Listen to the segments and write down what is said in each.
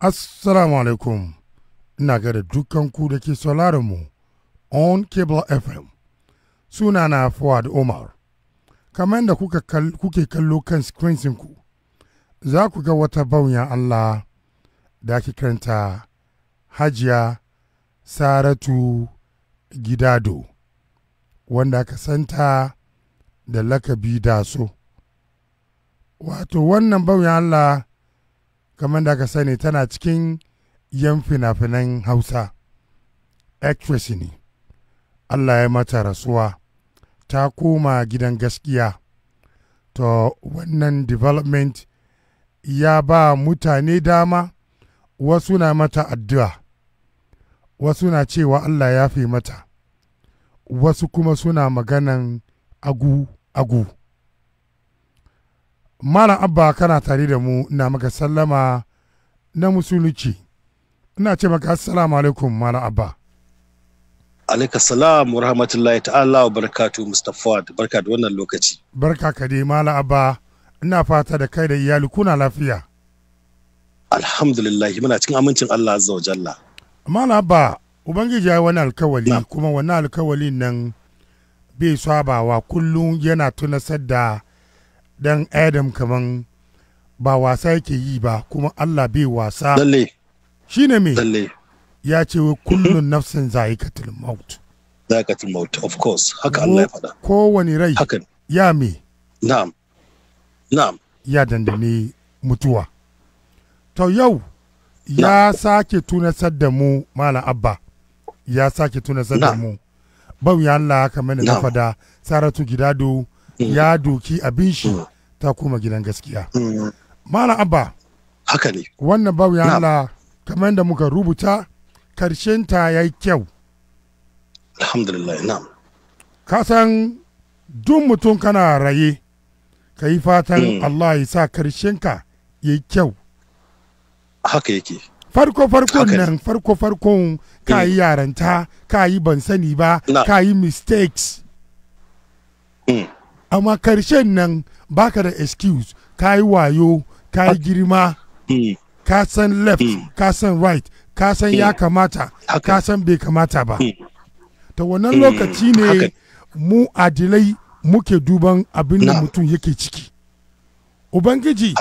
Assalamu alaikum, ina ga da dukkan ku da ke mu on Cable FM. Suna na Fuad Omar. Kamar da kuke kallo kan ku za ku ga wata bauya Allah da ake karanta Hajiya Saratu Gidado, wanda aka santa da lakabi da so. Wato wannan bauyan Allah kamar da aka sani tana cikin yan fina-finan hausa actress ne allah ya mata rasuwa ta koma gidan gaskiya to wannan development ya ba mutane dama wasu na mata addu'a wasu na cewa allah ya fi mata wasu kuma suna maganan agu agu Malam Abba kana tare da mu na maka sallama na musulunci. Ina ce maka assalamu alaikum Malam Abba. Alaika salam wa rahmatullahi ta'ala wa barakatu Mustapha barka da wannan lokaci. Barka ka dai Malam Abba ina fata da kai da iyali kuna lafiya. Alhamdulillah muna cikin amincin Allah azza wa jalla. Malam Abba Ubangiji ya wani alkawali kuma wani alkawalin nan bai sabawa kullum yana tunasar da dan adam kaman ba wasa yake yi ba kuma Allah bai wasa shi ne me ya ce wa kullun nafsin za'ikatul maut za'ikatul maut of course haka Allah ya faɗa Kowani rai hakan ya me na'am na'am ya dandane mutuwa to yau ya sake tunasar da mu malam abba ya sake tunasar da mu bau ya Allah haka mana na fada saratu gidado Mm. ya doki abin shi mm. ta koma gidan gaskiya mm. malam abba haka ne wannan babu ya Allah kamar da muka rubuta karshen ta yi kyau alhamdulillah na. ka san duk mutum kana raye ka yi fatan Allah ya sa karshenka ya yi kyau. Haka yake. Farko farkon nan farko farkon ka yi yaranta ka yi ban sani ba ka yi mistakes. amma karshen nan baka da excuse ka yi wayo ka yi girma hmm. ka san left hmm. ka san right ka san ya hmm. kamata ka san bai kamata ba ta wannan lokaci ne mu adilai muke duban abin da mutum yake ciki ubangiji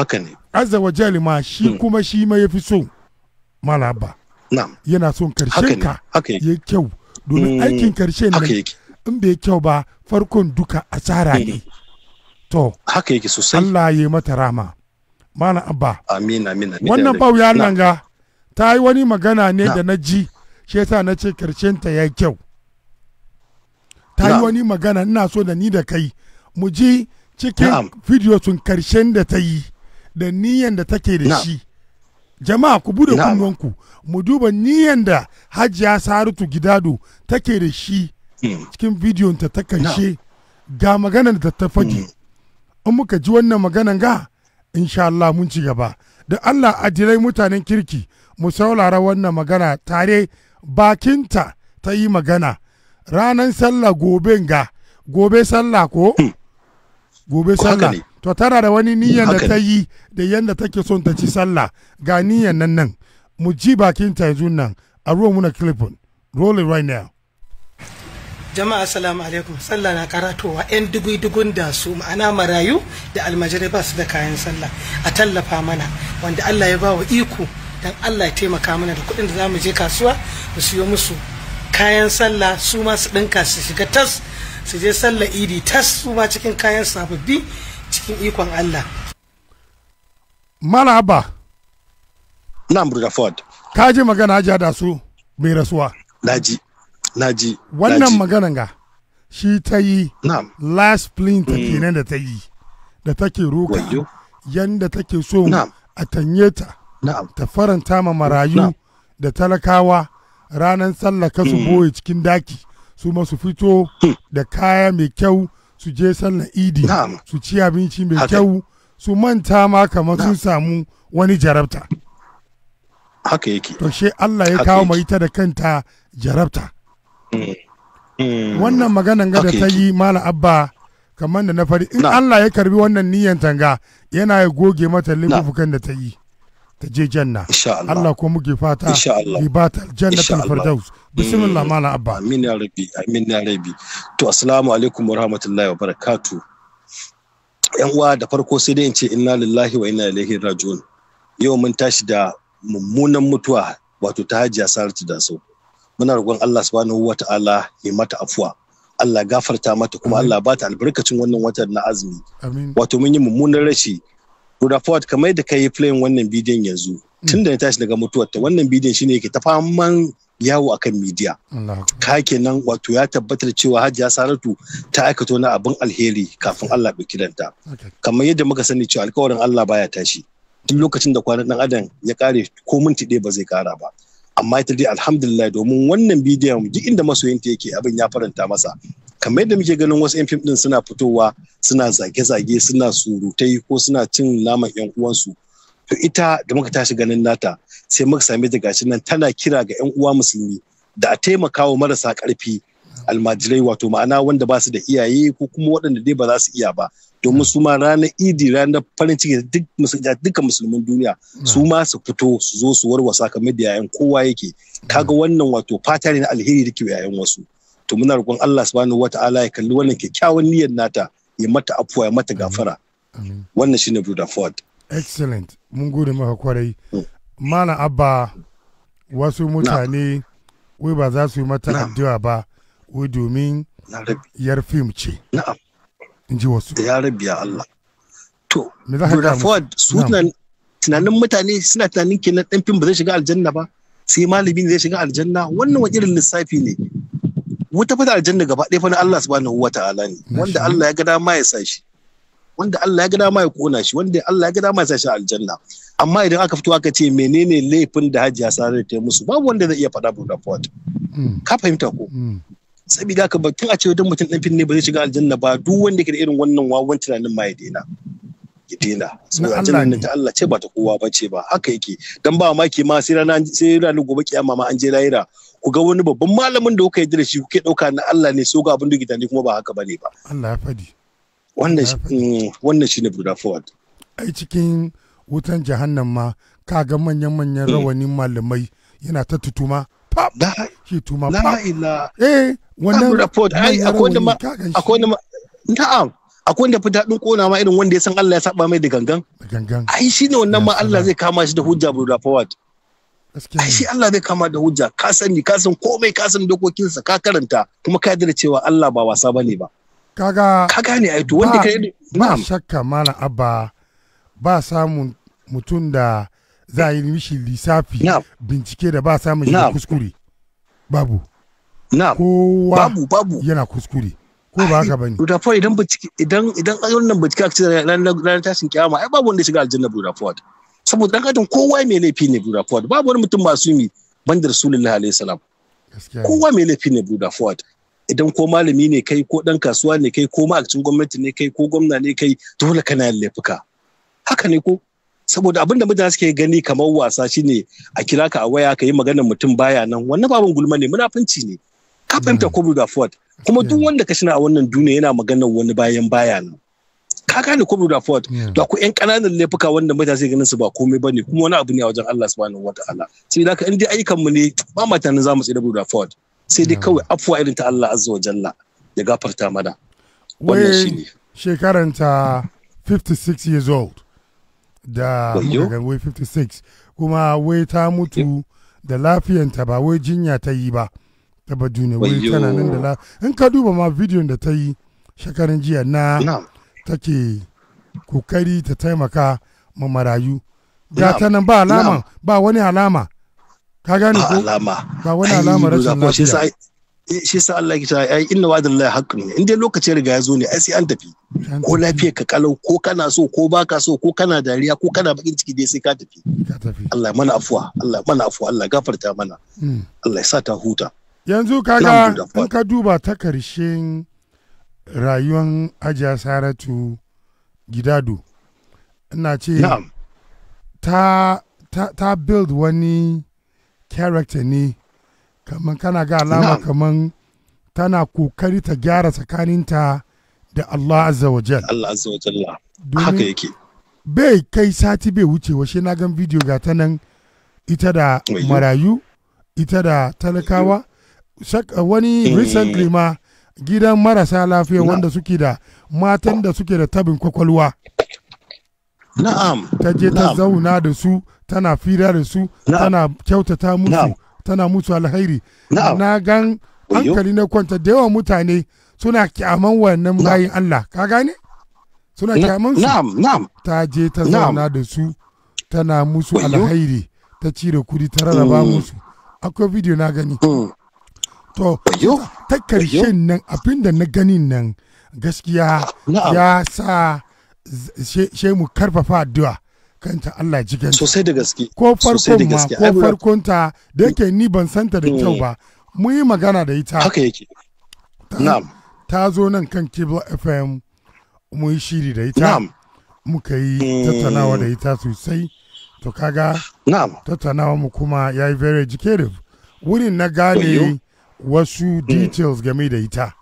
azza wa jalima shi kuma shi ma ya fi so malaba yana son karshen ka ya kyau domin aikin karshen nan in bai kyau ba farkon duka asara ne mm-hmm. to haka yake sosai Allah ya yi mata rama mana abba amin amin wannan bau ya langa ta yi wani magana ne da na ji shi yasa na ce karshen ta ya kyau ta yi wani magana ina so da ni da kai mu ji cikin video sun karshen da ta yi da niyan da take da shi jama'a ku bude kunnuwanku mu duba niyan da hajiya saratu gidado take da shi cikin bidiyon ta ta karshe ga maganar da ta fage mm. in muka ji wannan maganan ga insha Allah mun ci gaba da Allah adirai mutanen kirki mu saurara wannan magana tare bakinta ta yi magana ranan sallah gobe ga gobe sallah ko hmm. gobe sallah to tana da wani niyyar da ta yi da yadda take son ta ci sallah ga niyyar nan nan mu ji bakinta yanzu nan a ruwan muna clipon roll it right now jama'a assalamu alaikum sallah na karatowa yan dugun da su ma'ana marayu da almajirai ba su da kayan sallah a tallafa mana wanda Allah ya bawa iko don Allah ya taimaka mana da kuɗin da za mu je kasuwa mu siyo musu kayan sallah su ma su ɗinka su shiga tas su je sallah idi tas su ma cikin kayan sababbi cikin ikon Allah. Maraba. Na Burga Ford. Ka ji magana ja da su mai rasuwa. Naji. naji wannan maganan ga shi ta yi last plinta mm. kenan da ta yi da take roka yanda take so a tanye ta ta faranta ma marayu da talakawa ranar sallaka su mm. boye cikin daki su masu fito hmm. da kaya mai kyau su je sallar idi su ci abinci mai kyau su manta ma kamar sun samu wani jarabta haka yake to she Allah ya kawo mai ita da kanta jarabta Mm. wannan maganan gada ta yi mala abba kamar da na fari in Allah ya karbi wannan niyan tanga yana ya goge mata laifukan da ta yi ta je janna Allah ko muke fata libata ta firdaus mm. bismillah mala abba amin ya rabbi amin ya rabbi to assalamu alaikum wa rahmatullahi wa barakatu yan uwa da farko sai dai in ce inna lillahi wa inna ilaihi raji'un yau mun tashi da mummunan mutuwa wato ta hajiya saratu da sau muna roƙon Allah subhanahu wata'ala ya mata afuwa Allah gafarta mata kuma Allah ba ta albarkacin wannan watan na azumi wato mun yi mummunan rashi Guda Ford kamar da ka yi playing wannan bidiyon yanzu mm. tun da na tashi daga mutuwarta wannan bidiyon shine yake ta faman yawo akan midiya. Ka kenan wato ya tabbatar cewa Hajiya Saratu ta aikata na abin alheri kafin Allah bai kiranta. Kamar yadda muka sani cewa alkawarin Allah baya tashi. Duk lokacin da kwanan dan adam ya kare ko minti ɗaya ba zai kara ba. amma ita dai alhamdulillah domin wannan bidiyon duk inda masoyinta yake abin ya faranta masa kamar yadda muke ganin wasu 'yan fim din suna fitowa suna zage-zage suna surutai ko suna cin naman 'yan uwansu to ita da muka tashi ganin nata sai muka same ta gashi nan tana kira ga 'yan uwa musulmi da a taimaka wa marasa karfi almajirai wato ma'ana wanda ba su da iyaye ko kuma waɗanda dai ba za su iya ba domin su ma ranar idi ranar farin ciki da duka musulmin duniya su ma su fito su zo su warwasa kamar da yayan kowa yake kaga wannan wato fata ne na alheri da ke yayan wasu to muna roƙon Allah subhanahu wata'ala ya kalli wannan kyakkyawan niyyar nata ya mata afuwa ya mata gafara wannan shine Brother Ford excellent mun gode maka kwarai mm. mana abba wasu mutane wai ba za su yi mata addu'a ba wai domin yar fim ce na'am in ji wasu ya rabi ya Allah to Dora Ford su tunanin mutane suna tunanin kenan dan fim ba zai shiga aljanna ba sai malami ne zai shiga aljanna wannan wani irin lissafi ne wata fada aljanna gaba ɗaya fa na Allah subhanahu wataala ne wanda Allah ya ga dama ya sa shi wanda Allah ya ga dama ya kona shi wanda Allah ya ga dama ya sa shi aljanna amma idan aka fito aka ce menene laifin da Hajiya Sare ta musu babu wanda zai iya faɗa bu report mm. ka fahimta ko mm. saboda haka batun a ce wajen mutum ɗan fin ne ba zai shiga aljanna ba duk wanda ke da irin wannan wawan tunanin ma ya daina ya daina saboda aljanna ta Allah ce ba ta kowa ba ce ba haka yake dan ba maki ma sai rana sai rana gobe kiyama ma an je layira ku ga wani babban malamin da kuka yi da shi kuke ɗauka na Allah ne so ga abin da gidane kuma ba haka ba ne ba Allah ya faɗi wannan mm, wannan shine buda forward ai cikin wutan jahannan ma kaga manyan manyan mm. rawanin malamai yana ta tutuma shi tuma la ila eh wannan report ai akwai wanda akwai wanda na'am akwai wanda fita dun kona ma irin wanda ya san Allah ya saba mai da gangan da gangan ai shi ne wannan ma Allah zai kama shi da hujja bu report ai shi Allah zai kama da hujja ka sani ka san komai ka san dokokin sa ka karanta kuma ka yarda cewa Allah ba wasa bane ba kaga ka gane ai to wanda kai ba shakka mana abba ba samun mutum da za yi mishi lissafi bincike da ba samun shi kuskure babu na kowa babu babu yana kuskure ko ba haka bane Buda Ford idan bincike idan idan wannan bincike a cikin ranar tashin kiyama ai babu wanda ya shiga aljanna Buda Ford saboda dan adam kowa mai laifi ne Buda Ford babu wani mutum masumi banda Rasulullahi alaihi salam kowa mai laifi ne Buda Ford idan ko malami ne kai ko dan kasuwa ne kai ko ma'aikacin gwamnati ne kai ko gwamna ne kai dole kana yin laifuka haka ne ko saboda abin da mutane suke gani kamar wasa shine a kira ka a waya ka yi maganar mutum baya nan wannan babin gulma ne munafunci ne ka fahimta ko da ford kuma duk wanda ka shina a wannan duniya yana maganar wani bayan baya nan ka gane ko da ford to akwai yan kananan laifuka wanda mutane suke ganin su ba komai bane kuma wani abu ne a wajen Allah subhanahu wataala sai da ka in dai ayyukan mu ne ba mata nan zamu tsira da ford sai dai kawai afuwa irin ta Allah azza wa jalla ya gafarta mana wannan shine shekaranta 56 years old da muka wai 56 kuma wai ta mutu da lafiyanta ba wai jinya ta yi ba ta ba duniya wai tana nan da la in ka duba ma bidiyon da ta yi shekarun jiya na take kokari ta taimaka ma marayu ga ta nan ba alama ba wani alama ka gane ko ba wani alama rashin lafiya Eh, shi sa Allah ya ce ai inna Allah haqqun in dai lokacin riga ya zo ne ai sai an tafi ko lafiyar ka kalau ko kana so ko baka so ko kana dariya ko kana bakin ciki dai sai ka tafi Allah mana afuwa Allah mana afuwa Allah gafarta mana hmm. Allah ya sa ta huta yanzu kaga in ka duba ta karshen rayuwar ajiya saratu gidado ina ce ta ta build wani character ne kamar kana ga alama kamar tana kokari ta gyara tsakaninta da Allah azza wa jalla Allah azza wa jalla haka yake bai kai sati bai wuce washe na gan bidiyo ga ta nan ita da marayu ita da talakawa uh, wani mm. recently ma gidan marasa lafiya wanda suke da matan da suke da tabin kwakwalwa na'am ta je ta zauna da su tana fira da su tana kyautata musu tana musu alkhairi na gan hankali na kwanta da yawan mutane suna kyaman wannan bayin Allah ka gane suna kyaman su ta je ta zauna da su tana musu alkhairi ta cire kudi ta rarraba mm. musu akwai bidiyo na gani mm. to ta karshen nan abinda na ganin nan gaskiya ya sa shemu karfafa addu'a kanta Allah ji ganta sosai da gaske ko farkon ma ko farkon ta da yake ni ban santa da kyau mm. ba mu yi magana da ita haka yake na'am ta zo nan kan Kibla FM mu yi shiri da ita na'am muka yi mm. tattaunawa da ita sosai to kaga na'am tattaunawa mu kuma yayi very educative wurin na gane wasu mm. details game da ita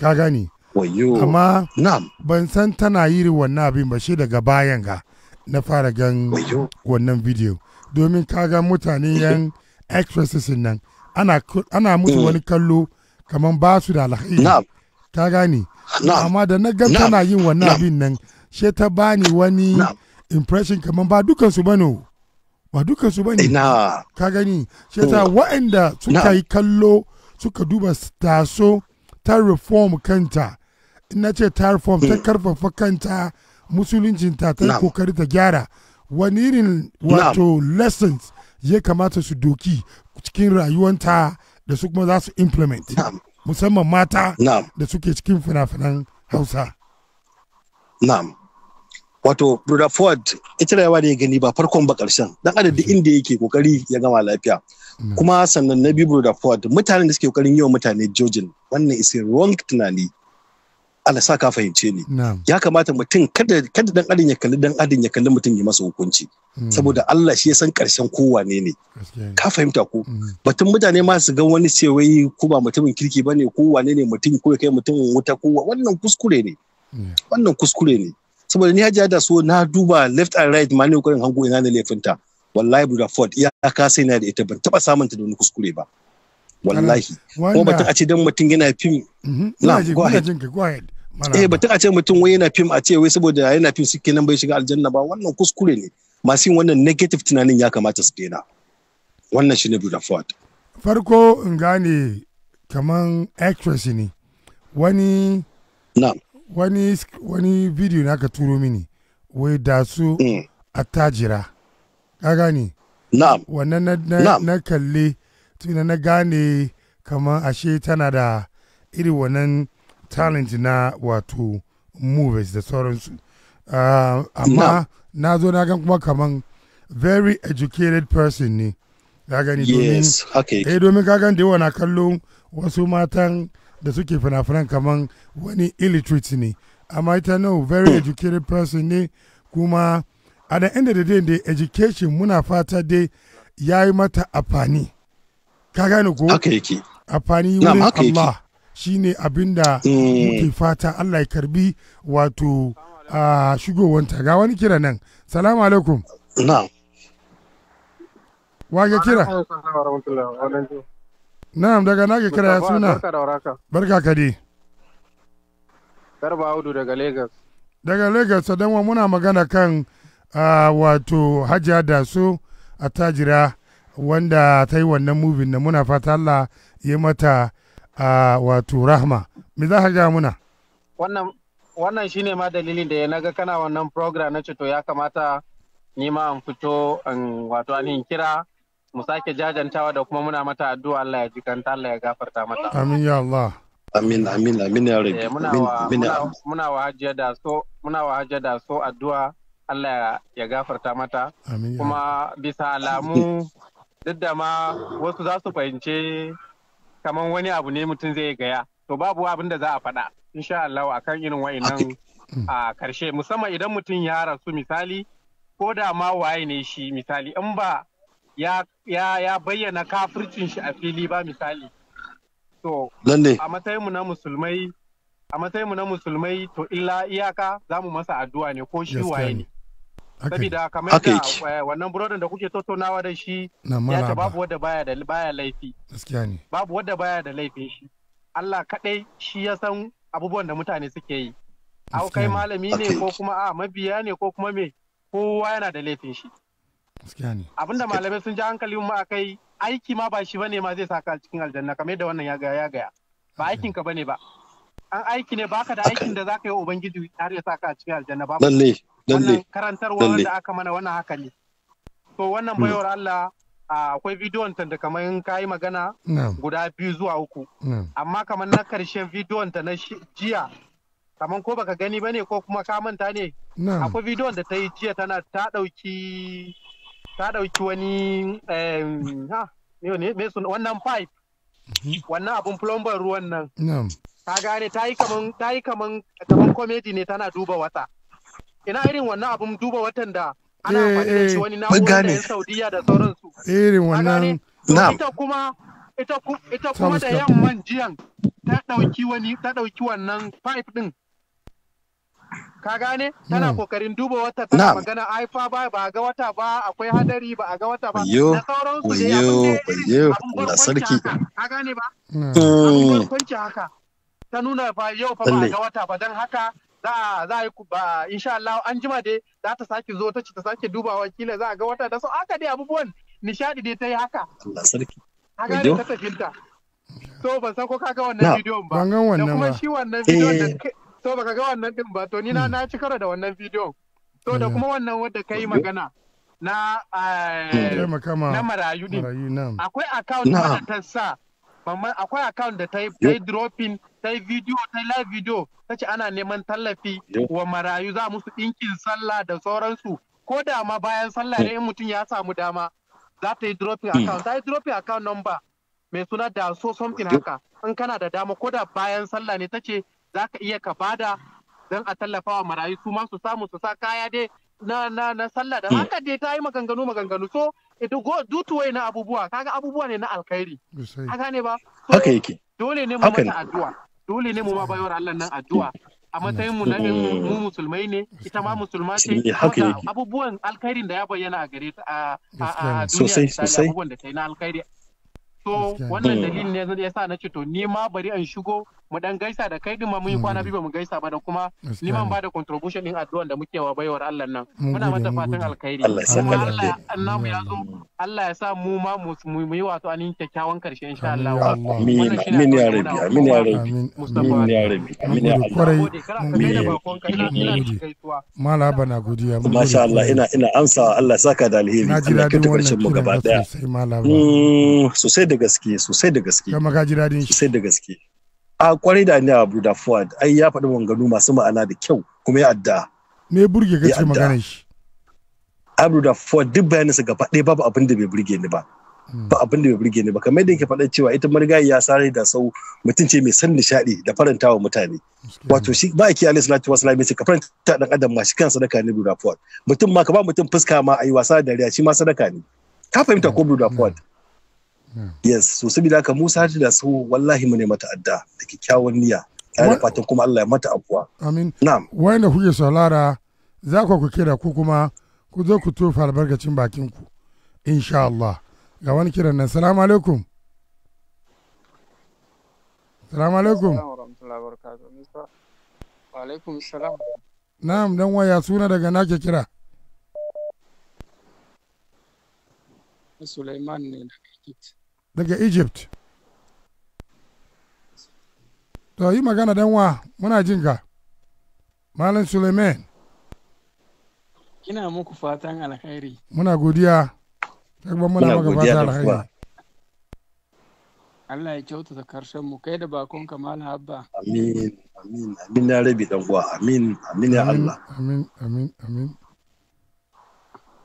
ka gani amma ban san tana yiri wannan abin ba shi daga bayan ga na fara gan wannan video domin kaga mutane yan actresses nan ana, ana musu mm. wani kallo kamar ba su da alhairi ka gani amma da na gan tana yin wannan abin nan she ta bani wani impression kamar ba dukansu bane ba dukansu bane ka gani she ta oh. wa'anda suka yi kallo suka duba taso ta reform kanta ina ce ta reform ta mm. karfafa kanta musuluncin ta ta kokari ta gyara wani irin wato lessons ya kamata su doki cikin rayuwanta da su kuma za su implement musamman mata da suke cikin fina-finan hausa na'am wato brother ford ita rayuwa da ya gani ba farkon ba karshen dan adadin inda yake kokari ya gama lafiya kuma sannan na biyu brother ford mutanen da suke kokarin yi wa mutane jojin wannan is wrong tunani Allah sa ka fahimce ni ya kamata mutum kada kada dan adin ya kalli dan adin ya kalli mutum ya masa hukunci hmm. saboda Allah shi ya san karshen kowa ne ka fahimta ko hmm. batun mutane ma su ga wani cewai ko ba mutumin kirki bane ko wane ne mutum ko kai mutumin wuta ko wannan kuskure ne hmm. wannan kuskure ne saboda ni hajiya da so na duba left and right ma ne kokarin hango ina ne laifinta wallahi buda ya ka sai na da ita ban taba samunta da wani kuskure ba wallahi ko batun a ce dan mutum yana fim mhm. na go ahead eh ba a ce mutum wai yana fim a ce wai saboda yana fim suke nan bai shiga aljanna ba wannan kuskure ne masu yin wannan negative tunanin ya kamata su daina wannan shine Buda Ford farko in gane kaman actress ne wani na wani wani video na ka turo mini wai da su mm. a tajira ka gane na wannan na na, na kalle tunan na gane kaman ashe tana da irin wannan talent na wato movies da sauransu uh, amma na zo na gan kuma kaman very educated person ne ya gani yes, domin eh domin ka gan da yawa na kallon wasu matan da suke fina-finan kaman wani illiterate ne amma ita no very educated person ne kuma a the end of the day education muna fata dai ya yi mata afani ka gane ko afani wurin Allah shine abin da eh. muke fata Allah ya karbi wato a shigowanta ga wani kira nan salamu alaikum na wa ga kira na'am daga na ga kira ya suna barka ka dai garba audu daga lagos daga lagos sadanwa muna magana kan wato hajiya da su a tajira wanda ta yi wannan mubin na muna fata Allah ya mata wato rahma mi za ka ga muna wannan wannan shine ma dalilin da ya naga kana wannan program na to ya kamata ni ma an fito an wato an kira mu sake jajantawa da kuma muna mata addu'a Allah ya ji kanta Allah ya gafarta mata amin ya Allah amin amin amin ya rabbi eh, amin muna wa hajjia da so muna wa hajjia da so addu'a Allah ya gafarta mata kuma bisa alamu duk da ma wasu za su fahimce kamar wani abu ne mutum zai gaya to babu abin da za a faɗa insha Allah kan irin wainnan hmm. a karshe musamman idan mutum ya rasu misali ko da ma waye ne shi misali in ba ya ya bayyana kafircin shi a fili ba misali to a matsayin mu na musulmai a matsayin mu na musulmai to illa iyaka zamu masa addu'a ne ko shi waye ne Sabida kamar da eh, wannan burodin da kuke tattaunawa da shi ya ce babu wadda baya da baya laifi. Gaskiya ne. Babu wadda baya da laifin shi. Allah kaɗai shi ya san abubuwan da mutane suke yi. Au kai malami ne ko kuma a mabiya ne ko kuma me kowa yana da laifin shi. Gaskiya ne. Abinda malamai sun ji hankali mu akai aiki ma ba shi bane ma zai saka cikin aljanna kamar da wannan ya gaya ya gaya. Ba aikin ka bane ba. An aiki ne baka da aikin da zaka yi ubangiji har ya saka cikin aljanna ba. Lalle. wannan karantarwa wanda aka mana wannan haka ne to wannan hmm. baiwar Allah akwai bidiyon ta da kamar ka yi magana guda biyu zuwa uku amma kamar na karshen bidiyon ta na jiya kamar ko baka gani bane ko kuma ka manta ne akwai bidiyon da ta yi jiya tana ta dauki ta dauki wani wannan pipe mhm. wannan abun plumber ruwan nan Ka gane ta yi kaman ta yi kaman comedy ne tana duba wata ina irin wannan abun duba watan da ana eh, amfani da shi eh. wani na'urar da sauransu irin wannan na ita kuma ita kuma da yamman jiyan ta dauki wani ta dauki wannan pipe din ka gane tana hmm. kokarin duba wata ta magana ai fa ba ba ga wata ba akwai hadari ba a ga wata ba da sauransu da yamman jiyan da sarki ka gane ba hmm. abin hmm. barkwanci haka ta nuna ba yau fa ba a ga wata ba don haka za a yi ba insha Allah an jima dai za ta sake zo ta ci ta sake dubawa kila za a ga wata da so aka dai abubuwan nishadi dai ta yi haka Allah sarki haka ga ta tafinta so ban san ko ka ga wannan bidiyon ba ban ga wannan ba kuma shi wannan bidiyon da eh. so baka ga wannan din ba to ni na hmm. na ci karo da wannan bidiyon so da eh. kuma wannan wanda kai magana na eh, hmm. na marayu din akwai account da ta sa akwai account da ta yi dropping ta yi bidiyo ta yi live video ta ce ana neman tallafi wa marayu za musu ɗinkin sallah da sauransu ko da ma bayan sallah ne in mutum ya samu dama za ta yi dropping hmm. account ta yi dropping account number mai suna da so something haka in kana da dama ko da bayan sallah ne ta ce za ka iya ka bada don a tallafa wa marayu su ma su samu su sa kaya dai na na na sallah da hmm. haka dai ta yi maganganu maganganu so ita go dutuwai na abubuwa kaga abubuwa ne na alkhairi haka ne ba haka yake dole ne mu mata addu'a dole ne mu ma bayar Allah nan addu'a a matsayin mu na mu musulmai ne ita ma musulma ce abubuwan alkhairin da ya bayyana a gare ta a duniya abubuwan da ta yi na alkhairi so wannan mm. dalilin ne ya sa na ce to ni ma bari an shigo mu dan gaisa da kai din ma mun yi kwana biyu ba mu gaisa ba da kuma liman ba da contribution din addu'a da muke wa baiwar Allah nan muna mata fatan alkhairi kuma Allah ya zo Allah ya sa mu ma mu yi wato anin kyakkyawan karshe insha Allah amin amin ya rabbi amin ya rabbi amin ya rabbi amin ya Allah mala bana godiya masha Allah ina ina amsa Allah saka da alheri na ji dadin wannan mu gaba daya mm, sosai da gaske sosai da gaske kuma ka ji dadin sosai da gaske a kwarai da ni abu da fuad ai ya faɗi maganganu masu ma'ana da kyau kuma ya adda me burge ka ce magana shi abu da fuad duk bayanin sa gaba ɗaya babu abin da bai burge ni ba hmm. ba abin da bai burge ni ba kamar yadda yake faɗa cewa ita marigayi ya sare da sau mutum ce mai san nishaɗi da farantawa mutane wato shi ba ake alaihi salatu wasu lamisi ka faranta ɗan adam ma shi kan sadaka ne da fuad mutum ma ka ba mutum fuska ma a yi wasa da dariya shi ma sadaka ne ka fahimta ko da hmm. fuad yes so saboda haka Musa da su wallahi mu ne mata adda da kyakkyawan niyya da fatan kuma Allah ya mata afuwa amin na'am wanda kuke saurara za ku kira ku kuma ku zo ku tofa albarkacin bakin ku insha Allah ga wani kiran nan salamu alaikum Assalamu alaikum wa alaikum salam na'am dan waya suna daga nake kira Suleiman ne daga Egypt. daga egypt to yi magana wa muna jin ga malam suleiman ina muku fatan alkhairi muna godiya tagban muna maka fatan alkhairi Allah ya kyautata karshen mu kai da bakon kamal habba amin amin amin ya rabi dan uwa amin amin ya Allah amin amin amin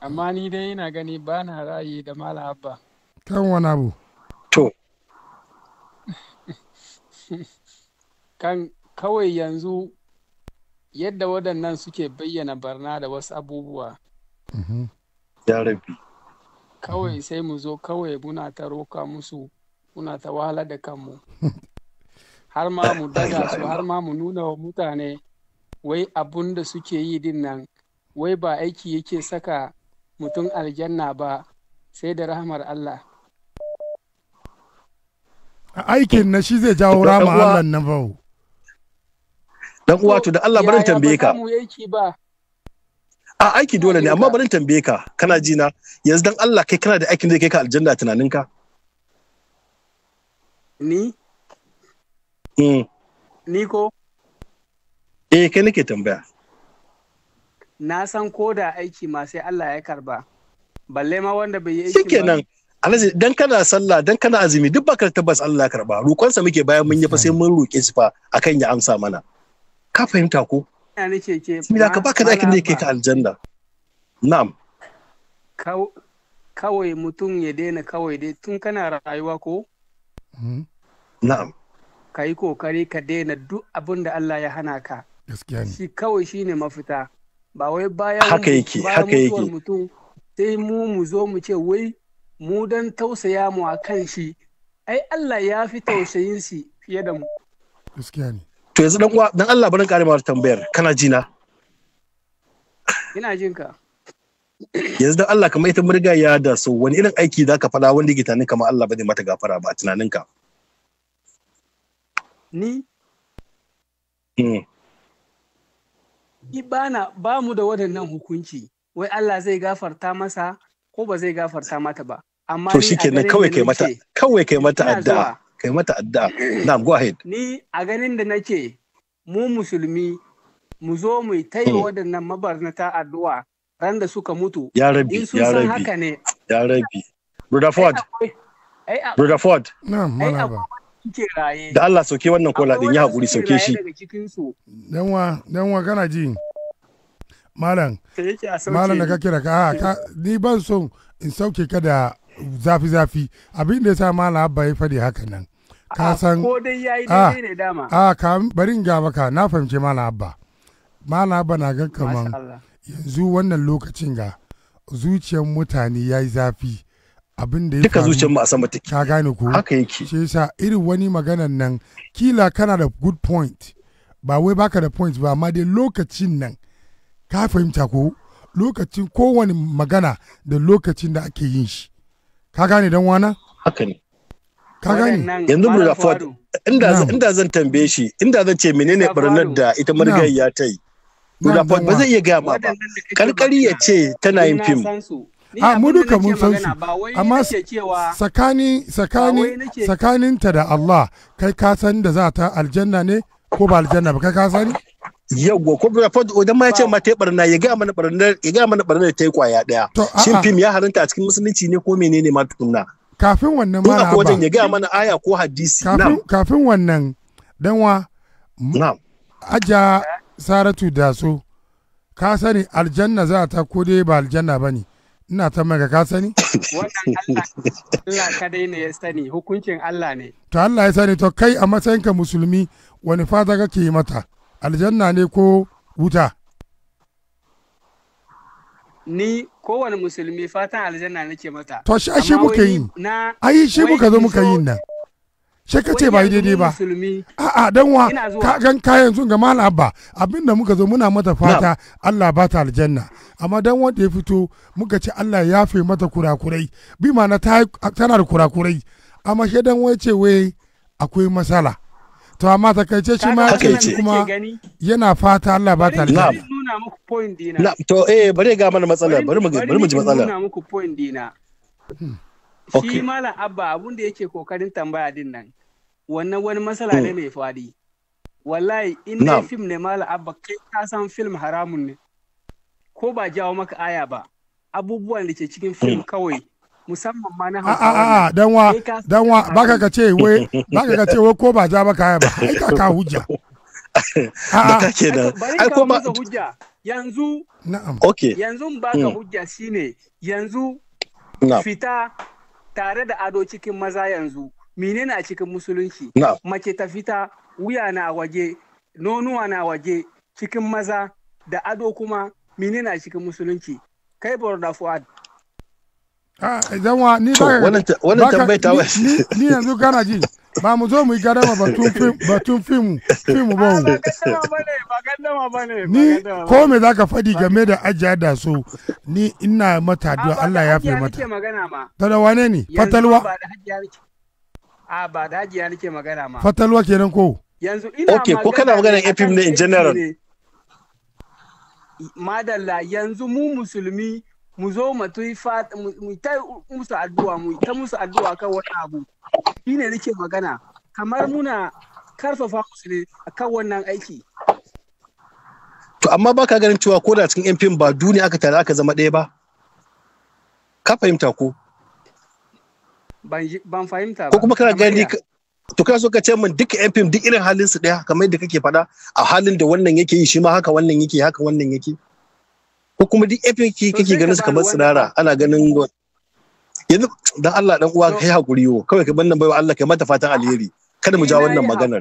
amma ni dai ina gani ba na rayi da mal habba kan wani abu to kan kawai yanzu yadda waɗannan suke bayyana barna da wasu abubuwa mm-hmm. ya rabi kawai sai mu zo kawai muna ta roka musu muna ta wahala da kanmu har ma mu daga su har ma mu nuna wa mutane wai abun da suke yi din nan wai ba aiki yake saka mutum aljanna ba sai da rahmar Allah aikin na shi zai jawo rama Allah na bau dan uwa to da Allah barin tambaye ka a aiki dole ne amma barin tambaye ka kana ji na yanzu dan Allah kai kana da aikin zai kai ka aljanna tunanin ka ni hmm. ni ko eh kai nake tambaya na san ko da aiki ma sai Allah ya karba balle ma wanda bai yi aiki ba dan kana sallah dan kana azumi duk baka tabbas Allah ya karba roƙonsa muke bayan mun yi fa sai mun roƙe shi fa akan ya amsa mana ka fahimta ko ina nake ke ba ka baka zakin da yake ka aljanna na'am kawai mutum ya daina kawai dai tun kana rayuwa ko hmm. na'am ka yi kokari ka daina duk abin da Allah ya hana ka shi kawai shine mafita ba wai bayan haka yake haka yake mutum sai mu mu zo mu ce wai mu don tausaya mu a kan shi ai Allah ya fi tausayin shi fiye da mu gaskiya ne to yanzu dan uwa dan Allah bari kare mawar tambayar kana ji na ina jin ka yanzu dan Allah kamar ita murga ya da so wani irin aiki ka faɗa wanda yake tani kamar Allah bane mata gafara ba tunaninka ni hmm. ni bana ba mu da waɗannan hukunci wai Allah zai gafarta masa ko ba zai gafarta mata ba amma to shikenan kawai kai mata kawai kai mata addu'a kai mata addu'a na'am go ahead ni a ganin da nake mu musulmi mu zo mu ta yi hmm. waɗannan mabarnata addu'a ran da suka mutu ya rabi ya rabi ya rabi brother ford brother ford na'am da Allah sauke wannan kola din ya haƙuri sauke shi danwa danwa kana ji malam malam da ka kira ah, ka ni ban son in sauke ka da zafi zafi abin da yasa malam abba ya fadi haka nan ka ah, san ko dai yayi ah, daidai ne dama a ka bari in ga maka na fahimce malam abba malam abba na ganka kaman yanzu wannan lokacin ga zuciyar mutane yayi zafi abin da ya duka zuciyar mu a sama take ka gane ko haka yake shi yasa irin wani maganan nan kila kana da good point ba wai baka da point ba amma dai lokacin nan ka fahimta ko lokacin kowane magana da lokacin da ake yin shi ka gane dan wana haka ne ka gane yanzu mu inda zan tambaye shi inda zan ce menene barnar da ita ya ta yi Rudaford ba zai iya gaya ma ba. Karkari ya ce tana yin fim. A ah, mu duka mun san su, amma sakani sakani sakaninta da Allah kai ka san da za ta aljanna ne ko ba aljanna ba kai ka sani? yawwa ko da fad idan ma ya ce ma ta barna ya ga mana barna ya ga mana barna ta yi kwaya daya shin fim ya haranta a cikin musulunci ne ko menene ma tukunna kafin wannan ma ba wajen ya ga mana aya ko hadisi kafin kafin wannan na'am aja saratu da so ka sani aljanna za ta ko dai ba aljanna ba ne ina ta maka ka sani wannan Allah kadai ne ya sani hukuncin Allah ne to Allah ya sani to kai a matsayinka musulmi wani fata kake yi mata aljanna ne ko wuta ni kowane musulmi fatan aljanna nake mata to shi shi muka yi ai shi muka zo muka yi nan sai ka ce ba yi daidai ba a'a dan wa ka gan kayan sun ga malam abba abinda muka zo muna mata fata Allah ba ta aljanna amma dan wanda ya fito muka ce Allah ya yafe mata kurakurai bi ma na tana da kurakurai amma shi dan wai ce wai akwai masala. to amma takaice shi ma kuma yana fata Allah ba ta alheri nuna muku point dina na to eh bare ga mana matsala bari mu bari mu ji matsala nuna muku point dina shi malam abba abun da yake kokarin tambaya din nan wannan wani matsala ne hmm. mai fadi wallahi in dai film ne malam abba kai ka san film haramun ne ko ba jawo maka aya ba abubuwan da ke cikin film hmm. kawai musamman ma na hausawa a a danwa wa? baka ka ce wai baka ka ce wai ko ba ja ba kaya ba ai ka ka hujja a a kenan ai ko ba hujja yanzu na'am okay yanzu ba ka hmm. hujja shine yanzu fita tare da ado cikin maza yanzu menene a cikin musulunci mace ta fita wuya na waje nonuwa na waje cikin maza da ado kuma menene a cikin musulunci kai borda fuad Ah, idan wa ni ba wannan tambayar ta wai ni yanzu kana ji ba mu zo mu yi gadama batun fim ba mu ah, ni ko me zaka faɗi game da ajiya da so ni ina mata addu'a ah, Allah ya fi mata ta da wane ne fatalwa a ba da hajiya nake magana ma fatalwa kenan ko yanzu ina okay ko kana magana ne in general madalla yanzu mu musulmi mu zo mu ta musu addu'a mu ta musu addu'a kan wani abu ne nake magana kamar muna karfafa musu ne a kan wannan aiki to amma baka ganin cewa ko da cikin yan fim ba duniya aka tare aka zama ɗaya ba ka fahimta ko ban fahimta ba ko kuma kana gani to kana so ka ce min duka yan fim duk irin halin su ɗaya kamar yadda kake faɗa a halin da wannan yake yi shi ma haka wannan yake haka wannan yake ko kuma duk efin ki kake ganin su kamar sinara? ana ganin yanzu dan Allah dan uwa kai hakuri yo kawai ka bannan baiwa Allah kai mata fatan ah, alheri kada mu ja wannan maganar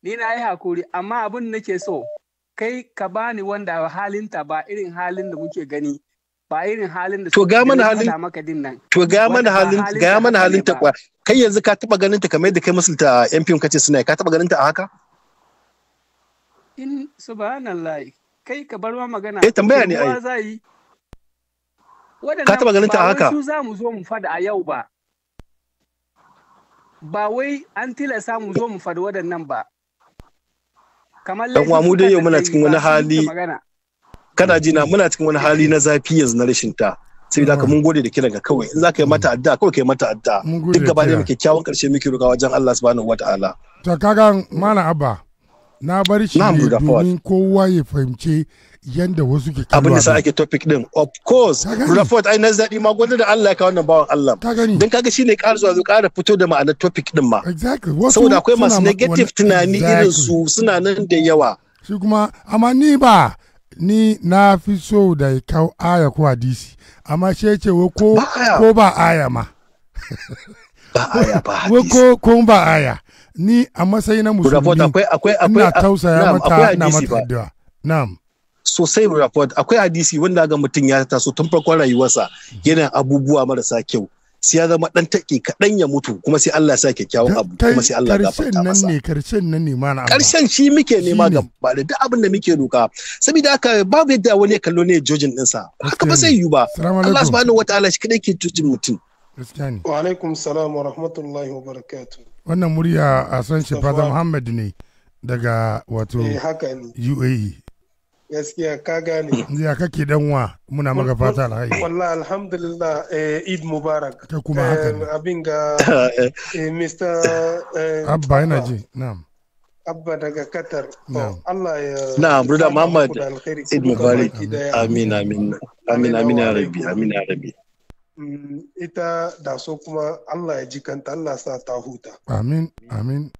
ni na yi hakuri amma abin nake so kai ka bani wanda halinta ba irin halin da muke gani ba irin halin da to ga mana halin to ga mana halin ga mana halin ta kwa kai yanzu ka taba ganin ta kamar yadda kai musulta yan fim kace suna ka taba ganin ta a haka in subhanallah kai ka bar ma magana eh tambaya ne ai za yi ka taba ganin ta haka su za mu zo mu fada a yau ba ba wai an tilasta mu zo mu fada waɗannan ba kamar dan wa mu dai yau muna cikin wani hali kana jina muna cikin wani hali na zafi yanzu na rashin ta sai da ka mun gode da kiranka kawai in za ka yi mata adda kawai ka yi mata adda, duk gaba da muke kyawun karshe muke rukawa wajen Allah subhanahu wataala to kaga mana abba na bar shi ne domin kowa ya fahimce yadda wasu ke kalwa abin da sa ake topic din of course Rufford ai na zaɗi ma gwanda da Allah ya kawo nan bawan Allah don kaga shine ƙara zuwa ƙara fito da ma'anar topic din ma saboda akwai masu negative tunani irin su suna nan da yawa shi kuma amma ni ba ni na fi so da ya kawo aya ko hadisi amma shi ce ko ko ba aya ma ba aya ba hadisi ko ba aya ni a matsayi na musulmi ina tausaya mata ina mata addu'a na'am sosai report akwai hadisi wanda ga mutum ya taso tun farkon rayuwarsa yana abubuwa marasa kyau sai ya zama dan take kaɗan ya mutu kuma sai Allah sa kyakkyawan abu kuma sai Allah ya gafarta masa karshen nan ne karshen nan ne karshen shi muke nema gaba da duk abin da muke roka saboda haka babu yadda wani ya kallo ne jojin sa haka ba sai yu ba Allah subhanahu wataala shi kadai ke jojin mutum wa alaikum salam wa rahmatullahi wa barakatuh wannan murya a san shi fata muhammad ne daga wato uae eh, e. gaskiya ka gane ya kake wa muna maka fata alhaji wallahi alhamdulillah eh, eid mubarak ta kuma haka ne eh, abin ga mr abba yana ji na'am abba daga qatar oh, Allah ya na'am brother muhammad eid mubarak amin amin amin amin ya rabbi amin ya rabbi Mm, ita da so kuma Allah ya ji kanta Allah sa ta huta. Amin, amin.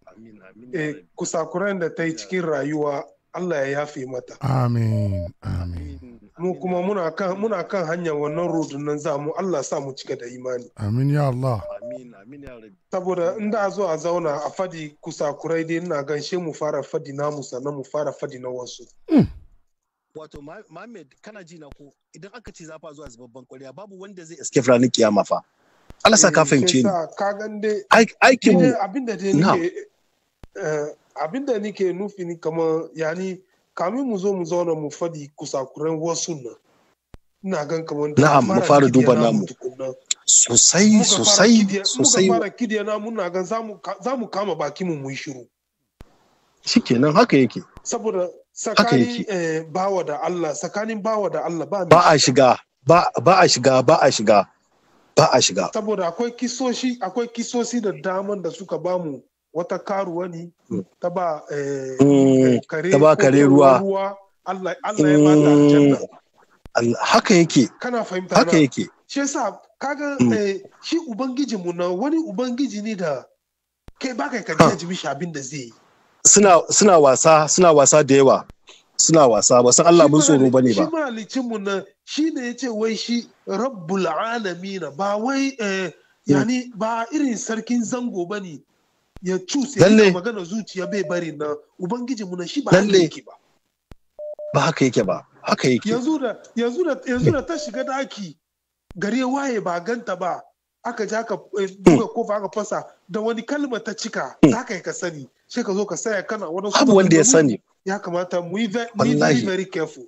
E, kusakuran da ta yi cikin rayuwa Allah ya yafe mata. Amin, amin. Mu kuma muna kan muna hanyar wannan rudun nan za mu Allah sa mu cika da imani. Amin ya Allah. Amin, amin ya Rabbi. Saboda in da zo a zauna a fadi kusakurai dai ina ganshe mu fara fadi namu sannan mu fara fadi na wasu. Mm. wato Mohammed kana ji na ko idan aka ce zafa zuwa zubabban kwarya babu wanda zai escape ranar kiyama fa Allah sa ka eh, fahimce ni aikin mu abinda dai nake eh, abinda nake nufi ni kamar yani kamin mu zo mu zauna mu fadi kusakuran wasu na. ina gan kamar na'am mu fara duba namu sosai sosai sosai mu fara kidiya namu na gan zamu kama baki mu mu shiru shi kenan haka yake saboda tsakanin eh, bawa da Allah tsakanin bawa da Allah ba ba a shiga ba a shiga ba a shiga ba a shiga saboda akwai kisoshi akwai kisoshi da daman da suka bamu wata karuwa ne mm. ta ba eh, mm. eh, kare ta ba kare ruwa Allah Allah ya bata mm. aljanna haka yake kana fahimta haka yake shi yasa kaga shi ubangijinmu na wani ubangiji ne da kai ba kai ka ji mishi abin da zai yi suna suna wasa suna wasa da yawa suna wasa ba san Allah mun tsoro bane ba shi malicin mu nan shine yace wai shi rabbul alamin ba wai eh, hmm. yani ba irin sarkin zango bane ya cuse ya magana zuciya bai bari na ubangiji mu nan shi ba haka yake ba ba haka yake ba haka yake yanzu da yanzu da yanzu da ta shiga daki gare waye ba ganta ba aka ja ka eh, hmm. buga kofa aka fasa da wani kalma ta cika za ka yi ka sani sai ka zo ka saya kana wani abu wanda ya sani ya kamata mu yi very careful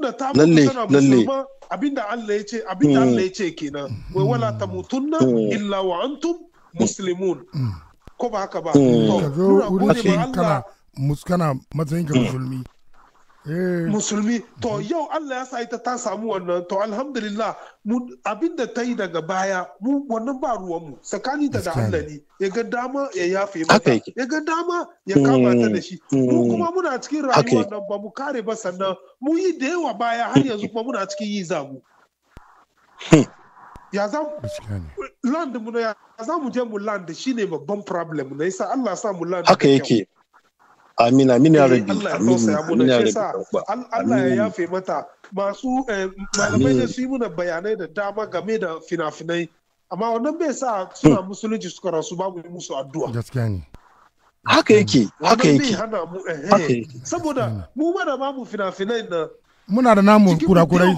da ta mutu tana musulma abinda Allah ya ce abinda hmm. Allah ya ce kenan wai wala tamutunna hmm. illa wa antum muslimun hmm. ko ba haka ba to nuna gode ma Allah kana matsayin ka musulmi Eh. musulmi to yau Allah ya sa ita ta samu wannan to alhamdulillah abinda ta yi daga baya mu wannan ba ruwanmu tsakani da Allah ne ya ga dama ya yafe mata ya ga dama ya kama ta da shi mu mm. kuma muna cikin rayuwa nan ba mu kare ba sannan mu yi da yawa baya har yanzu kuma muna cikin yi zamu ya za land mu ya za mu je mu land shine babban problem na yasa Allah sa mu land haka yake amina amina ya eh, rabbi. Allah ya tausaya Allah ya yafe mata masu eh, malamai da su yi muna bayanai da dama game da fina-finai amma wannan bai sa suna hmm. musulunci suka rasu babu musu addu'a. Gaskiya ne. Haka hmm. yake, haka yake. hana mu eh, saboda hmm. mu mana ma fina-finai na Muna da namu kurakurai.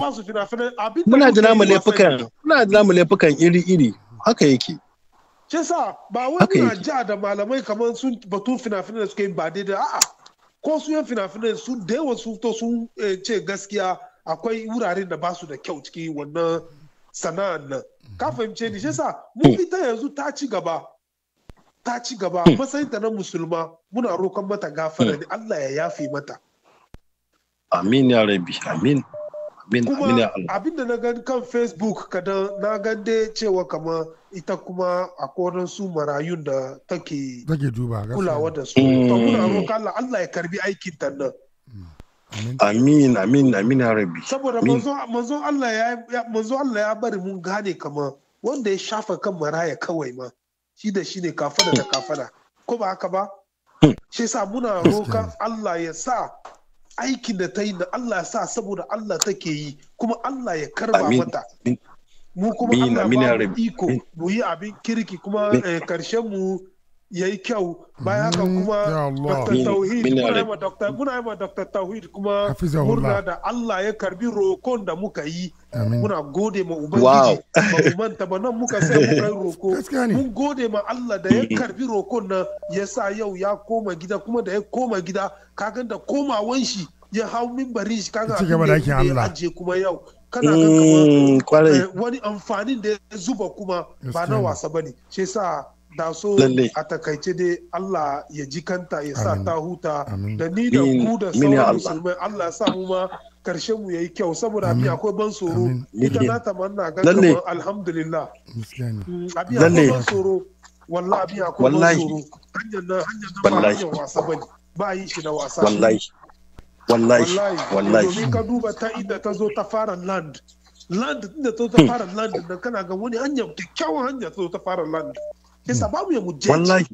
Muna da namu laifukan, muna da namu laifukan iri-iri. Haka yake. shi sa ba wani na ja da malamai kamar sun batun fina-finan suke ba daidai a'a ko su yan fina su da yawan su to sun eh, ce gaskiya akwai wuraren da ba su da kyau ciki wannan sana'an nan ka fahimce ni shi sa mun hmm. ita yanzu ta ci gaba ta ci gaba hmm. matsayinta na musulma muna roƙon mata gafara hmm. ne Allah ya yafe mata amin ya rabi amin min kuma abinda na gan kan facebook kada na gan dai cewa kama ita kuma a koran su marayun da take kulawa da su mm. to kuna roƙa Allah Allah ya karbi aikin ta nan amin amin amin rabi saboda manzo Allah ya manzo Allah ya bari mun gane kama wanda ya shafa kan maraya kawai ma shi da shi ne kafada da kafada ko ba haka ba hmm. shi sa muna roƙa Allah ya sa aikin da ta yi da Allah sa saboda Allah take yi kuma Allah ya karba mata mu kuma Allah ba mu iko mu yi abin kirki kuma eh, karshen mu ya yi kyau bayan haka kuma Dr. Tauhid muna yi ma Dr. Tauhid kuma murna da Allah ya karbi rokon da muka yi muna gode ma ubangiji ba mu manta ba nan muka sai mu kai roko mun gode ma Allah da ya karbi rokon nan ya sa yau ya koma gida kuma da ya koma gida kagan da komawan shi ya hau minbarin shi kaga abin Allah ya aje kuma yau kana ga mm, kamar eh, wani amfanin da ya zuba kuma ba na wasa bane shi yasa da so a takaice dai Allah ya ji kanta ya sa ta huta da ni da ku da sauran musulmai Allah ya sa mu ma karshe mu yayi kyau saboda abi akwai ban tsoro ita na tamanna ga kamar alhamdulillah mm, abi akwai ban tsoro wallahi abi akwai ban tsoro hanyar nan hanyar nan ba hanyar wasa bane ba yi shi da wasa wallahi wallahi wallahi domin ka duba ta inda ta zo ta fara land land inda ta zo ta fara land nan kana ga wani hanya hanyar kyakkyawan hanya ta zo ta fara land yasa babu ya mu wallahi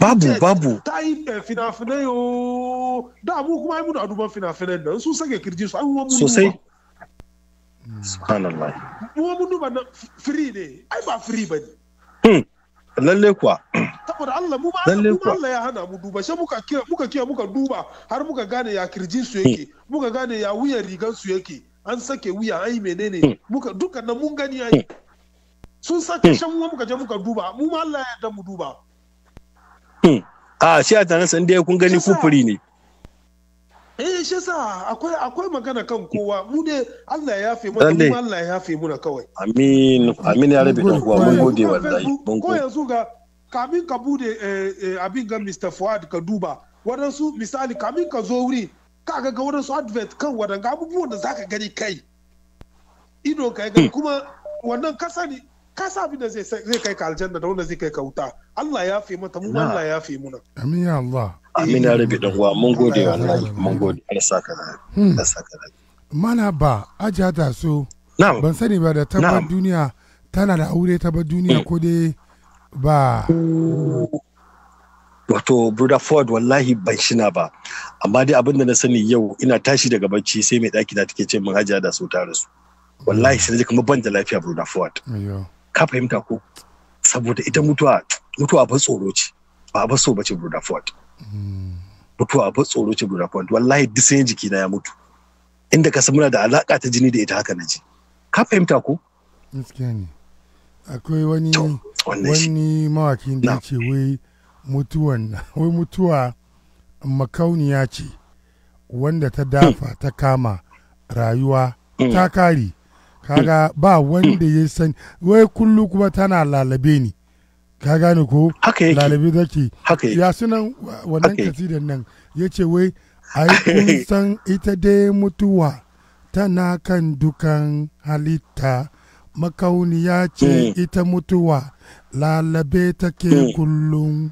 babu babu ta yi eh, fina-finai o da mu kuma yi muna duban fina-finan nan sun sake kirji su abubuwan mu sosai hmm. subhanallah mu mun duba na free ne ai ba free ba ne hmm. lalle kuwa saboda Allah mu ba kuwa Allah ya hana mu duba sai muka kira muka kira muka duba har muka gane ya kirjin su yake hmm. muka gane ya wuyan rigan su yake an sake wuya ai menene muka dukkan nan mun gani ai sun sake shan muka je muka duba mu ma Allah ya yarda mu duba Hmm. a shi a tanan sanda kun gani kufuri ne eh shi sa akwai akwai magana kan kowa mu dai Allah ya yafe mu Allah ya yafe mu na kawai amin amin ya rabi dan uwa mun gode wallahi mun ko yanzu ga kamin ka bude eh, eh, abin ga Mr Fuad ka duba wadansu misali kamin ka zo wuri ka ga ga wadansu advert kan wadanga abubuwan da zaka gani kai ido kai ga hmm. kuma wannan kasani ka sa abin da zai kai ka aljanna da wanda zai kai ka wuta Allah ya fi mata mun Allah ya fi muna amin ya Allah amin ya rabi dan uwa mun gode wallahi mun gode Allah saka da hmm. saka da mana ba aja da so ban sani ba da tabar duniya tana da aure tabar duniya hmm. ko dai ba wato brother ford wallahi ban shina ba amma dai abin da na sani yau ina tashi daga bacci sai mai daki da take ce mun hajiya da so ta rasu wallahi hmm. sai kuma ban da lafiya brother ford ka fahimta ko saboda ita mutuwa mutuwa ba tsoro ce ba ba so bace Bruda Ford mutuwa ba tsoro ce Bruda Ford wallahi duk sai jiki na ya mutu inda ka muna da alaka ta jini da ita haka na ji ka fahimta ko gaskiya ne akwai wani wani mawakin da yake wai mutuwan wai mutuwa makauniya ce wanda ta dafa ta kama rayuwa ta mm. kare kaga ba wanda ya san wai kullu kuma tana lalabe ni ka gane ko lalabe zaki ya sunan wannan kasidan nan ya ce wai ai kun san ita dai mutuwa tana kan dukan halitta ya ce hmm. ita mutuwa lalabe take hmm. kullum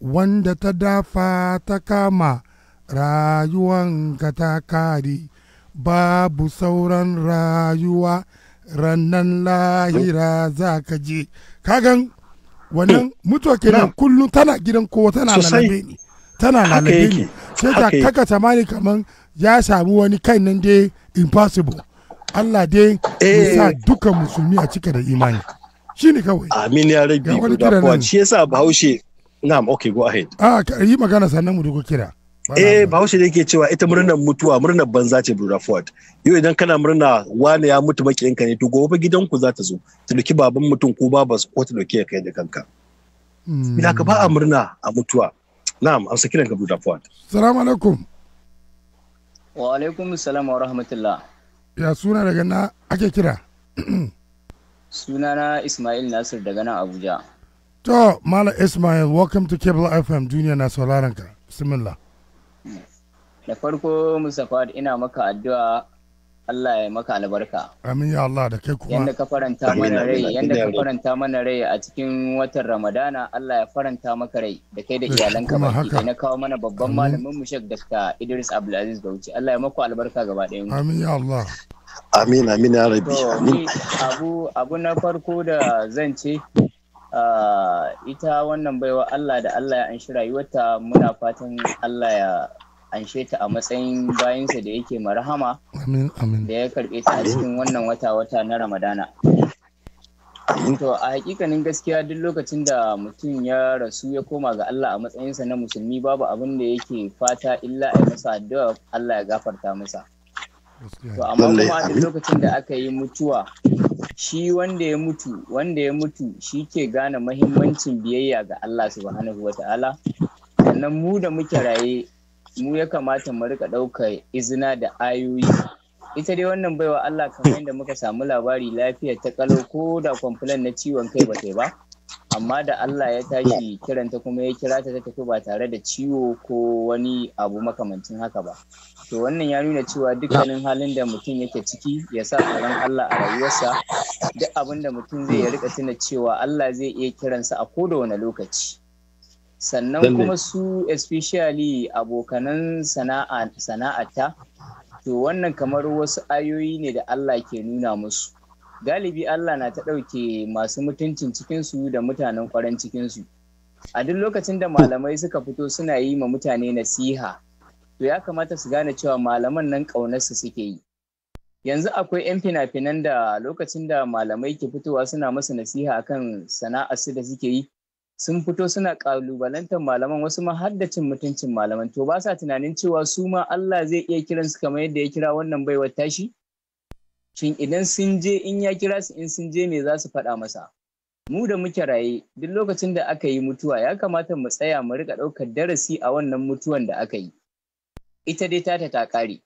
wanda ta dafa ta kama rayuwan ka ta kare babu sauran rayuwa rannan lahira za ka je kagan wannan hmm. mutuwa kenan kullum tana gidan kowa tana lalabe ne tana lalabe ne sai ta kaka tamani kaman ya samu wani kai nan dai impossible Allah dai ya eh. sa duka musulmi a cika da imani shi ne kawai amin ya rabi guda kuwa shi yasa bahaushe na'am okay go ahead ah, a yi magana sannan mu duka kira eh bahaushe da yake cewa ita murnar mutuwa murnar banza ce brother ford yau idan kana murna wani ya mutu makiyanka ne to gobe gidanku za ta zo ta dauki baban mutum ko babas ko ta dauke kai da kanka hmm. ina ka ba a murna a mutuwa na'am amsa kiran ka brother ford assalamu alaikum wa alaikum salam wa rahmatullah ya suna daga na ake kira sunana ismail nasir daga nan abuja to mala ismail welcome to cable fm duniya na sauraron ka bismillah da farko Mustapha ina maka addu'a Allah ya maka albarka. Amin ya Allah da kai kuma. Yanda ka faranta mana rai, yanda ka faranta mana rai a cikin watan Ramadana, Allah ya faranta maka rai da kai da eh, iyalanka baki da na kawo mana babban malamin mu Sheikh Dr. Idris Abdulaziz Bauchi. Allah ya maku albarka gaba ɗaya. Amin ya Allah. Amin amin ya rabbi. Amin. Abu abu na farko da zan ce ita wannan baiwa Allah da Allah ya anshi rayuwarta muna fatan Allah ya anshe ta a matsayin bayansa da yake marahama da ya karɓe ta a cikin wannan wata-wata na ramadana to a hakikanin gaskiya duk lokacin da mutum ya rasu ya koma ga Allah a matsayinsa na musulmi babu abin da yake fata illa a masa addu'a Allah ya gafarta masa to amma kuma duk lokacin da aka yi mutuwa shi wanda ya mutu wanda ya mutu shi ke gane mahimmancin biyayya ga Allah subhanahu wa ta'ala sannan mu da muke raye mu ya kamata mu rika ɗaukar izina da ayoyi ita dai wannan baiwa Allah kamar yadda muka samu labari lafiya ta kalo ko da kwamfulan na ciwon kai ba ta ba amma da Allah ya tashi kiranta kuma ya kira ta ta tafi ba tare da ciwo ko wani abu makamancin haka ba to wannan ya nuna cewa dukkanin halin da mutum yake ciki ya sa tsoron Allah a rayuwarsa duk abin da mutum zai ya rika tuna cewa Allah zai iya kiransa a koda wani lokaci sannan kuma su especially abokanan sana'a sana'ata to wannan kamar wasu ayoyi ne da Allah ke nuna musu galibi Allah na ta ɗauke masu mutuncin cikinsu da mutanen ƙwaran cikinsu a duk lokacin da malamai suka fito suna yi ma mutane nasiha to ya kamata su gane cewa malaman nan ƙaunarsu suke yi yanzu akwai 'yan fina-finan da lokacin da malamai ke fitowa suna musu nasiha akan sana'arsu da suke yi sun fito suna kalubalantar malaman wasu ma mutuncin malaman to ba sa tunanin cewa su ma Allah zai iya kiran kiransu kamar yadda ya kira wannan baiwar tashi shin idan sun je in ya kira su in sun je me za su faɗa masa mu da muke raye duk lokacin da aka yi mutuwa ya kamata mu tsaya mu rika ɗaukar darasi a wannan mutuwan da aka yi ita dai tata ta ƙare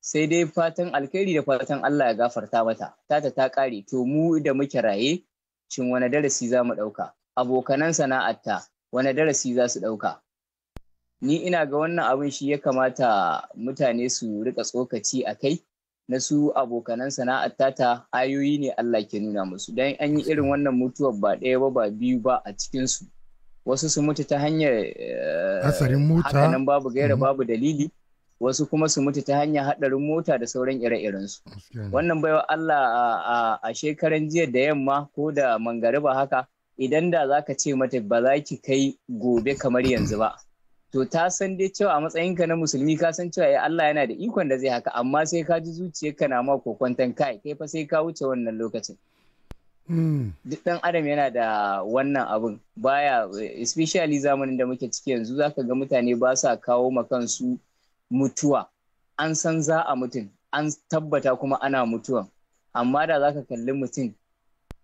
sai dai fatan alkhairi da fatan Allah ya gafarta mata tata ta ƙare to mu da muke raye shin wani darasi za mu ɗauka abokanan sana'arta wani darasi za su ɗauka. Ni ina ga wannan abin shi ya kamata mutane su rika tsokaci a kai na su abokanan sana'arta tata ayoyi ne Allah ke nuna musu don an yi irin wannan mutuwar ba ɗaya ba ba biyu ba a cikinsu wasu su mutu ta hanyar eh, hakanan babu gaira mm-hmm. babu dalili wasu kuma su mutu ta hanyar haɗarin mota da sauran ire-irensu wannan baiwa Allah a shekaran jiya da yamma ko da mangariba haka idan da za ka ce mata ba za ki kai gobe kamar yanzu ba to ta san dai cewa a matsayinka na musulmi ka san cewa ya eh, Allah yana da ikon da zai haka amma sai ka ji zuciyarka na ma kokwantan kai kai fa sai ka wuce wannan lokacin hmm. duk ɗan adam yana da wannan abun baya especially zamanin da muke ciki yanzu zaka ga mutane ba sa kawo ma kansu mutuwa an san za a mutum an tabbata kuma ana mutuwan amma da zaka kalli mutum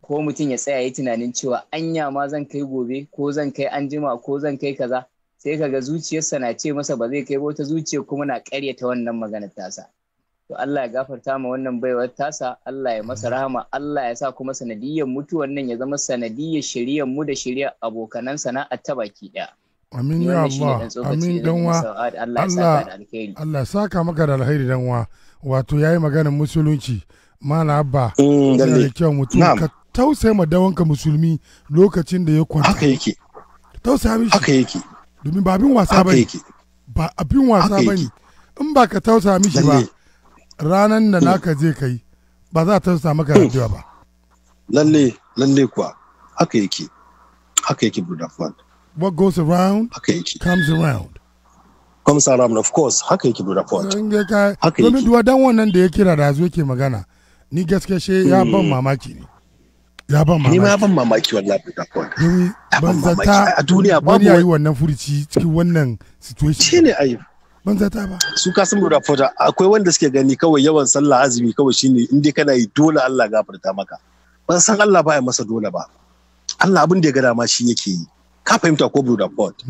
ko mutum ya tsaya yi tunanin cewa anya ma zan kai gobe ko zan kai anjima ko zan kai kaza sai kaga zuciyarsa na ce masa ba zai kai ba wata zuciya kuma na karyata wannan maganar tasa to Allah ya gafarta ma wannan baiwar tasa Allah ya masa rahama Allah ya sa kuma sanadiyar mutuwan nan ya zama sanadiyar shiriyar mu da shiriyar abokanan sana'a ta baki daya amin ya Allah amin danwa Allah Allah saka maka da alheri danwa wato yayi maganar musulunci mana abba mm, da kyau mutum ka tausaya ma dawanka musulmi lokacin da ya kwanta haka yake tausaya mishi haka yake domin ba abin wasa bane ba abin wasa ne. in ba ka tausaya mishi ba ranan da hmm. naka je kai ba za a tausaya maka rayuwa hmm. ba lalle lalle kuwa haka yake haka yake budafwan what goes around comes around comes around of course haka yake budafwan haka yake domin duwa dan wannan da ya kira da yazo yake magana ni gaske she ya ban hmm. mamaki ne ya ban mamaki ma ban mamaki wallahi da kwan ban mamaki a duniya babu wani wannan furici cikin wannan situation shine ayi ban zata ba su ka sun da akwai wanda suke gani kawai yawan sallah azumi kawai shine in dai kana yi dole Allah gafarta maka ban san Allah baya masa dole ba Allah abin da ya ga ma shi yake yi ka fahimta ko Brother port.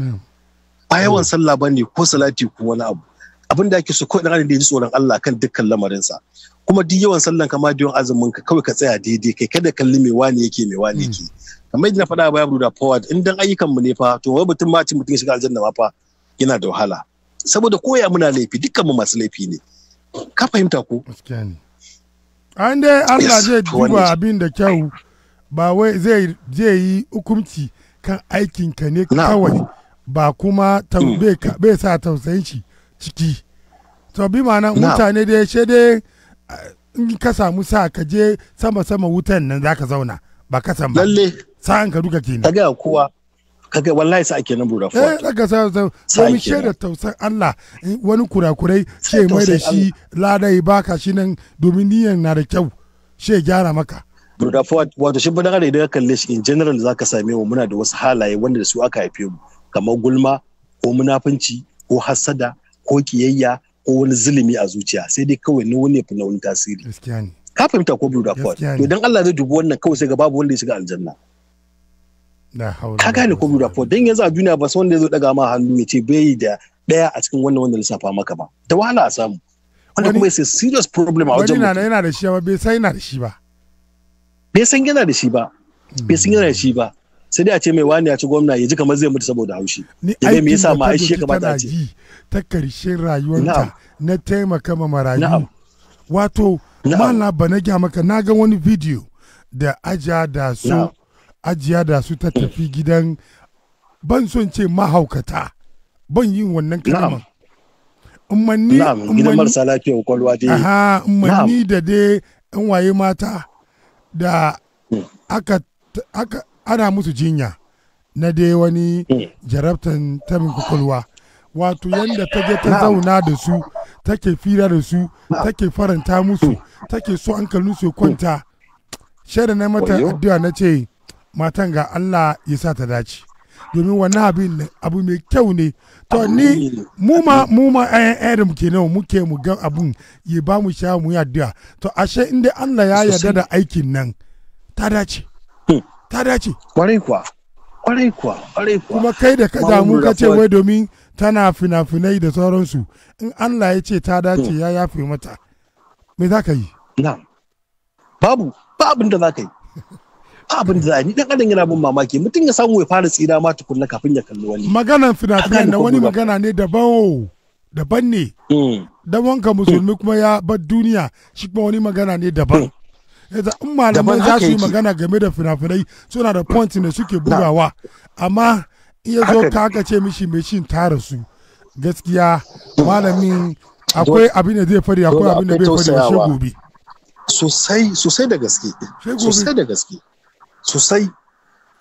ba yawan sallah bane ko salati ko wani abu abin da ake so kawai dan adam da ji tsoron Allah kan dukkan lamarinsa kuma duk yawan sallan ka ma da yawan azumin ka kawai ka tsaya daidai kai kada kalli me wani yake me wani yake kamar yadda na faɗa baya da forward in dan ayyukan mu ne fa to wai mutum ma ci mutum shiga aljanna ma fa yana da wahala saboda koya muna laifi dukkan mu masu laifi ne ka fahimta ko an dai Allah zai duba abin da kyau ba wai zai yi hukunci kan aikinka ne kawai ba kuma mm. bai sa tausayin shi ciki to bi ma nan mutane dai she dai in ka samu sa ka je sama sama wutan nan zaka zauna ba ka san ba lalle sa'an ka duka kenan kaga kowa kaga wallahi sa ake nan bura fa eh kaga sa sa mu she da tausan Allah wani kurakurai ce mai da shi ladai baka shi nan domin niyan na da kyau she gyara maka Burda Ford wato shi ba bada idan ka kalle shi in general zaka same mu muna da wasu halaye wanda da su aka haife mu kamar gulma ko munafunci ko hasada ko kiyayya ko wani zulumi a zuciya sai dai kawai ni wani fi na wani tasiri ka fahimta ko blue dot to dan Allah zai dubi wannan kawai sai ga babu wanda ya shiga aljanna ka gane ko blue dot dan yanzu a duniya ba wanda ya zo daga ma hannu ya ce bai da daya a cikin wannan wanda lissafa maka ba da wahala a samu wanda kuma sai serious problem a wajen mutum yana da shi ba bai san yana da shi ba bai san yana da shi ba bai san yana da shi ba sai dai a ce mai wani ya ci gwamna ya ji kamar zai mutu saboda haushi ya me da ta aishi ya kamata a ce ta karshen rayuwarta na taimaka ma marayu wato mana ba na gya maka na ga wani bidiyo da ajiya da su ajiya da su ta tafi gidan ban son ce mahaukata ban yin wannan kalmar umarni gidan marasa lafiya kwakwalwa dai aha umarni da dai in waye mata da hmm. aka aka ana musu jinya na dai wani mm. jarabtan tabin kwakwalwa wato yadda ta je ta zauna da su take fira da su take faranta musu mm. take so hankalin su kwanta shaida na mata addu'a na ce matan ga Allah ya sa ta dace domin wannan abin abu mai kyau ne to ni mu ma mu ma da muke nawa muke mu ga abun ya ba mu sha mu yi addu'a to ashe inda Allah ya yarda da aikin nan ta dace ta dace kwarai kuwa kwarai kuwa kwarai kuwa kuma kai da ka damu ka ce wai domin tana fina-finai da sauransu in Allah ya ce ta dace hmm. ya yafe mata me za ka yi Na. babu ba da za ka yi ba abin da za a yi dan adam yana bin mamaki mutum ya samu ya fara tsira ma tukunna kafin ya kalli wani maganan fina finai na wani magana ne daban daban ne hmm. dan wanka musulmi kuma ya bar duniya shi kuma wani magana ne daban hmm. yanzu in malaman za su yi magana game da finafinai suna da point da suke bugawa amma iya zo ka aka ce mishi mai shin tara su gaskiya malamin akwai abin da zai fari akwai abin da bai fari shi gobe sosai sosai da gaske sosai da gaske sosai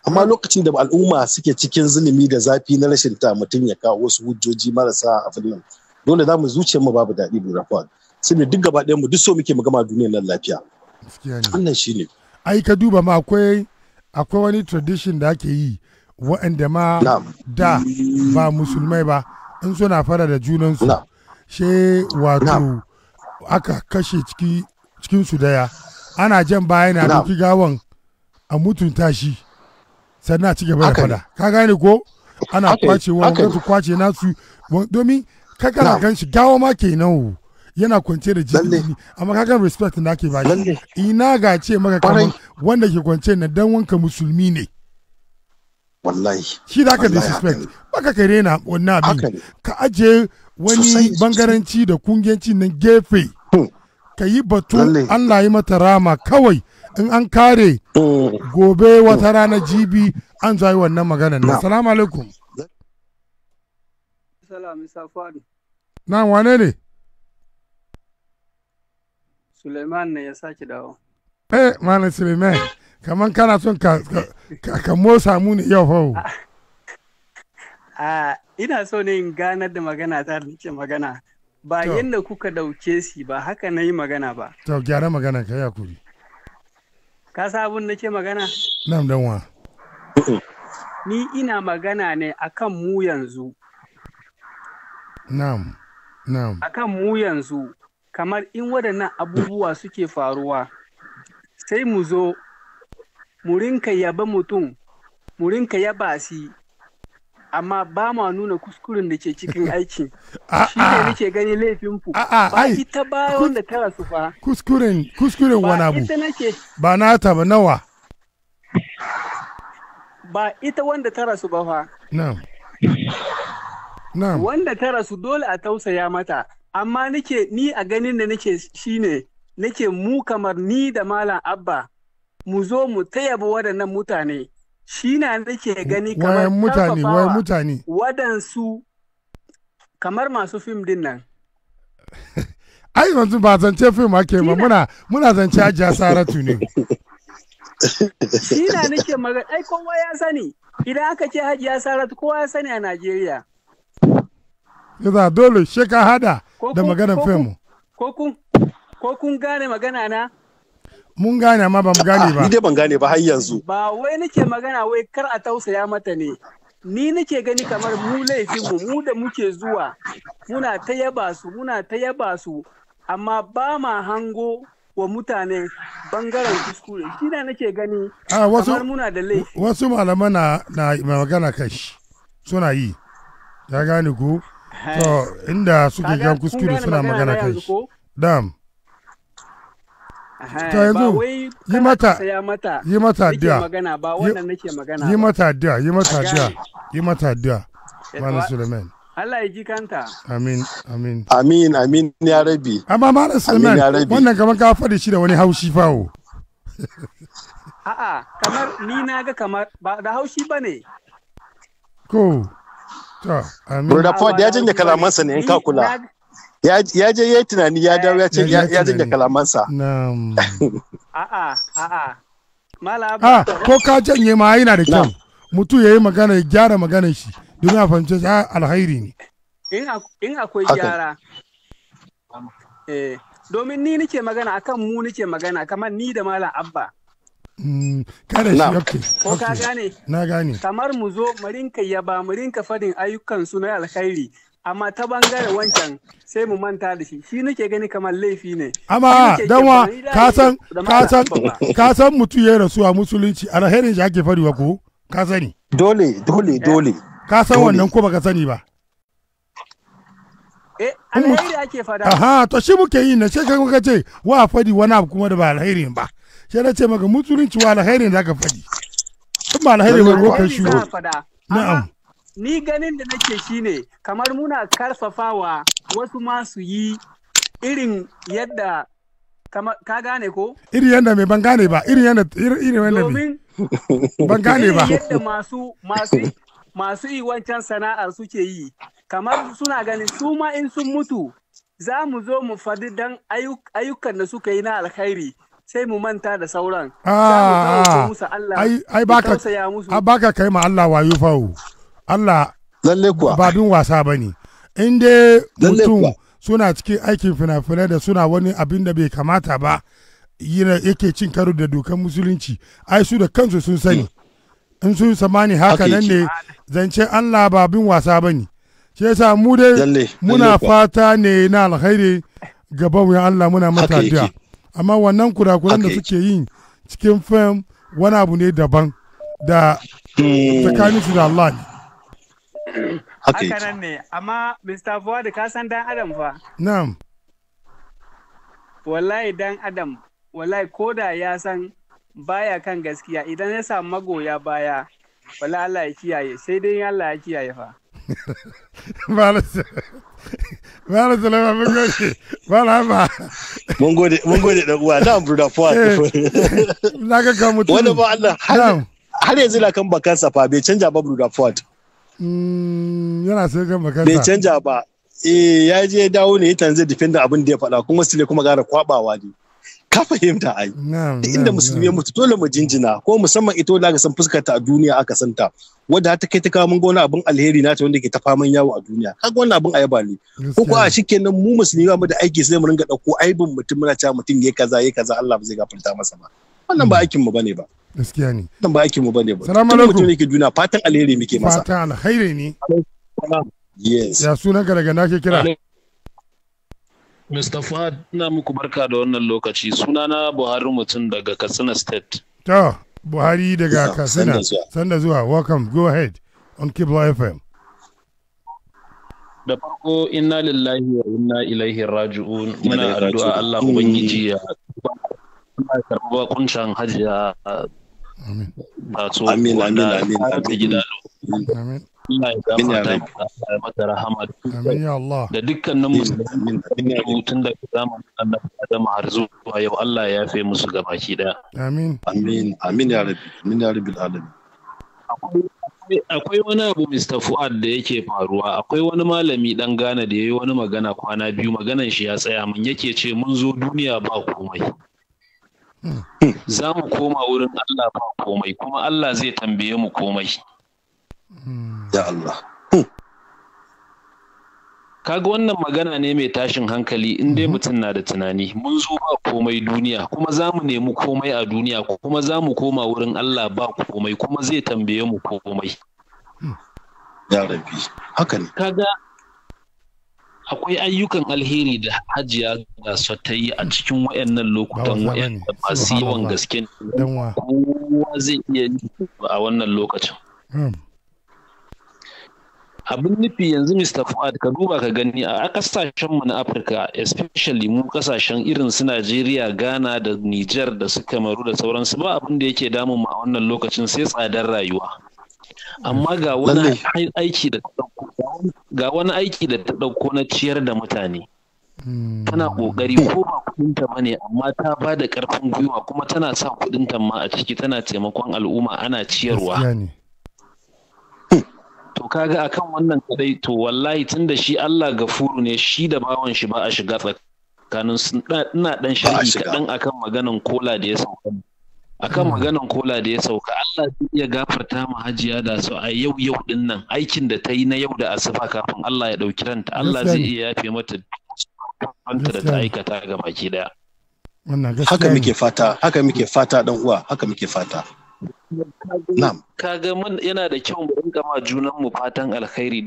amma lokacin da al'umma suke cikin zulumi da zafi na rashin ta mutum ya kawo wasu hujjoji marasa a filin dole za mu zuciyar mu babu daɗi lura kwan sai duk gaba ɗayan mu duk so muke mu gama duniyar nan lafiya wannan shine ai ka duba ma akwai akwai wani tradition da ake yi waɗanda ma da ba musulmai ba in suna fara da junansu she wato aka kashe cikin su daya ana jan baya na duki gawan a mutunta shi sannan a ci gaba da fada ka gane ko ana wa wani su kwace nasu domin kakana gan shi gawa ma ke yana kwance da jini amma kan respect na ke ba ina ga ce maka kama wanda ke kwance na dan wanka musulmi ne wallahi shi da ka disrespect baka ka rena wannan abin ka aje wani bangaranci da kungiyanci nan gefe hmm. ka yi batu Allah yi mata rama kawai in an kare hmm. gobe wata rana jibi an zai wannan magana na salamu alaikum na wane ne Suleiman ne ya sake dawo. Eh, Malam Suleiman, kamar kana son ka, ka, motsa mu ne yau fa Ah, ina so ne in ganar da magana ta da magana. Ba yadda kuka dauke si ba, haka na yi magana ba. To, gyara magana ka ya kuri. Ka sa abin da ke magana? Nam wa. Ni ina magana ne akan mu yanzu. Nam, nam. Akan mu yanzu. kamar in waɗannan abubuwa suke faruwa sai mu zo mu rinka yaba mutum mu rinka yaba shi amma ba ma nuna kuskuren da ke cikin aikin shi ne nake gani laifin ku ba ita ba wanda ta rasu fa kuskuren kuskuren wani abu ba nata ba nawa ba ita wanda ta rasu ba fa na'am wanda ta rasu dole a tausaya mata amma nake ni a ganin da nake shine nake mu kamar ni da malam abba mu zo mu tayaba waɗannan mutane shi na nake gani kamar mutane mutane waɗansu kamar masu fim din nan ai yanzu ba zance fim ake ba muna muna zance ajiya saratu ne shi na nake magana ai kowa ya sani idan aka ce hajiya saratu kowa ya sani a najeriya Yaza dole shi ka hada da maganar femu. Ko kun gane magana na? Mun gane amma ba mu gane ah, ba. Ni dai ban gane ba har yanzu. Ba wai nake magana wai kar a tausaya mata ne. Ni nake gani kamar mu laifinmu mu da muke zuwa muna ta yaba su muna ta yaba su amma ba ma hango wa mutane bangaren kuskure shi na nake gani ah, kamar muna da laifi. Wasu malaman na magana kashi suna yi. Ya gane ko? to eh, inda suke jan kuskure suna magana kai dam eh, ta yanzu yi mata yi mata diya yi mata diya yi mata diya yi mata diya malam suleiman Allah ya ji kanta. Amin, amin. Amin, amin ya rabi. Amma Malam Salman, wannan kamar ka fadi shi da wani haushi fawo. A'a, kamar ni na ga kamar ba da haushi ba ne. Ko. Brother Ford ya janye kalamansa ne in ka kula. Ya je ya yi tunani ya dawo ya ce ya janye kalamansa. A'a, a'a. Mala ah, ko ka janye ma yana da kyau. Mutu ya yi magana ya gyara maganar shi. Don ya fahimci ya ah, alhairi ne. In akwai gyara. Eh, domin ni nike magana akan mu nike magana kamar ni da Malam Abba. Mm, kada shi ko ka gane na gane kamar mu zo mu rinka yaba mu rinka fadin ayyukan su na alkhairi amma ta bangare wancan sai mu manta da shi shi nake gani kamar laifi ne amma danwa ka san ka san ka san mutu ya rasu a musulunci alherin shi ake fadi wa ko ka sani dole dole eh. dole ka san wannan ko baka sani ba Eh, alheri ake fada. Aha, to shi muke yi na shekaru ka ce wa fadi wani abu kuma da ba alherin ba. sai na ce maka musulunci wa alheri da ka faɗi kuma alheri alkhairi ba ko kai shigo na'am ni ganin da nake shine kamar muna karfafawa wasu ma su yi irin yadda ka gane ko irin yadda mai ban gane ba irin yadda irin yadda mai ban gane ba yadda masu masu masu yi wancan sana'ar suke yi kamar suna ganin su ma in sun mutu za mu zo mu faɗi dan ayyukan da suka yi na alkhairi sai mu manta da sauran. Ah, ah. Ai baka kai ma Allah wayo fawo. Allah babin ba wasa dai mutum suna cikin aikin fina-finai da suna wani abin da bai kamata ba yake cin karo da dokan musulunci ai su da kansu sun sani hmm. in sun samani haka nan ne zance Allah babin wasa bane shi yasa mu dai muna fata ne na alkhairi gaban Allah muna mata addu'a amma wannan kurakuran da suke yi cikin fim wani abu ne daban da hmm. tsakanin su da Allah ne. Haka nan ne, amma Mr. Fuad ka san dan Adam fa? Na'am. Wallahi dan Adam, wallahi koda ya san baya kan gaskiya idan ya samu magoya baya, wallahi Allah ya kiyaye, sai dai Allah ya kiyaye fa. Malam Malam Sulaiman mun gode. Malam ba. Mun gode mun gode da uwa. Na burda fuwa. Eh, na ga ka mutum. Wani ba Allah har yanzu na kan bakansa fa bai canja ba burda fuwa. Mm, yana sai kan bakan bakansa. Bai canja ba. Eh ya je dawo ne ya tanzu dependent abin da ya faɗa kuma sile kuma gara kwabawa ne. ka fahimta ai duk inda musulmi ya mutu dole mu jinjina ko musamman ita wanda aka san fuskar ta a duniya aka santa. Wadda wanda ta kai ta kawo mun ga wani abin alheri na ta wanda ke ta faman yawo a duniya ga wannan abin ayaba ne ko ko a shikenan mu musulmi ba mu da aiki sai mu ringa dauko aibin mutum muna cewa mutum yayi kaza yayi kaza Allah ba zai gafarta masa ba wannan ba mm. aikin mu bane ba gaskiya ne wannan ba aikin mu bane ba salamu alaikum mutum yake duniya fatan alheri muke masa fatan alheri ne yes ya sunan ka daga nake kira Mr. fahad na muku barka da wannan lokaci. Sunana Buhari mutum daga Katsina State. To, Buhari daga Katsina. Sanda zuwa. Welcome. Go ahead on Kibla FM. Da farko inna lillahi wa inna ilaihi raji'un muna addu'a Allah Ubangiji ya karɓi hajiya. Amin. Amin. Amin. Amin. Amin. Amin. Allah ya gafarta ya mata rahama da dukkanin musulmi da daga zamanin annabi Adam har zuwa yau Allah ya fi musu gabaki daya amin amin amin ya rabbi amin ya rabbil alamin akwai wani abu Mr. Fuad da yake faruwa akwai wani malami dan Ghana da yayi wani magana kwana biyu maganan shi ya tsaya mun yake ce mun zo duniya ba komai hmm. za mu koma wurin Allah ba komai kuma Allah zai tambaye mu komai ya Allah hm. kaga wannan magana ne mai tashin hankali in dai mhm. mutum na da tunani mun zo ba komai duniya kuma za mu nemi komai a duniya kuma za mu koma wurin Allah ba komai kuma zai tambaye mu komai hm. ya rabi haka ne kaga akwai ayyukan alheri da hajiya ga ta yi a cikin wayannan lokutan wayannan masu yawan gaske kowa zai iya a wannan lokacin hm. abin nufi yanzu mr fuad ka duba ka gani a kasashen mu na afirka especially mu kasashen irin su najeriya ghana da niger da su kamaru da sauransu ba abin da yake damun mu a wannan lokacin sai tsadar rayuwa amma ga wani aiki da ga ta ɗauko na ciyar da mutane hmm. tana ƙoƙari ko ba kuɗinta ba ne amma ta ba da ƙarfin gwiwa kuma tana sa ta ma a ciki tana taimakon al'umma ana ciyarwa to kaga akan wannan kadai to wallahi tun da shi Allah gafuru ne shi da bawan shi ba a shiga tsakanin ina dan sharhi kadan akan maganan kola da ya sauka akan hmm. maganan kola da ya sauka Allah zai iya gafarta mu hajiya da su a yau yau din nan aikin da ta yi na yau da asuba kafin Allah ya dauki ranta Allah zai iya yafe mata ranta da ta aikata ga baki daya haka muke fata haka muke fata dan uwa haka muke fata kaga mun yana da kyau mu rinka ma junan mu fatan alkhairi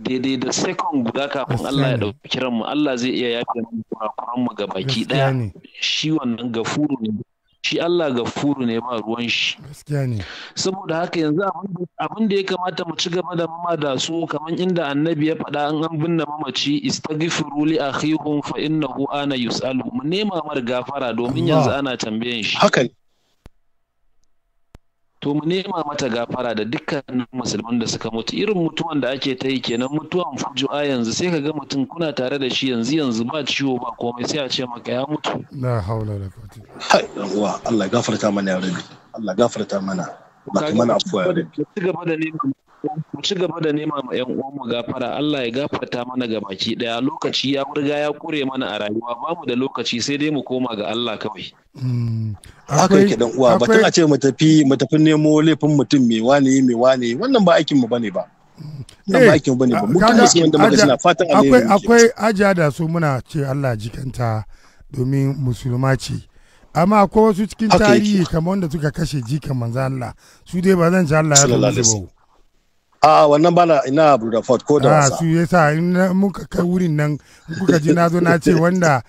daidai da second guda kafin Allah ya dauki kiran mu Allah zai iya yafe mu kurakuran mu ga baki daya shi wannan gafuru ne shi Allah gafuru ne ba ruwan shi saboda haka yanzu abin da ya kamata mu ci gaba da mama da su kamar inda annabi ya faɗa an an binne mamaci istaghfiru li akhihum fa innahu ana yusalu mu nema mar gafara domin yanzu ana tambayan shi haka ne to mu nema mata gafara da dukkanin musulman da suka mutu irin mutuwan da ake ta yi kenan mutuwan fujua yanzu sai ka ga mutum kuna tare da shi yanzu yanzu ba ciwo ba komai sai a ce maka ya mutu la haula la quwwata hai Allah gafarta mana ya rabbi Allah gafarta mana ba mana afuwa ya rabbi ci gaba da neman mu ci gaba da nema ma yan uwan mu gafara Allah ya gafarta mana ga baki daya lokaci ya riga ya kure mana a rayuwa ba mu da lokaci sai dai mu koma ga Allah kawai hmm. haka yake dan uwa ba tana ce mu tafi mu tafi nemo laifin mutum me wane me wane wannan ba aikin mu bane ba nan ba eh, aikin mu bane ba mu kana so wanda muka suna fatan Allah akwai ajiya da su muna ce Allah jikanta domin musulma ce amma ko wasu cikin tarihi kamar wanda suka kashe jikan manzo Allah su dai ba zan ci Allah ya rubuta ba a wannan bana ina fort ko da ah, wasa su sa in muka kai wurin nan kuka ji na zo na ce wanda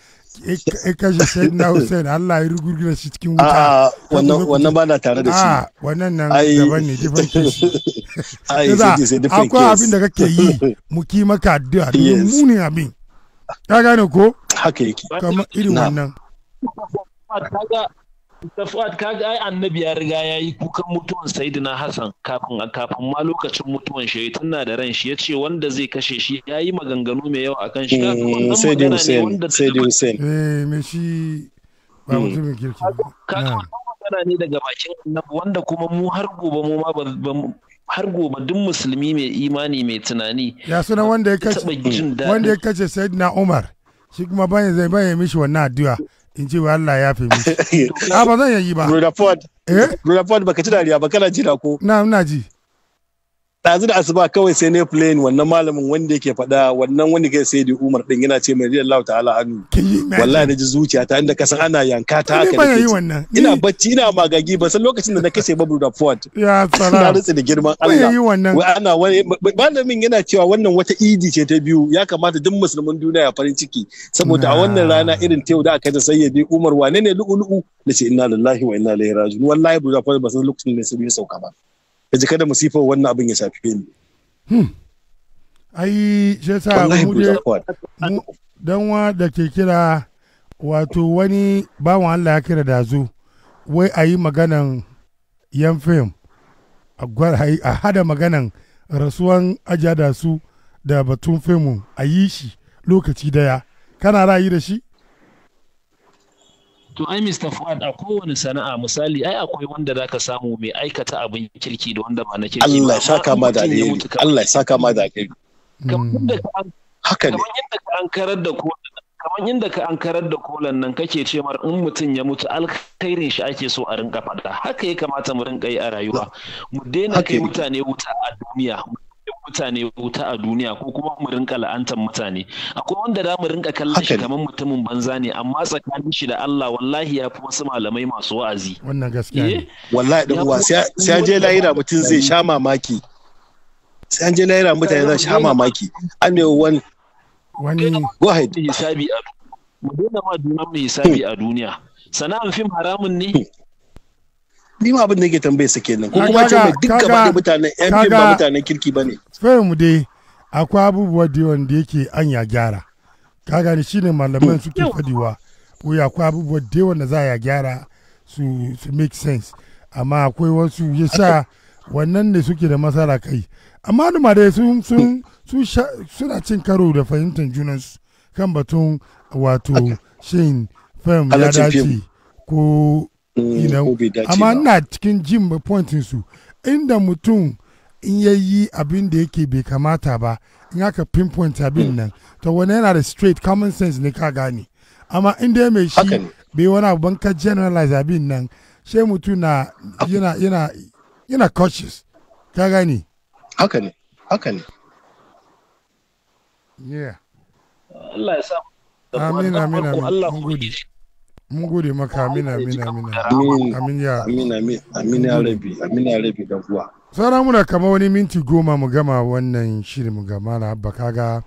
kashe Sheikh na Hussein Allah ya rugurgura shi cikin wuta. Ah, wannan wannan bana tare da shi. Ah, wannan nan gaban ne different case. Ai sai different case. Akwai abin da kake yi mu ki maka addu'a domin munin abin. Ka gane ko? Haka yake. Kamar irin wannan. da ka ga ai annabi ya riga ya yi kukan mutuwan sayyidina Hassan kafin a kafin ma lokacin mutuwan shi tunna da ran shi yace wanda zai kashe shi ya yi maganganu mai yawa akan shi kafin eh, sayyidi hussein sayyidi hussein eh me shi ba hmm. mutumin kirki kaga magana ne daga bakin annabi wanda kuma mu har gobe mu ma ba har gobe duk musulmi mai imani mai tunani ya sunan wanda ya kace hmm. wanda ya kace sayyidina umar shi kuma bane zai bane mishi wannan addu'a in ce Allah ya fi mishi a ah, ba zan yi ba rodaford eh? rodaford baka ci dariya ba kana ji na ko na ina ji ɗazu da asuba kawai sai ne playing wannan malamin wanda yake faɗa wannan wanda ke sai da umar ɗin yana ce mai riyar lau ta'ala anu wallahi na ji zuciya ta inda kasan ana yanka ta haka da ke ina bacci ina magagi ba san lokacin da na kashe babu da ford na rutsi da girman allah wai ana wani malamin yana cewa wannan wata idi ce ta biyu ya kamata duk musulmin duniya ya farin ciki saboda a wannan rana irin ta yau da aka ta bi umar wane ne lu'u-lu'u na ce inna lillahi wa inna ilaihi raji'un wallahi bu da ford ba san lokacin da sai sauka ba ya ji kada musifa wannan abin ya shafi ni hmm. ai shi sa mu dan wa da ke kira wato wani bawan Allah ya kira da zu wai a yi maganan yan fim a hada maganan rasuwan aja da su da batun fim a yi shi lokaci daya kana ra'ayi da shi To ai Mr. Fuad a kowane sana'a misali ai akwai wanda zaka samu mai aikata abin kirki da wanda ba na kirki Allah ya saka ma da alheri Allah hmm. ya saka ma da alheri haka ne ka ankarar da yadda ka ankarar da kolan nan kake ce mar in mutum ya mutu alkhairin shi ake so a rinka fada haka ya kamata mu rinka yi a rayuwa mu daina kai mutane wuta a duniya mu mutane wuta a duniya ko kuma mu rinka la'antar mutane akwai wanda za mu rinka kallon shi kamar mutumin banza ne amma tsakanin shi da Allah wallahi ya fi wasu malamai masu wa'azi wannan gaskiya ne eh? wallahi da uwa sai je lahira mutum zai sha mamaki sai an je lahira mutane zai sha mamaki an ne wani wani go ahead hisabi a mu daina ma dunan mu hisabi a duniya sana'an fim haramun ne hmm. ni ma abin da yake tambaye sa kenan ko kuma ce mai duk gaba da mutanen MP ba mutanen kirki bane fayin mu dai akwai abubuwa da yawan da yake an ya gyara ka gane shine malaman suke fadiwa ko ya akwai abubuwa da yawan da za ya gyara su su make sense amma akwai wasu ya sa wannan ne suke da masara kai amma da dai sun sun suna cin karo da fahimtar junansu kan batun wato shin fam ya dace ko Mm, you know amma ina cikin jin pointin su inda mutum in ya yi abin da yake bai kamata ba in aka pinpoint abin mm. nan to wani yana da straight common sense ne ka gane amma inda ya mai shi bai wani abu ka generalize abin nan she mutum na yana yana yana cautious ka gane haka ne haka ne yeah Allah ya sa amin amin amin Allah mun gode maka amina amina amina amin ya amin amin amin ya rabi amin ya rabi da kuwa sauran muna kama wani minti goma mu gama wannan shirin mu gama na abba kaga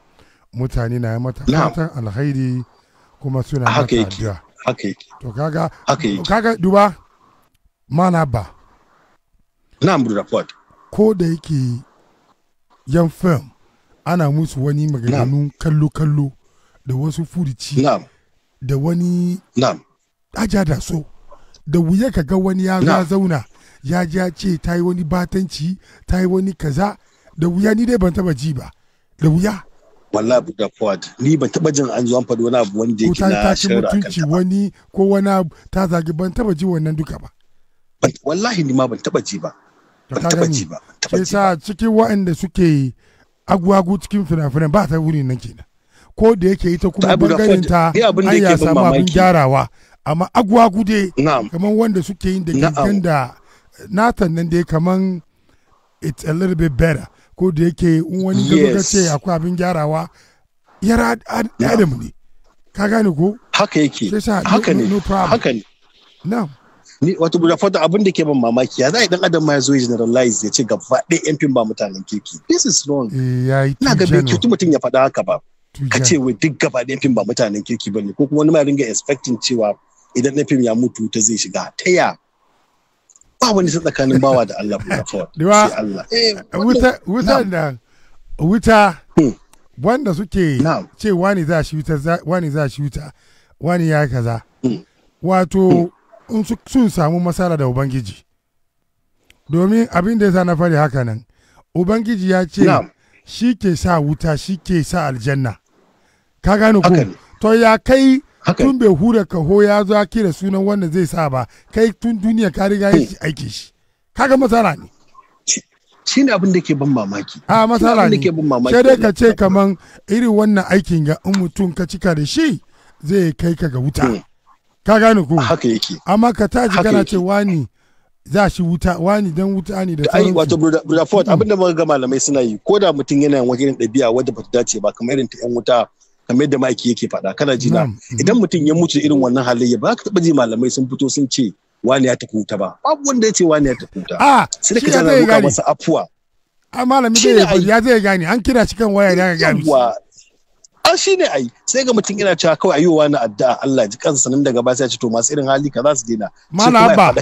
mutane na mata fatan alhaidi kuma suna mata addu'a haka yake to kaga kaga duba mana ba na mu report ko da yake yan film ana musu wani maganganun kallo-kallo da wasu furici da wani Naam. aja da so da wuya ka ga wani ya za zauna ya ji ya ce ta yi wani batanci ta yi wani kaza da wuya ni dai ban taba ji ba da wuya wallahi da ford ni ban taba jin an zo an faɗi wani abu wanda yake na shirra kan ta wani ko wani ta zagi ban taba ji wannan duka ba wallahi ni ma ban taba ji ba ban taba ji ba sai sa cikin waɗanda suke agwagu cikin fina-finan ba ta wuri nan kenan ko da yake ita kuma bangaren ta an ya samu abin gyarawa amma aguwa gude kamar wanda suke yin da gangan da natan nan dai kamar it's a little bit better ko da yake wani gaba ce akwai abin gyarawa yara adam ne ka gane ko haka yake haka ne haka ne na'am ni wato buda fata abin da ke ban mamaki ya za a dan adam ma ya zo generalize ya ce gaba ɗaya yan fim ba mutanen kirki this is wrong eh, ina ga bai kyautu mutum ya faɗa haka ba ka ce wai duk gaba ɗaya fim ba mutanen kirki ba ne ko kuma wani ma ringa expecting cewa idan na fim ya mutu ta zai shiga ta ya ba wani ta tsakanin bawa da Allah ba kawai sai Allah eh, eh, wuta wuta wuta hmm. wanda suke ce wani za shi wuta wani za shi wuta wani ya kaza hmm. wato in sun samu masala da ubangiji domin abin da ya sa na fari haka nan ubangiji ya ce shi ke sa wuta shi ke sa aljanna ka gano ko to ya kai tun bai hura ho ya zo da sunan wanda zai sa ba kai tun duniya ka riga ya eh. aiki shi kaga matsala ne shi ne abin da ke ban mamaki a ah, matsala ne shi dai ka ce kaman irin wannan aikin ga in mutum ka cika da shi zai kai ka ga wuta eh. ka gane ko haka yake amma ka taji kana ce wani za shi wuta wani dan wuta ne da ai wato brother ford mm. abinda muka ga malamai suna yi ko da mutum yana yin wajen ɗabi'a wadda ba ta dace ba kamar irin ta yan wuta kamar yadda ma'aiki yake faɗa kana ji na mhm. idan mutum ya mutu irin wannan halayya ba ka taɓa ji malamai sun fito sun ce wani ya tafi wuta ba babu wanda ya ce wani ya tafi wuta sai ka tana muka masa afuwa a malami zai ya zai gane an kira shi kan waya ya gane a shi ne ai sai ga mutum ina cewa kawai ayowa na addu'a Allah ji kansa nan daga ba sai ce to masu irin hali ka za su daina malam ba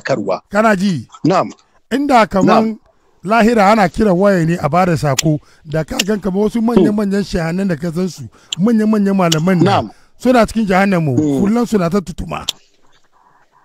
kana ji na'am inda kaman lahira ana kira waya ne a bada sako da ka gan kama wasu manya-manyan shahanan da ka san su manya-manyan malaman na suna cikin jahannamu hmm. su na ta tutuma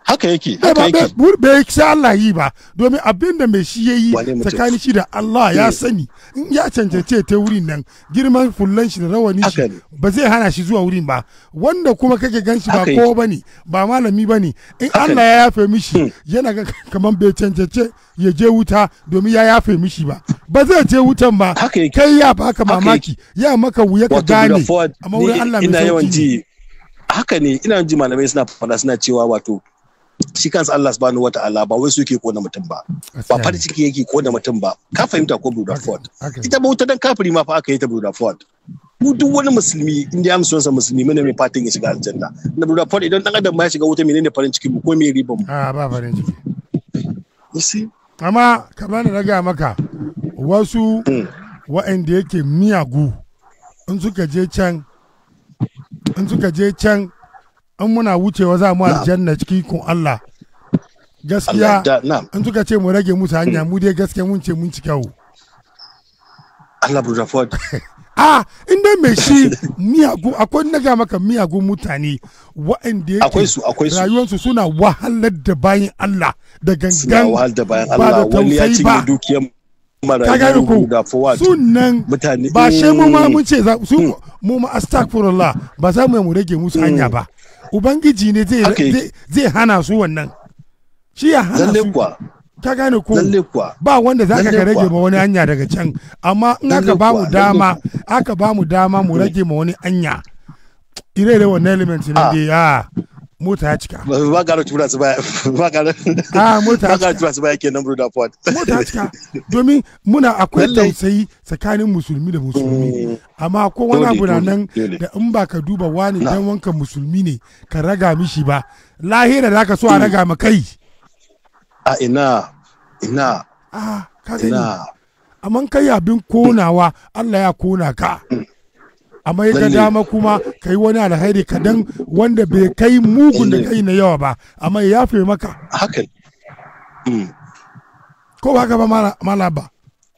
haka yake haka yake bai sai Allah yi ba domin abin da mai shi yayi tsakani shi da Allah ya eh. sani in ya cancance ta wurin nan girman fullan shi da rawani shi ba zai hana shi zuwa wurin ba wanda kuma kake gan shi ba ko bane ba malami bane in Allah ya yafe mishi hmm. yana ga kaman bai cancance ya je wuta domin ya yafe mishi ba ba zai je wutan ba kai ya baka mamaki ya maka wuya ka gane amma wurin Allah mai sauki haka ne ina ji malamai suna faɗa suna cewa wato shi kansa Allah subhanahu wa ta'ala ba wai su yake kona mutum ba ba farin ciki yake kona mutum ba ka fahimta ko Buda Ford ita bauta dan kafiri ma fa aka yi ta Buda Ford mu duk wani musulmi in dai amsa wasa musulmi mene mai fatan ya shiga aljanna na Buda Ford idan dan adam ma ya shiga wuta menene farin ciki mu ko me riba mu a ah, ba farin ciki amma kamar maka wasu hmm. wa'anda yake miyagu in suka je can in suka je can in muna wucewa za mu aljanna ciki kun Allah gaskiya in suka ce mu rage musu hanya mu dai gaskiya mun ce mun ci kyau Allah bu Ford a ah, inda mai shi miyagu akwai ga maka miyagun mutane waɗanda yake akwai su akwai su rayuwarsu suna wahalar da bayan Allah da gangan ba da tausayi ba wani sunan ba shi mu ma mm. mun ce za su mm. mu ma astagfirullah ba za mu mu rage musu mm. hanya ba ubangiji ne zai hana su wannan shi ya hana su ka gane ko ba wanda za ka rage ma wani hanya daga can amma in aka ba mu dama aka ba mu dama mu rage ma wani hanya ire ire wannan element ne ah. dai ya ah. mota ya cika ba tura su baya ba ah, mota ya cika tura su baya kenan ford mota ya cika domin muna akwai tausayi tsakanin musulmi da musulmi mm. amma ko wani abu na nan da in ba ka duba wani dan wanka musulmi ne ka raga mishi ba lahira da ka so a mm. raga ma kai a ina ina a ah, ka gani amma kai abin konawa Allah ya kona ka mm. a mai da dama kuma ka yi wani alheri kadan wanda bai kai mugun da kai na yawa ba amma ya fi maka haka mm. ko ba ka ba mala ba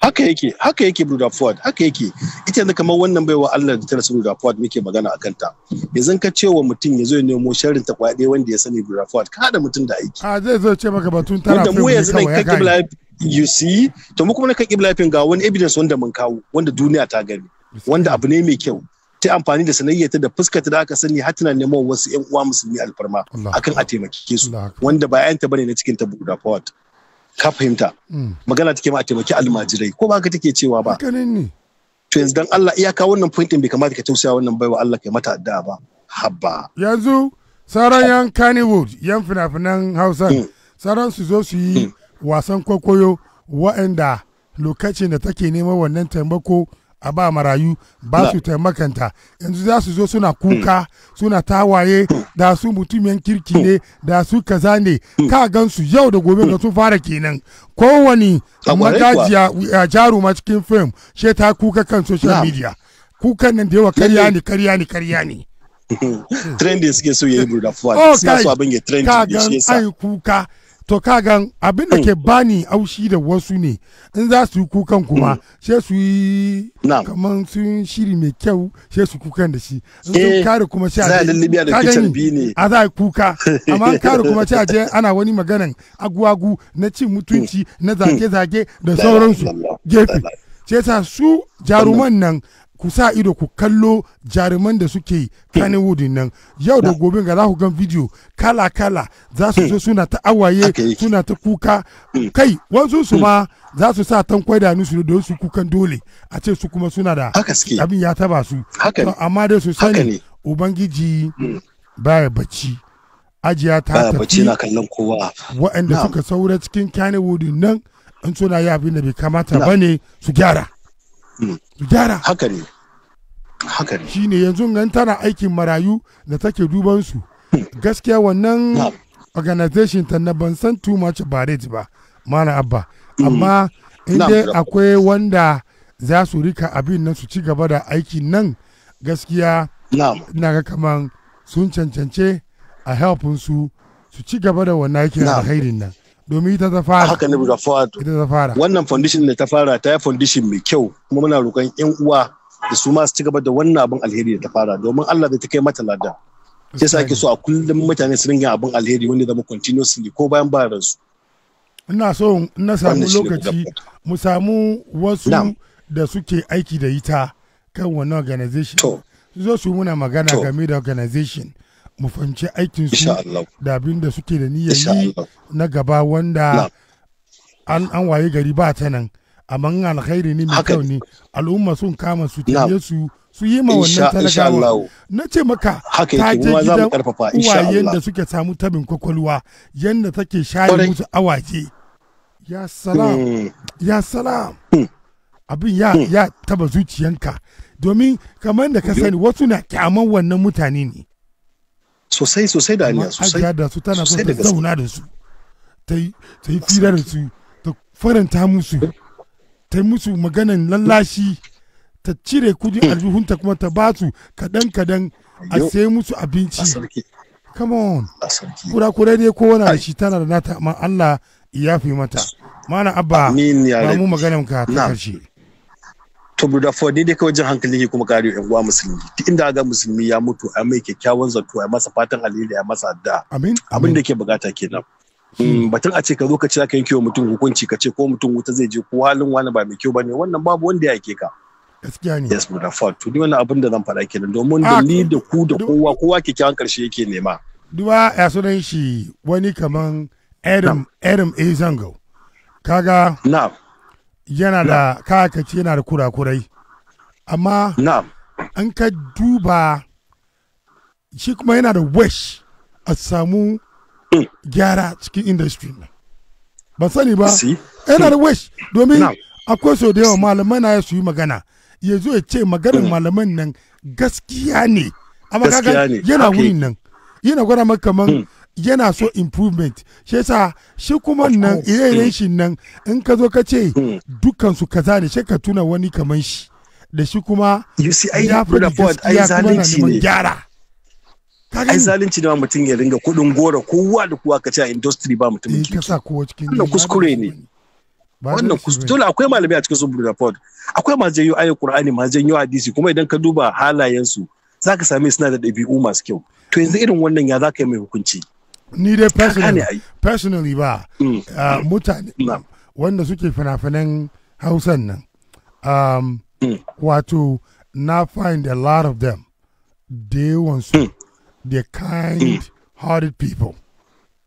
haka yake haka yake Bruda Ford haka yake ita da kamar wannan baiwa Allah da ta rasu Bruda Ford muke magana a kanta yanzu ka ce wa mutum ya zo ya nemo sharrin ta kwade wanda ya sani Bruda Ford ka hada mutum da aiki a zai zo ce maka batun tana wanda mu yanzu nan kake bila you see to mu kuma na kake bila ga wani evidence wanda mun kawo wanda duniya ta gani wanda abu ne mai kyau ta amfani da ta da fuskata da aka sani har tana neman wasu ƴan uwa musulmi alfarma akan a taimake su wanda ba ƴanta bane na cikin ta buda ka fahimta mm. magana take ma a taimaki almajirai ko ba ka take cewa ba to yanzu dan Allah iyaka wannan point bai kamata ka tausaya wannan baiwa Allah kai mata addu'a ba habba yanzu sauran yan Kannywood yan fina-finan Hausa mm. sauran su zo su yi mm. wasan kwaikwayo wa'anda lokacin da take neman wannan taimako a ba marayu ba su taimakanta yanzu za su zo suna kuka suna tawaye da su mutumin kirki ne da su kaza ne ka gansu yau da gobe ga sun fara kenan kowani magajiya a jaruma cikin fim she ta kuka kan social media kukan nan da yawa karya ne karya ne karya ne trending suke so yayi burda fuwa oh, sai su abin ya trending ya shi yasa kuka to kagan abin da ke bani aushi da wasu ne in za su yi kukan kuma hmm. sai su yi kamar sun shiri mai kyau sai su kukan da shi in sun eh, kare kuma sai a je a za kuka amma an kare kuma sai a je ana wani maganan agwagu na cin mutunci na hmm. zage-zage da hmm. sauransu gefe sai sa su jaruman nan ku sa ido ku kallo jaruman da suke Kannywood nan yau da gobe ga za ku gan video kala kala za su zo suna ta awaye suna ta kuka kai wasu su ma za su sa tankwai da su da su kukan dole a ce su kuma suna da abin ya taba su amma dai su sani ubangiji hmm. baya bacci ajiya ta tafi waɗanda suka saura cikin Kannywood nan in suna yi abin da bai kamata ba ne su gyara Hmm. gyara haka ne haka ne shine yanzu nan tana aikin marayu da take duban su hmm. gaskiya wannan organization ta na ban san too much about it ba mana abba hmm. amma inda akwai wanda za su rika abin nan su ci gaba da aikin nan gaskiya na ga kaman sun cancance a helpin su su ci gaba da wannan aikin alkhairin nan domin ita ta fara haka ne buga fara ita ta fara wannan foundation da ta fara ta yi foundation mai kyau kuma muna roƙon yan uwa da su ma su ci gaba da wannan abin alheri da ta fara domin Allah da ta kai mata lada sai sa ake so a kullum mutane su ringa abin alheri wanda zama continuously ko bayan ba ransu ina so na samu lokaci mu samu wasu da suke aiki da ita kan wannan organization zo su muna magana game da organization mu fahimci aikin su da abin da suke da niyyar yi na gaba wanda an an waye gari ba ta nan amma alkhairi ne mai kyau ne al'umma sun kama su tafiye su su yi ma wannan talakawa na ce maka ta ke gidan uwayen da suke samu tabin kwakwalwa yadda take share musu awake ya salam hmm. ya salam hmm. abin ya hmm. ya taba zuciyanka domin kamar da ka sani wasu na kyaman wannan mutane ne sosai sosai da aniya sosai da su tana so ta zauna da su ta yi fira da su ta faranta musu ta yi musu maganan lallashi ta cire kudin aljihunta kuma ta ba su kadan kadan a sai musu abinci come on kura-kura dai kowane shi tana da nata amma Allah ya fi mata mana abba mu maganan ka ta karshe to da ford ne dai kawai jin hankali ne kuma kare yan uwa musulmi duk inda ga musulmi ya mutu a mai kyakkyawan zato a masa fatan alheri a masa adda abin da ke bukata kenan mm, batun a ce ka zo ka ce ka yanke wa mutum hukunci ka ce ko mutum wuta zai je ko halin wani ba mai kyau bane wannan babu wanda ya ke ka gaskiya ne yes brother ford to ni wannan abin da zan fara kenan domin da ah, ni da ku da kowa kowa kyakkyawan karshe yake nema duba ya sunan shi wani kaman adam adam a zango kaga na'am yana da kayakaci yana da kurakurai amma an ka duba shi kuma yana da wish a samu mm. gyara cikin industry na ba sani ba yana da wish domin akwai so da yawa malamai na su yi magana ya zo ya ce maganin mm. malaman nan gaskiya ne amma kaga yana wurin nan yana gwada makamman kaman mm. yana so improvement shi yasa shi kuma nan oh, irin iren eh. shi nan in ka zo ka ce hmm. dukkan su kaza ne shi ka tuna wani kaman shi da shi kuma ya fi gaskiya kuma na neman gyara ai zalunci ne ma mutum ya ringa kudin gora kowa da kowa ka ce a industry ba mutum ki eh, ka sa kowa cikin wannan kuskure ne wannan kuskure dole akwai malamai a cikin su Buddha Pod akwai ma janyo ayoyin Qur'ani ma janyo hadisi kuma idan ka duba halayen su zaka same suna da ɗabi'u masu kyau to yanzu irin wannan ya zaka yi mai hukunci ni dai personally ba mm. ah, mutane mm. wanda suke fina-finan hausan nan um, mm. wato na find a lot of them they want mm. they're kind hearted people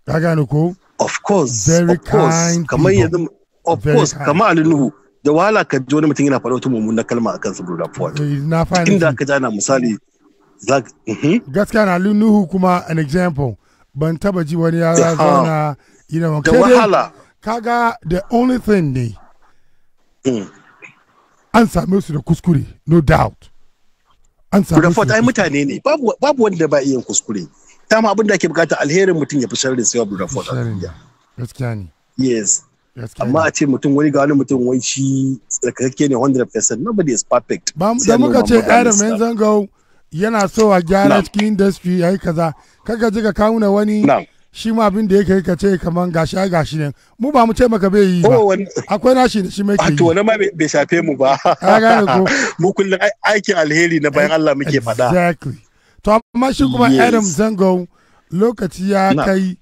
ka gane ko of course very of kind course. kamar yanzu of very course kamar alinuhu da wahala ka ji wani mutum yana faɗa wata mummunar kalma a kansu Bruda Ford. Na find inda ka jana mhm. misali gaskiya na alinuhu kuma an example ban taba ji wani ya zauna you know da wahala kaga the only thing ne mm. an same su da kuskure no doubt an same su da mutane ne babu wanda ba iya kuskure ta ma abin da ake bukata alherin mutum ya fi sharri sai abu rafot gaskiya ne yes amma a ce mutum wani ga wani mutum wai shi tsakakke ne 100% nobody is perfect Ba da muka ce adam yanzu ga. yana so a gyara cikin industry ya yi kaza kaga ji ka kawuna wani shi ma abin da yake ka ce kaman gashi a gashi ne mu ba mu ce maka bai yi ba oh, akwai nashi da shi mai ke to wani ma bai shafe mu ba mu kullum aikin alheri na bayan Allah muke fada exactly to amma shi kuma Adam Zango lokaci ya kai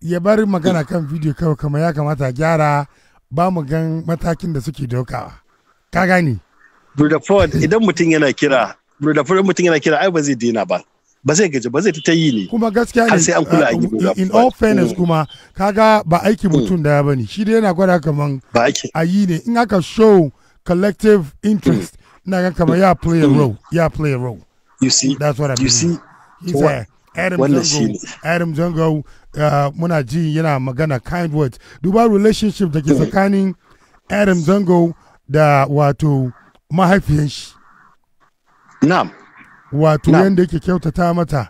ya bari magana kan video kawai kama ya kamata gyara ba mu gan matakin da suke daukawa ka gani Brother Ford idan mutum yana kira da furen mutum yana kira ai ba zai daina ba ba zai gaji ba zai ta yi ne kuma gaskiya ne sai an kula a gidan uh, in all fairness mm. kuma kaga ba aiki mm. mutum daya bane shi dai yana gwada kaman ba aiki a yi ne in aka show collective interest mm. ina ga kaman ya play a role ya play a role you see that's what i mean you see Adam Zango, Adam Zango uh, muna ji yana magana kind words duba relationship da ke tsakanin Adam Zango da wato mahaifiyan shi na'am wato yanda yake kyautata mata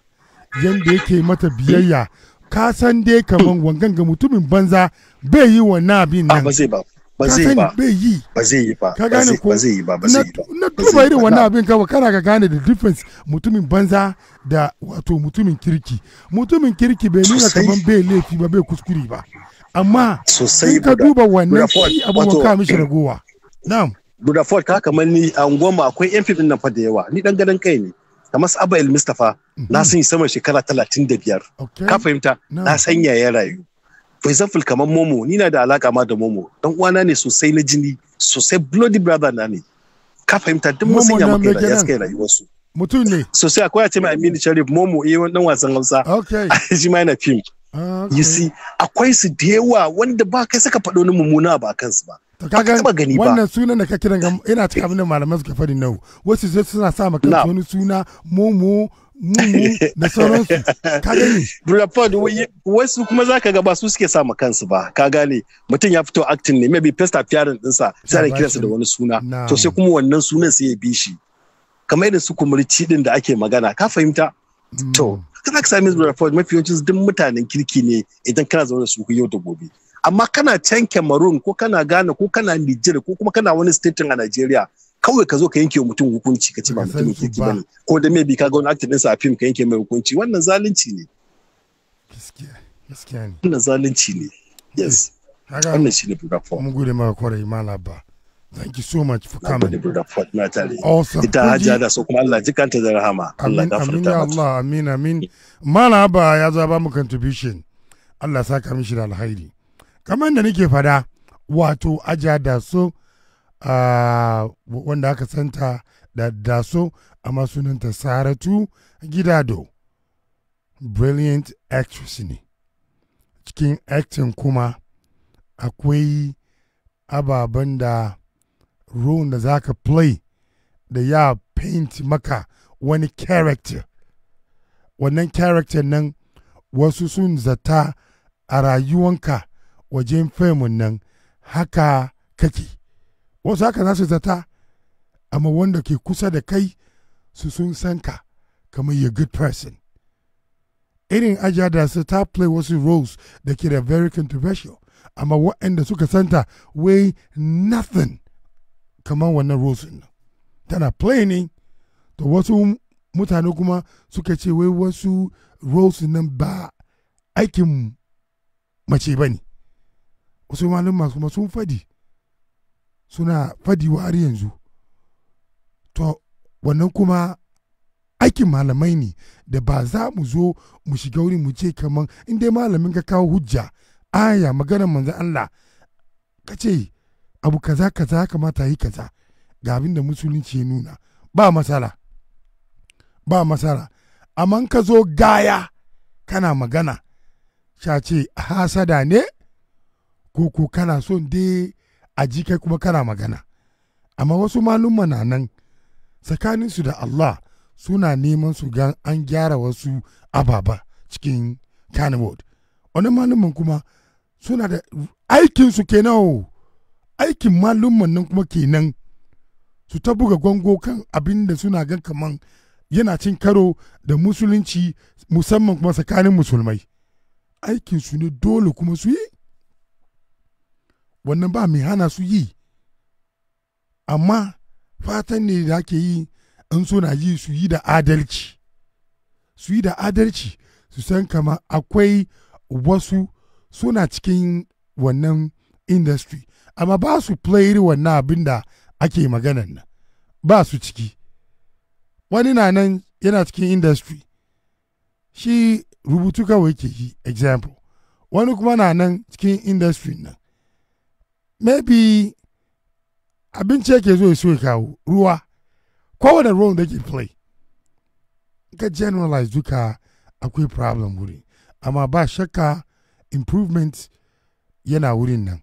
yanda yake mata biyayya ka san dai kaman wangan ga mutumin banza bai yi wannan abin ah, nan ba zai ba ba zai ba bai yi ba zai yi ba ka gane ko ba zai yi ba ba zai yi ba na duba irin wannan abin kawai kana ka gane da difference mutumin banza da wato mutumin kirki mutumin kirki bai nuna kaman bai laifi ba bai kuskure ba amma in ka duba wannan shi abubuwan ka mishi ragowa na'am Rutherford ka kamar ni a goma akwai yan fim nan fa da yawa ni dan gadan kai ne kamar su Abel Mustafa na hmm. san sama shekara 35 ka fahimta na san yaya rayu for example kamar Momo ni na da alaka ma da Momo dan uwana ne sosai na jini sosai bloody brother na ne ka fahimta duk mun sanya maka da yaske rayuwar su mutum ne sosai akwai a ce mai Aminu Sharif Momo eh dan wasan Hausa shi ma yana film ah, you see akwai su da yawa wanda ba kai saka faɗo ni mummuna ba kansu ba to kaga wannan sunan da ka kira ina cikin abin da malaman suka faɗi nau wasu sai suna sa maka wani suna momo mumu da sauransu ka gani Brulapod wasu kuma za ka ga ba su suke sa ma kansu ba ka gane mutum ya fito acting ne maybe first appearance ɗinsa sai da kiransa da wani suna to sai kuma wannan sunan sai ya bi shi kamar irin su kumurci din da ake magana ka fahimta hmm. to kana ka sami Brulapod mafi yawancin duk mutanen kirki ne idan kana zaune da su yau da gobe amma kana can Cameroon ko kana Ghana ko kana Niger ko kuma kana wani state a Nigeria kawai ka zo ka yanke mutum hukunci ka ce ba mutum ba bane ko da maybe ka ga wani actor ɗinsa a film ka yanke mai hukunci wannan zalunci ne gaskiya gaskiya ne wannan zalunci ne yes eh, wannan shine buga form mun gode maka kwarai ba Thank you so much for coming. Awesome. Ita hajiya da so kuma Allah jikanta da rahama. Allah gafarta mata. Amin ya Allah, amin amin. ba ya zaba mu contribution. Allah saka mishi da alheri kamar da nake fada wato aja da so wanda aka santa da daso a sunanta saratu gidado brilliant actress ne cikin acting kuma akwai ababen da role da za ka play da ya paint maka wani character wannan character nan wasu sun zata a rayuwanka wajen femun nan haka kake wasu haka za su zata amma wanda ke kusa da kai su sun san ka kamar you good person irin ajiya da su ta play wasu roles da ke da very controversial amma waɗanda suka santa wai nothing kamar wannan roles nan tana play ne to wasu mutane kuma suka ce wai wasu roles nan ba aikin mace ba ne wasu malama kuma sun fadi suna fadi wa har yanzu to wannan kuma aikin malamai ne da ba za mu zo mu shiga wuri mu ce kamar in dai malamin ka kawo hujja aya maganar manzan Allah ka ce abu kaza kaza kamata yi kaza ga abin da musulunci ya nuna ba matsala ba masara amma ka zo gaya kana magana sha ce hasada ne ko ko kana son dai a ji kai kuma kana magana amma wasu malumma na nan tsakaninsu da Allah suna neman su gan an gyara wasu ababa cikin Kannywood wani malumman kuma suna da aikinsu kenan o aikin malumman nan kuma kenan su ta buga gwango kan abin da suna gan kaman yana cin karo da musulunci musamman kuma tsakanin musulmai aikinsu ne dole kuma su yi wannan ba mai hana su yi amma fatan ne da ake yi in suna yi su yi da adalci su yi da adalci su san kama akwai wasu suna cikin wannan industry amma ba su player wannan abin da ake maganan nan ba su ciki wani na nan yana cikin industry shi rubutu kawai ke yi example wani kuma na nan cikin industry nan maybe abinci yake zo ya so ya kawo ruwa kowane role da ke play ga generalize duka akwai problem wuri amma ba shakka improvement yana wurin nan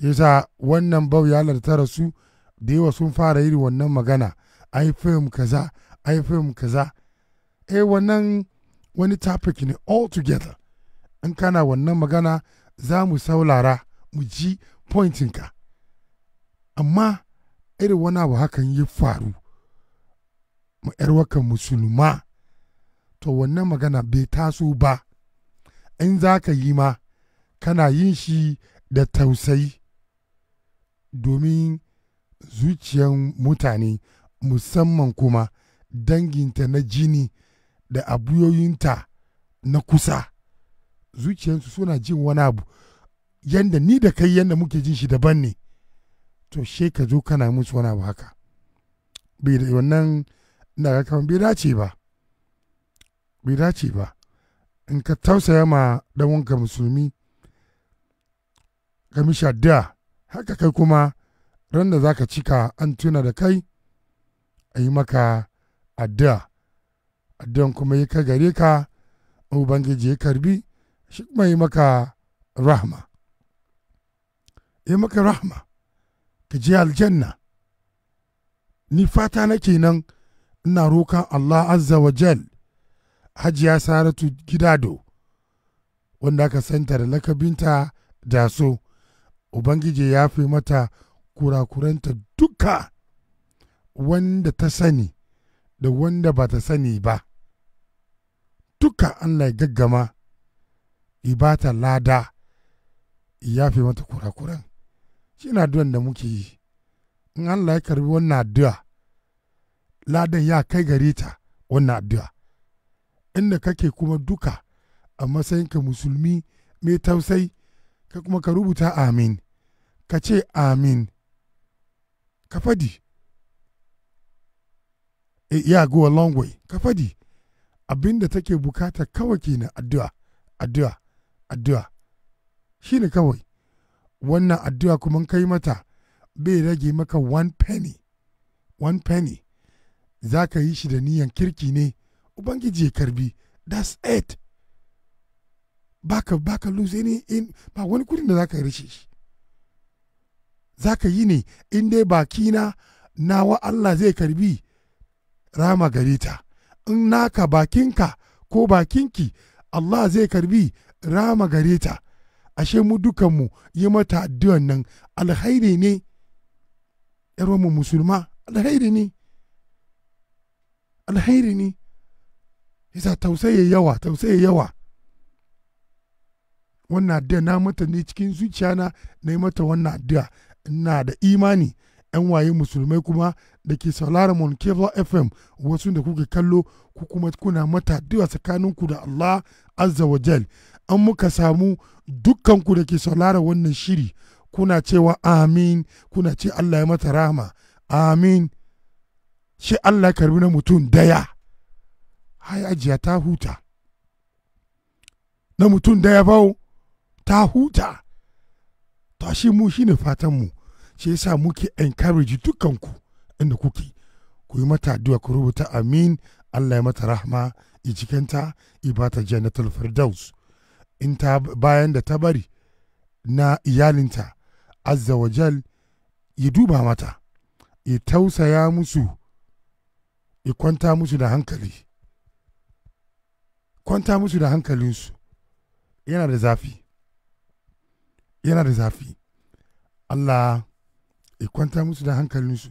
yasa wannan bau ya ta rasu da yawa sun fara iri wannan magana ai film kaza ai film kaza eh wannan wani topic ne all together in kana wannan magana za mu saulara mu ji pointinka amma irin wani abu hakan ya faru ma 'yarwaka musulma to wannan magana bai taso ba in za ka yi ma kana yin shi da tausayi domin zuciyan mutane musamman kuma danginta na jini da abuyoyinta na kusa zuciyansu suna jin wani abu yanda ni da kai yanda muke jin shi daban ne to she ka zo kana musu wani abu haka bai da wannan ina ga kamar bai dace ba bai dace ba in ka tausaya ma dan wanka musulmi ka mishi addu'a haka kai kuma ran da zaka cika an tuna da kai a yi maka addu'a addu'an kuma ya ka gare ka ubangiji ya karbi shi kuma yi maka rahma ya maka rahma ka je aljanna ni fata na nan ina rokan Allah azza wa jal hajiya saratu gidado wanda aka santa da lakabinta da so ubangiji ya fi mata kurakuranta duka wanda ta sani da wanda ba ta sani ba duka Allah ya gaggama ibata lada ya fi mata kurakuran shi na addu'an da muke yi in Allah ya karbi wannan addu'a ladan ya kai gare ta wannan addu'a inda kake kuma duka a matsayinka musulmi mai tausai ka kuma ka rubuta amin ka ce amin ka fadi eh, ya go a long way ka fadi abinda take bukata kawai kenan addu'a addu'a addu'a ne kawai wannan addu'a kuma kai mata bai rage maka one penny one penny za ka yi shi da niyan kirki ne ubangiji ya karbi that's it baka baka lose any in ba wani kudin da za ka rishe shi za ka yi ne in dai bakina nawa Allah zai karbi rama gare in naka bakinka ko bakinki Allah zai karbi rama gareta. ta ashe mu dukanmu yi mata addu'an nan alhaire ne mu musulma alhaire ne alhaire ne isa tausaye yawa tausaye yawa wannan addu'a na mata ne cikin zuciya na na yi mata wannan addu'a na da imani yan waye musulmai kuma da ke sauraron mon fm wasu da kuke kallo ku kuma kuna mata addu'a tsakaninku da allah azza wa jal an muka samu dukkanku da ke saulara wannan shiri kuna cewa amin kuna ce Allah ya mata rahama amin shi Allah ya karbi na mutum daya hai ajiya ta huta na mutum daya bawo ta huta to shi mu shine fatan mu shi yasa muke encourage dukkanku inda kuke ku yi mata addu'a ku rubuta amin Allah ya mata rahama ijikanta ibata jannatul firdaus in ta bayan da ta bari na iyalinta azza wajal ya duba mata ya tausaya musu ya kwanta musu da hankali kwanta musu da hankalinsu yana da zafi yana da zafi Allah ya kwanta musu da hankalinsu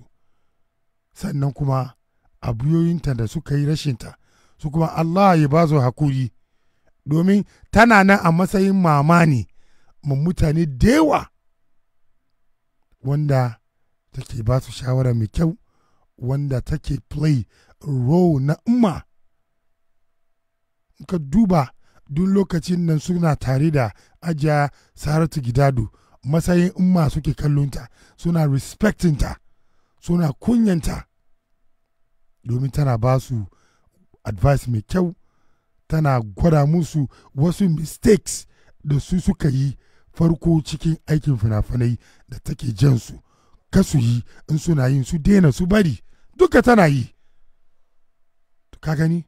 sannan kuma abuyoyinta da suka yi rashinta su kuma Allah ya ba su hakuri domin tana nan a matsayin mama ne ma mutane da yawa wanda take ba su shawara mai kyau wanda take play role na umma ka duba duk lokacin nan suna tare da ajiya saratu gidado matsayin umma suke kallonta suna respectinta suna kunyanta domin tana ba su advice mai kyau tana gwada musu wasu mistakes da su suka yi farko cikin aikin fina-finai da take jansu kasu yi in suna yin su daina su bari duka tana yi ka gani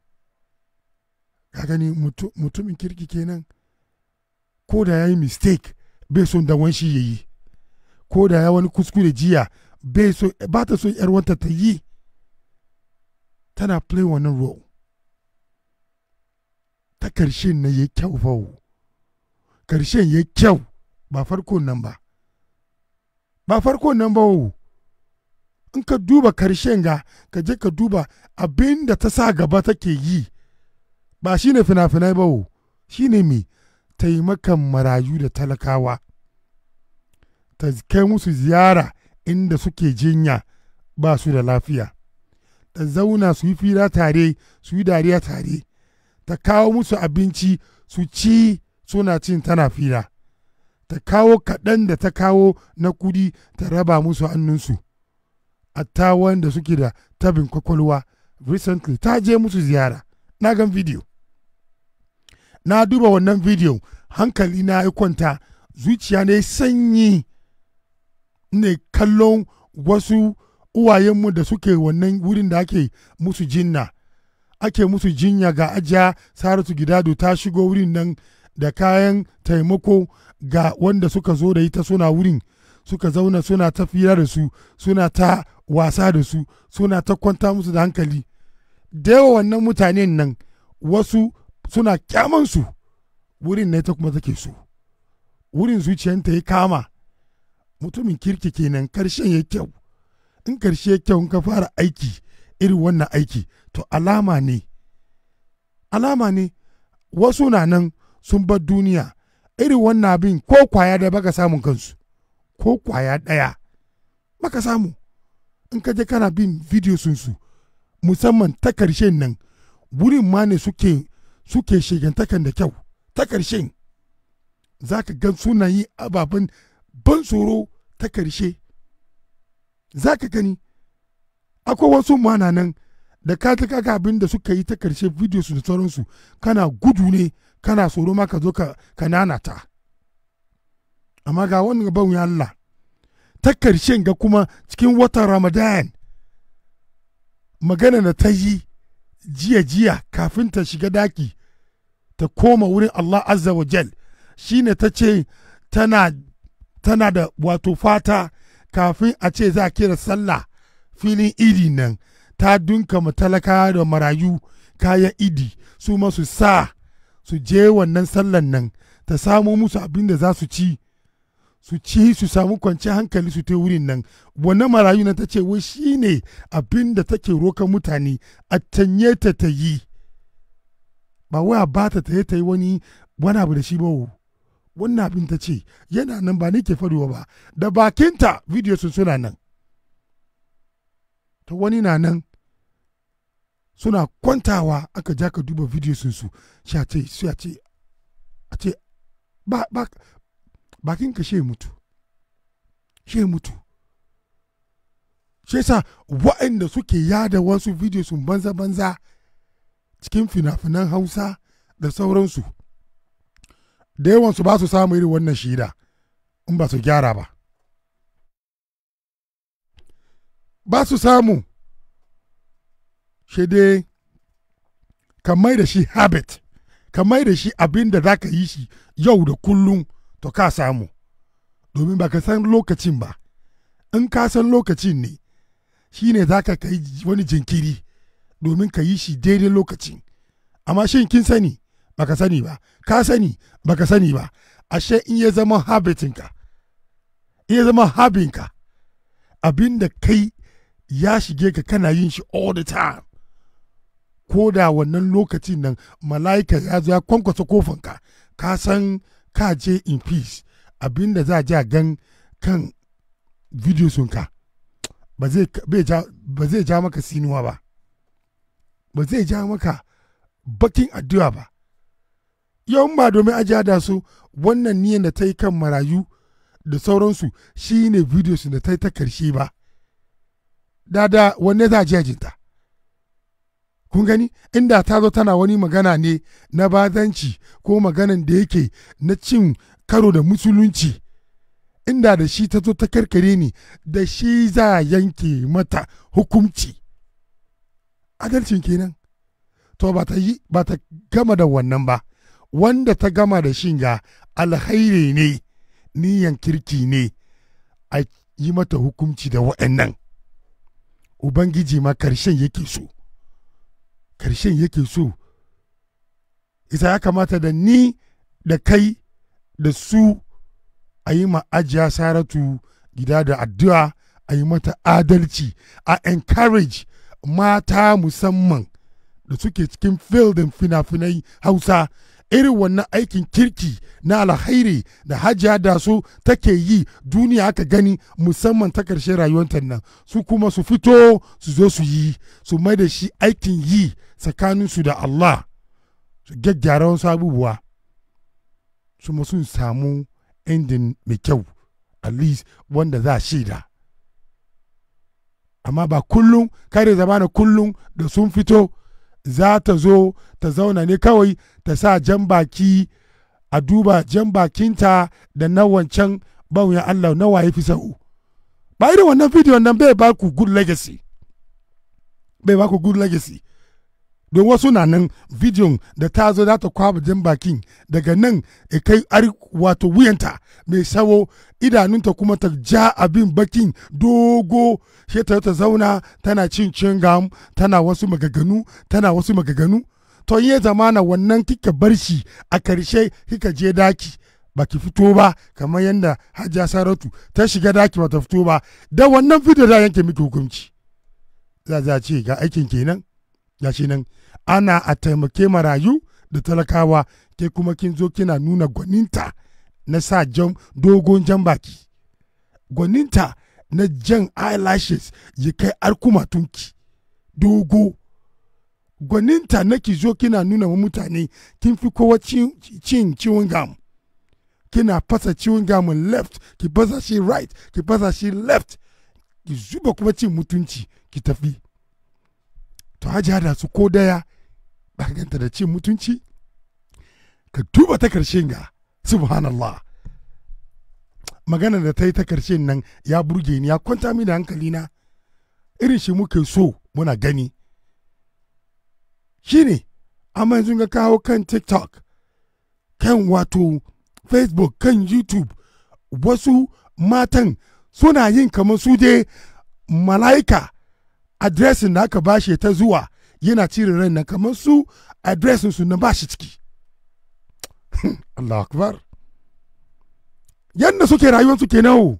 ka gani mutumin kirki kenan ko da ya yi mistake bai son da wanshi ya yi ko da ya wani kuskure jiya ba ta so yarwanta ta yi tana play wannan role ta ƙarshen na ya kyau wo ƙarshen ya kyau ba farko nan ba ba farko nan ba wo in ka duba ƙarshen ga ka je ka duba abin da ta sa gaba take yi ba shine fina-finai ba wo shine me taimakan marayu da talakawa ta kai musu ziyara inda suke jinya ba su da lafiya ta zauna su yi fira tare su yi dariya tare ta kawo musu abinci su ci suna cin tana fila ta kawo kaɗan da ta kawo na kudi ta raba musu hannunsu a wanda suke da tabin kwakwalwa recently ta je musu ziyara na gan video na duba wannan video hankali na ya kwanta zuciya ne sanyi ne kallon wasu uwayenmu da suke wannan wurin da ake musu jinna ake musu jinya ga ajiya saratu gidado ta shigo wurin nan da kayan taimako ga wanda suka zo da ita suna wurin suka zauna suna ta fira da su suna ta wasa da su suna ta kwanta musu da hankali da yawa wannan mutanen nan wasu suna kyamansu wurin na ita kuma take so wurin zuciyanta ya kama mutumin kirki kenan karshen ya kyau in karshe ya kyau in ka fara aiki irin wannan aiki to alama ne alama ne wasu na nan sun bar duniya irin wannan abin ko kwaya da baka samun kansu ko kwaya ɗaya baka samu in ka je kana bin video sunsu musamman ta karshe nan wurin ma ne suke suke shigantakan da kyau ta karshe za ka gan suna yi ababen ban tsoro ta karshe za ka gani akwai wasu mana nan da ka ta kaka abin da suka yi ta karshe video su da sauransu kana gudu ne kana tsoro ma ka zo ka ta amma ga wani gaban ya Allah ta karshen ga kuma cikin watan ramadan magana da ta yi jiya jiya kafin ta shiga daki ta koma wurin Allah azza wa jal shine ta ce tana tana da wato fata kafin a ce za a kira sallah filin idi nan ta dunka talaka da marayu kayan idi su ma su sa su je wannan sallan nan ta samo musu abin da za su ci su ci su samu kwanci hankali su ta wurin nan wannan marayu na ta ce wai shi ne abin da take roka mutane a tanye ta ta yi ba wai a bata ta yi ta yi wani wani abu da shi ba wannan abin ta ce yana nan ba ke faruwa ba da bakinta video sun suna nan ta wani na nan suna kwantawa aka ja ka duba video sun su shi a ce shi a ce a ce ba ba bakin ka shi mutu shi mutu shi yasa wa'anda suke yada wasu video sun banza banza cikin fina-finan Hausa da sauransu da yawansu ba su samu irin wannan shida in ba su gyara ba ba su samu shi dai ka mai da shi habit ka mai da shi abin da za ka yi shi yau da kullum to ka samu domin ba ka san lokacin ba in ka san lokacin ne shi ne za ka yi wani jinkiri domin ka yi shi daidai lokacin amma shin kin sani ba ka sani ba ka sani ba ka sani ba ashe in ya zama habitinka in ya zama habinka abin da kai ya shige ka kana yin shi all the time ko da wannan lokacin nan mala'ika ya zo ya kwankwasa kofanka ka san ka je in peace abinda za a gan kan video sunka ba zai ja maka sinuwa ba ba zai ja maka bakin addu'a ba yawan ba domin ajiya da su wannan niyan da ta yi kan marayu da sauransu shi ne su da ta yi ta karshe ba dada wanne za a jinta kun gani inda ta zo tana wani magana ne na bazanci ko maganan da yake na cin karo da musulunci inda da shi ta zo ta karkare ni da shi za a yanke mata hukunci adalcin kenan to ba ta yi ba ta gama da wannan ba wanda ta gama da ga alhaire ne niyan kirki ne a yi mata hukunci da waɗannan ubangiji ma karshen yake so karshen yake so isa ya kamata da ni da kai da su a yi ma'ajiya saratu gida da addu'a a yi mata adalci a encourage mata musamman da suke cikin fildin fina-finai hausa irin wannan aikin kirki na alhairi da hajiya da su take yi duniya aka gani musamman ta karshe rayuwanta nan su kuma su fito su zo su yi su mai da shi aikin yi tsakaninsu da Allah su gyaggyara wasu abubuwa su sun samu indin mai kyau at least wanda za shaida amma ba kullum kare zamana kullum da sun fito za ta zo ta zauna ne kawai ta sa jan baki a duba jan bakinta da na wancan bawuyan Allah na waye fi sa'u ba irin wannan bidiyon nan bai ba ku bai ba ku good legacy don wasu na nan bidiyon da ta zo za ta kwaba jan bakin daga nan e kai ari wato wuyanta mai sawo idanunta kuma ta ja abin bakin dogo shi ta ta zauna tana cin cin gam tana wasu magaganu tana wasu magaganu to yi zamana wannan kika bar shi a karshe kika je daki ba ki fito ba kamar yadda hajiya saratu ta shiga daki ba ta fito ba da wannan fito da yanke miki hukunci za za ce ga aikin kenan ya shi nan ana a taimake marayu da talakawa ke kuma kin zo kina nuna gwaninta na sa dogon jan baki gwaninta na jan eyelashes ya kai tunki dogo gwaninta na ki zo kina nuna wa mutane kin fi kowa cin ciwon gam kina fasa ciwon gamun left ki fasa shi right ki fasa shi left ki zuba kuma cin mutunci ki tafi to hajiya da su ko daya baganta da cin mutunci ka tuba ta karshen ga subhanallah magana da ta yi ta karshen nan ya burge ni ya kwanta mini hankali na irin shi muke so muna gani shine amma yanzu ga kawo kan tiktok kan wato facebook kan youtube wasu matan suna yin kamar su je mala'ika adresin da aka bashi ta zuwa yana cire rai nan kamar su adresin su na bashi ciki Allah akbar yadda suke rayuwar suke kenan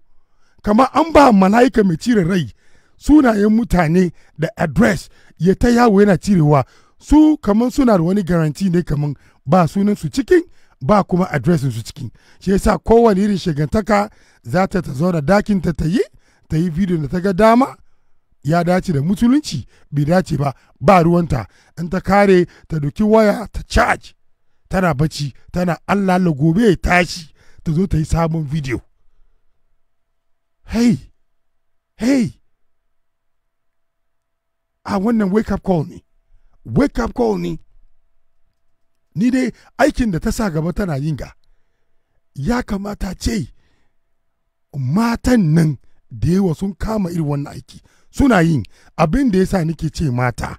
kamar an ba mala'ika mai cire rai sunayen mutane da adres ya ta yawo yana cirewa su kamar suna da wani garanti ne kamar ba sunan su cikin ba kuma adresin su cikin shi yasa kowane irin shagantaka za ta ta da dakin ta ta yi ta yi bidiyo da ta ga dama ya dace da musulunci bai dace ba ba ruwanta in ta kare ta doki waya ta charge tana bacci tana allah la gobe ya tashi ta zo ta yi sabon video hey hey a wannan wake up call ne wake up call ne ni dai aikin da ta sa gaba tana yin ga ya kamata ce matan nan da yawa sun kama irin wannan aiki suna yin abin da ya sa nake ce mata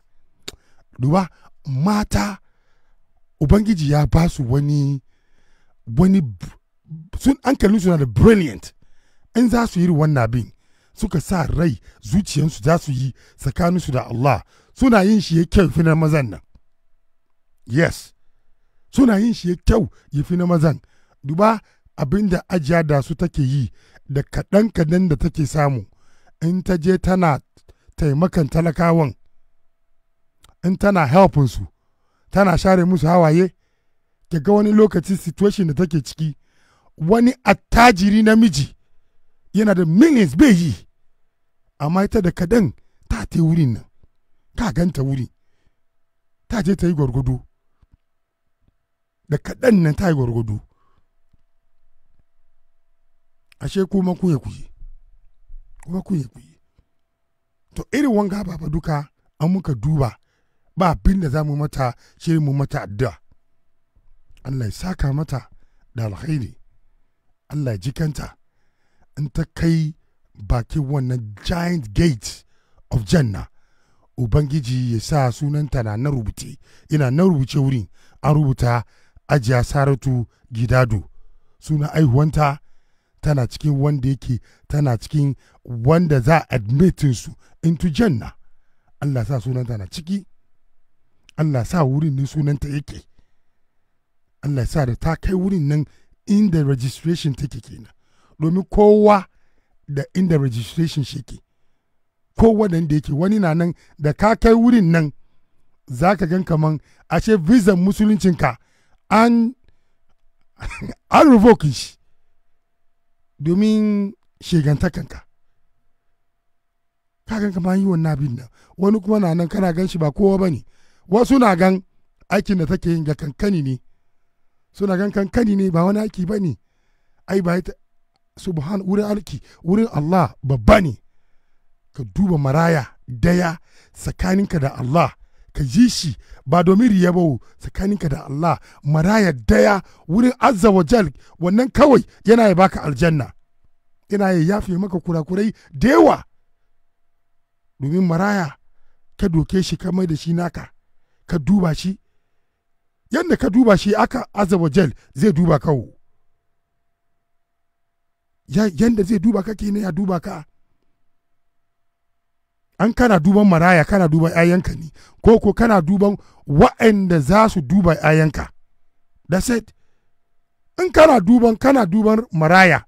duba mata ubangiji ya ba su wani wani sun an kalli suna da brilliant in za su yi wannan abin suka sa rai zuciyarsu za su yi tsakaninsu da Allah suna yin shi ya kyau fi na mazan nan yes suna yin shi ya kyau ya fi na mazan duba abin da ajiya da su take yi da kaɗan kaɗan da take samu in ta je tana taimakan talakawan in tana helpinsu su tana share musu hawaye ga wani lokaci situation da take ciki wani attajiri namiji yana da millions bai yi amma ita da kadan ta te wurin nan ta ganta wuri ta je ta yi gwargwado da kaɗan nan ta yi gwargwado ashe kuma kuye kuye kuma ku yi to irin wanga baba duka an muka duba ba abin da za mu mata shi mu mata addu'a Allah ya saka mata da alkhairi Allah ya jikanta in ta kai bakin wannan giant gate of janna ubangiji ya sa sunanta na na rubuce ina na rubuce wurin an rubuta ajiya saratu gidado suna aihuwanta tana cikin wanda yake tana cikin wanda za a su into janna Allah sa sunanta na ciki Allah sa wurin ne sunanta yake Allah sa da ta kai wurin nan inda registration take kenan domin kowa da inda registration shi ke kowa da yake wani na nan da ka kai wurin nan za ka gan kaman ashe visa musuluncinka an an revoke shi domin shegantakanka ka gan kamar yi wannan abin nan wani kuma na nan kana gan shi ba kowa ba ne wasu na gan aikin da take yin ga kankani ne suna gan kankani ne ba wani aiki ba ne ai ba ita subhan wurin alki wurin Allah babba ne ka duba maraya daya tsakaninka da Allah ka ji shi ba domin riya ba tsakaninka da Allah maraya daya wurin azza wa jal wannan kawai yana ya baka aljanna yana ya yafe maka kurakurai da yawa domin maraya ka doke shi ka mai da shi naka ka duba shi yadda ka duba shi aka azza wa jal zai duba kawo yadda zai duba ka kenan ya duba ka an kana duban maraya kana duban 'ya'yanka ne ko ko kana duban wa'anda za su duba 'ya'yanka da said in kana duban kana duban maraya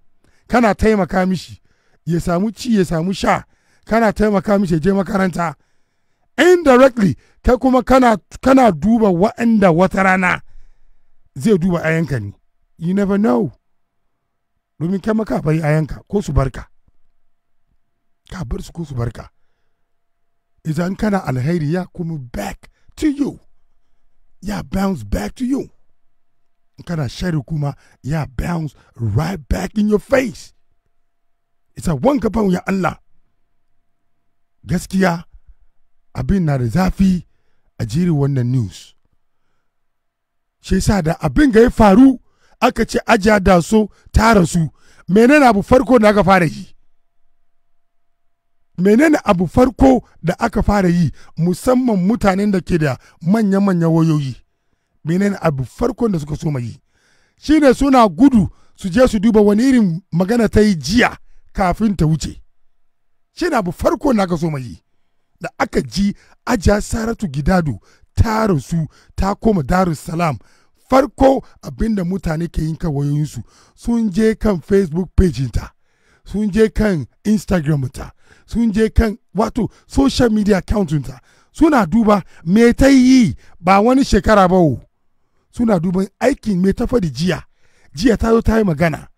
kana taimaka mishi ya samu ci ya samu sha kana taimaka mishi ya je makaranta indirectly kai kuma kana, kana duba wa'anda wata rana zai duba 'ya'yanka ne you never know domin kai maka bai 'ya'yanka ko su barka ka bar su ko su barka idan kana alheri ya kuma back to you ya bounce back to you kana shari kuma ya bounce right back in your face a wanka ban ya Allah gaskiya abin na da zafi a jiri wannan news shi sa da abin ga ya faru aka ce ajiya da so tara su menene abu farko da aka fara yi menene abu farko da aka fara yi musamman mutanen da ke da manya-manya wayoyi menene abu farko da suka so yi shine suna gudu su je su duba wani irin magana ta yi jiya kafin ta wuce shine abu farko da aka so yi da aka ji ajiya saratu gidadu ta rasu ta koma salam farko abinda mutane ke yin wayoyinsu sun je kan facebook page ta sun je kan instagram ta sun je kan wato social media accountinta suna duba me ta yi ba wani shekara ba suna duba aikin me ta faɗi jiya jiya ta zo ta yi magana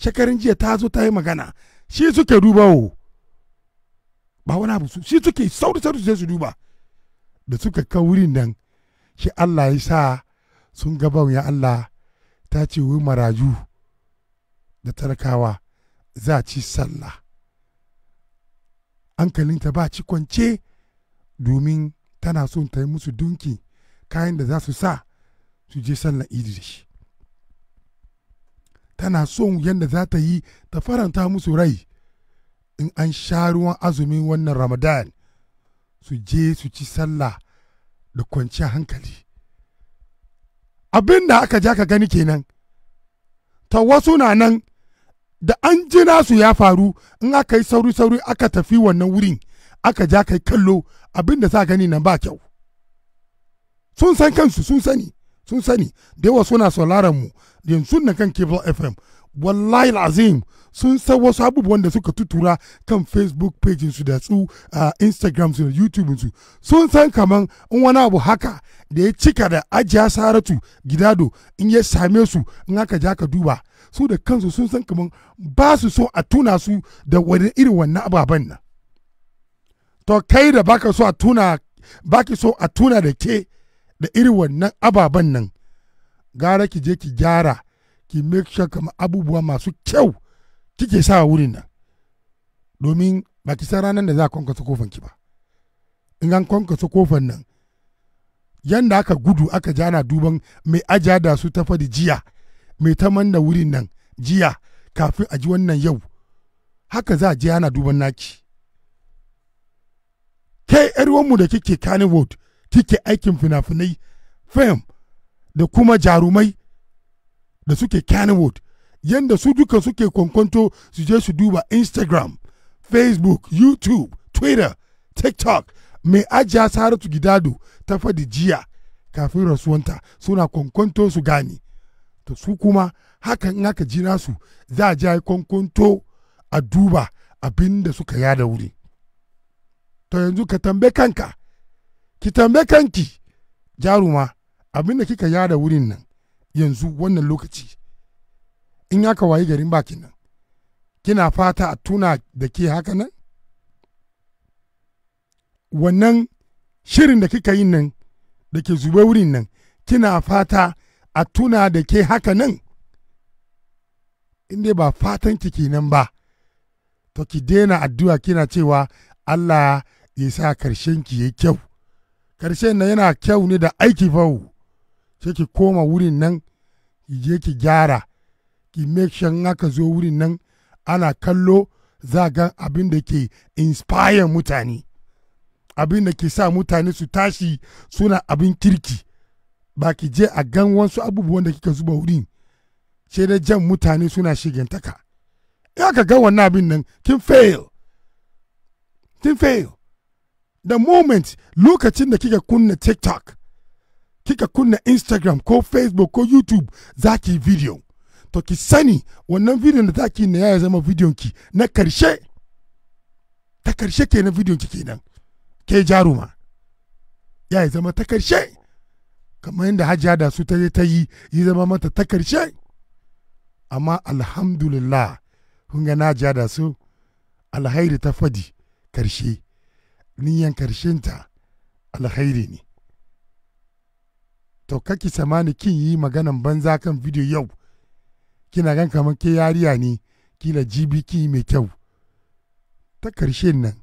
shekarun jiya ta zo ta yi magana shi suke duba wo ba wani abu shi suke sauri sauri sai su duba da suka kan wurin nan shi Allah ya sa sun gaban ya Allah ta ce wai maraju da talakawa za ci sallah hankalinta ba ci kwance domin tana son ta yi musu dunki kayan da za su sa su je sallar idi da shi tana son yadda za ta yi ta faranta musu rai in an sha ruwan azumin wannan ramadan su je su ci sallah da kwanciyar hankali abin da aka ja ka gani kenan ta wasu na nan da an ji nasu ya faru in aka yi sauri-sauri aka tafi wannan wurin aka ja kai kallo abin da sa gani nan ba kyau sun san kansu sun sani sun sani da yawa suna sauraron mu yanzu na kan cable fm wallahi azim sun san wasu abubuwan da suka tutura kan facebook page su da su uh, instagram su da youtube su sun san kaman in wani abu haka da ya cika da ajiya saratu gidado in ya same su in aka ja ka duba su da kansu sun san kaman ba su so a tuna su da wani irin wannan ababen nan to kai da baka so a tuna baki so a tuna da ke da irin wannan ababen nan gara ki je ki gyara ki make sure kaman abubuwa masu kyau kike sa wurin nan domin ba ki san ranar da za a kwankwaso kofan ki ba in an kwankwasa kofan nan yanda aka gudu aka jana duban mai aja da su ta fadi jiya mai ta manna wurin nan jiya kafin a ji wannan yau haka za a je ana duban naki ke mu da kike carnivold kike aikin finafinai finai fam da kuma jarumai da suke carnivold yadda su duka suke kwankwanto su je su duba instagram facebook youtube twitter tiktok mai ajiya saratu gidado ta fadi jiya kafin rasuwanta suna kwankwanto su gani to su kuma hakan in aka ji su za a ja kwankwanto a duba abin da suka yada wuri to yanzu ka tambe kanka ki tambe kanki jaruma abin da kika yada wurin nan yanzu wannan lokaci in aka wayi garin bakin nan kina fata a tuna da ke haka nan wannan shirin da kika yi nan da ke zube wurin nan kina fata a tuna da ke haka nan inda ba fatan ki nan ba to ki daina addu'a kina cewa Allah ya sa karshen ki yayi kyau karshen nan yana kyau ne da aiki fau sai ki koma wurin nan ki je ki gyara ki make sure aka zo wurin nan ana kallo za ga abin da ke inspire mutane abin da ke sa mutane su tashi suna abin kirki ba ki je a gan wasu abubuwan da kika zuba wuri sai dai jan mutane suna shigantaka ya ka ga wannan abin nan kin fail kin fail the moment lokacin da kika kunna tiktok kika kunna instagram ko facebook ko youtube za ki video to ki sani wannan video da za ki na ya zama video ki na karshe ta karshe ke na video ki kenan ke jaruma ya zama ta karshe kamar yadda hajiya da su ta je ta yi yi zama mata ta karshe amma alhamdulillah kun ga najiya da su alhairi ta fadi karshe niyan karshenta alhairi ne to kaki samani kin yi maganan banza kan bidiyo yau kina gan kamar ke yariya ne kila jibi ki mai kyau ta karshe nan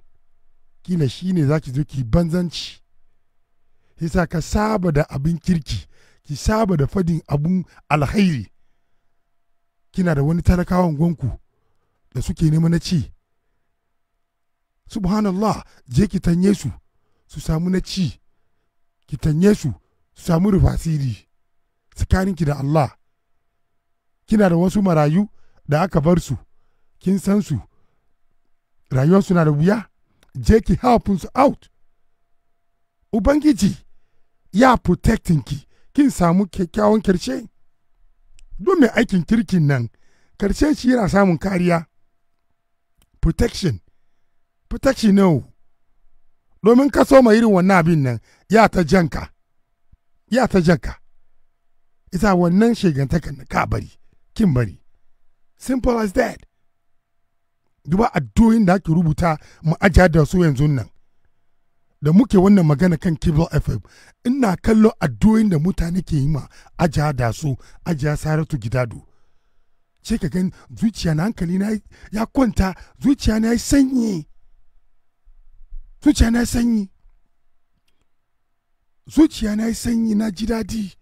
kila shine zaki zo ki banzanci yasa ka saba da abin kirki ki saba da fadin abun alhairi kina da wani talakawan gwanku da suke nema na ci subhanallah je ki tanye su su samu na ci ki tanye su su samu rufasiri tsakaninki da Allah kina da wasu marayu da aka bar su kin san su rayuwarsu na da wuya je ki help su out ubangiji ya protecting ki kin samu kyakkyawan karshe don aikin kirkin nan karshe shi yana samun kariya protection protection no domin ka so mai irin wannan abin nan ya ta janka ya ta janka ita wannan shegantakan da ka bari kin bari simple as that duba addu'oyin da ake rubuta mu ajiya da su yanzu nan da muke wannan magana kan cable fm ina kallo addu'o'in da mutane ke yi ma ajiya da su ajiya saratu gidado ce ka gan zuciya na hankali ya kwanta zuciya na sanyi zuciya na sanyi zuciya na sanyi na ji daɗi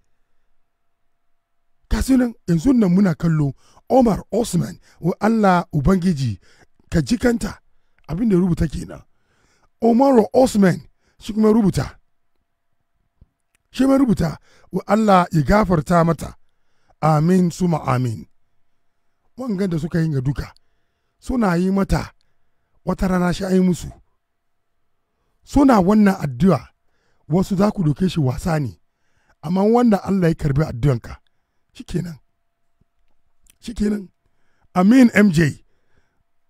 nan yanzu nan muna kallo omar osman wa allah ubangiji ka jikanta abin da rubuta kenan Omaro Osman shi kuma rubuta shi ma rubuta wa Allah ya gafarta mata amin suma amin wangan da suka yi ga duka suna yi mata wata rana shi yi musu suna wannan addu'a wasu za ku doke shi wasa ne amma wanda Allah ya karbi addu'anka shi kenan amin mj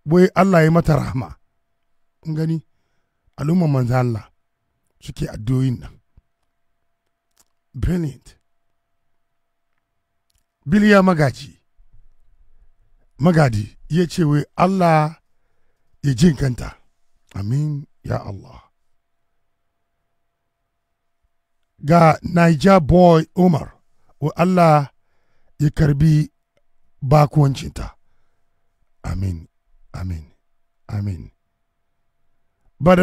wai Allah ya mata rahama gani al'umman manzan Allah suke doyin nan brilliant biliya magaji magadi ya ce wai allah ya jin kanta amin ya allah ga niger boy umar wa allah ya karbi bakuwancinta amin amin amin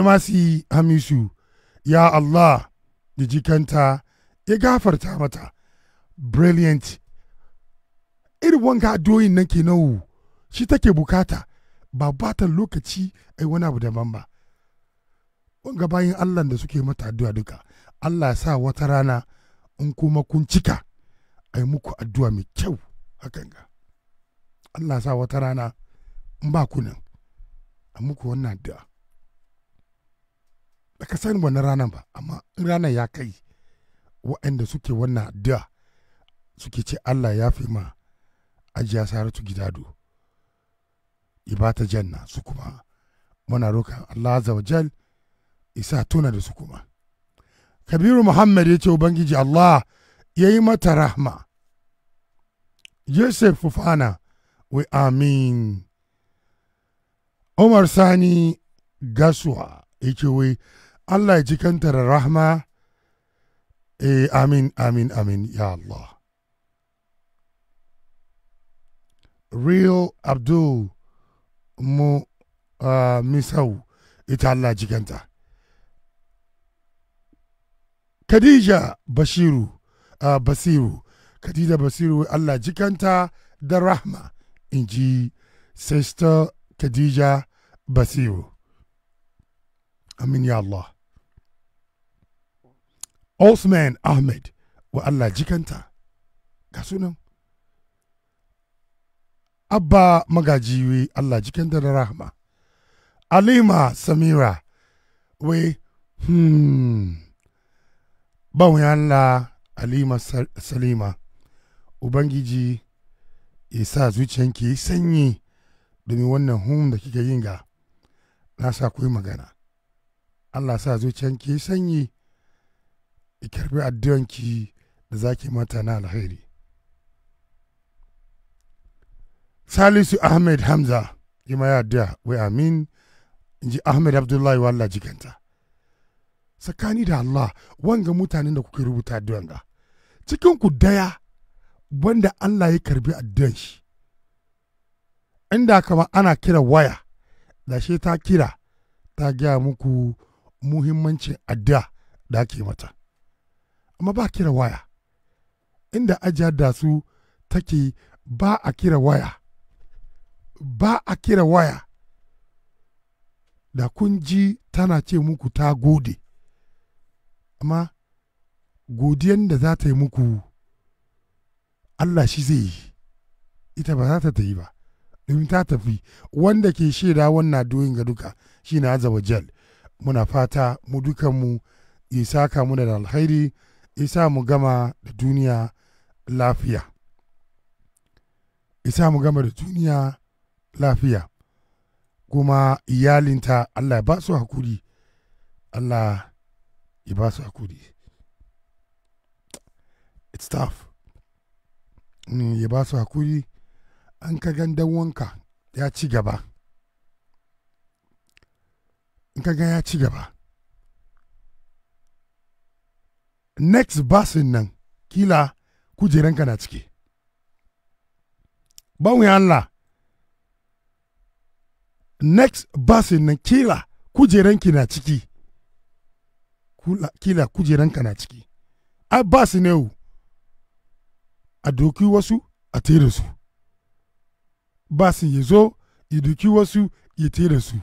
masu hamisu ya Allah da jikanta ya gafarta mata brilliant irin wanga addu'o'in nan ke nau shi take bukata ba batan lokaci ai wani abu daban ba wanga bayan Allah da suke mata addu'a duka Allah ya sa wata rana in kuma kun cika a yi muku addu'a mai kyau hakan ga Allah ya sa wata rana in ba kunan a muku wannan addu'a ba ka sani wannan ranar ba amma ranar ya kai waɗanda suke wannan da suke ce Allah ya fi ma ajiya saratu gidado ibata janna su kuma muna roƙa Allah azza wajal isa tuna da su kuma kabiru muhammad ya ce ubangiji Allah ya yi mata rahma yusuf fufana we amin umar sani gaswa ya ce wai Allah ya ji kanta da rahma eh amin amin amin ya Allah real abdul mu uh, misau ita Allah jikanta Khadija Bashiru uh, Basiru Khadija Basiru Allah jikanta da rahma in sister Khadija Basiru amin ya Allah Osman Ahmed wa Allah jikanta ga sunan Abba magajiwe Allah jikanta da rahama Alima Samira wai hmm bawon Allah Alima Salima Ubangiji ya sa zuciyanki sanyi domin wannan hun da kika yin ga na sa ku magana Allah sa zuciyanki sanyi ki karbi addu'anki da zaki mata na alheri salisu ahmed hamza yi ma addu'a wai amin in ji ahmed abdullahi wallah jikanta tsakani da allah wanga mutanen da kuke rubuta addu'an ga cikin ku daya wanda allah ya karbi addu'an shi inda kama ana kira waya da shi ta kira ta gaya muku muhimmancin addu'a da ake mata amma ba kira waya inda ajiyar da su take ba a kira waya ba a kira waya da kun ji tana ce muku ta gode amma godiyan da za ta yi muku Allah shi zai yi ita ba za ta yi ba domin ta tafi wanda ke shaida wannan doyin ga duka shi na azaba muna fata mu dukanmu ya saka muna da alkhairi isa mu gama da duniya lafiya isa mu gama da duniya lafiya kuma iyalinta allah ya ba su hakuri allah ya ba su hakuri it's tough mm, ya ba su hakuri an ka gandan wanka ya ci gaba in ka ga ya ci gaba next basin nan kila kujeranka na ciki bawon Allah next basin nan kila kujeranki na ciki kila kujeranka na ciki a basi ne o a doki wasu a tere su basin ya zo ya doki wasu ya tere su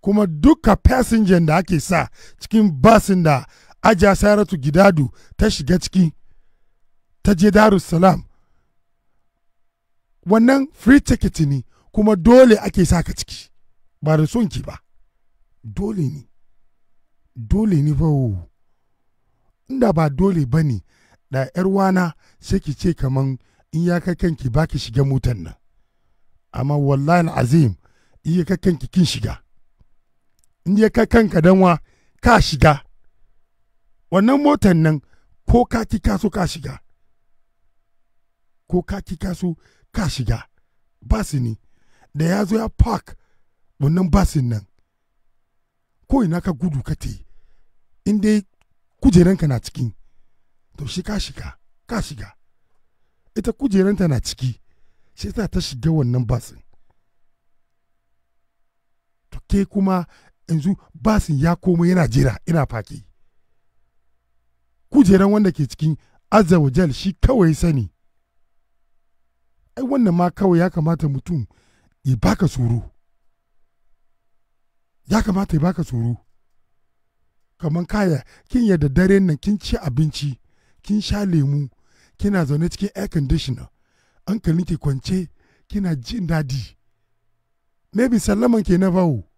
kuma duka fasinjan da ake sa cikin basin da aja saratu gidadu ta shiga ciki ta je darussalam wannan free ticket ne kuma dole ake sa ka ciki ba da sonki ba dole ne dole ne fa inda ba dole ba ne da yar wana sai ki ce kaman in ya kai kanki ba ki shiga motar nan amma wallahi azim iya kai kanki kin shiga in ya kai kanka danwa ka shiga wannan motan nan ko ka kaso ka shiga ko kaki kaso ka shiga basini da ya zo ya park wannan basin nan ko ina ka gudu ka te in dai kujeranka na ciki to shi ka shiga ka shiga ita kujeranta na ciki shi ta ta shiga wannan basin to ke kuma yanzu basin ya komo yana jira ina faki kujeran wanda ke cikin azawajal shi kawai sani ai wannan ma kawai ya kamata mutum ya baka tsoro ya kamata ya baka tsoro kamar kaya kin yadda dare nan kin ci abinci kin sha lemu kina zaune cikin air conditioner hankalin ke kwance kina jin daɗi maybe sallaman ke na bawo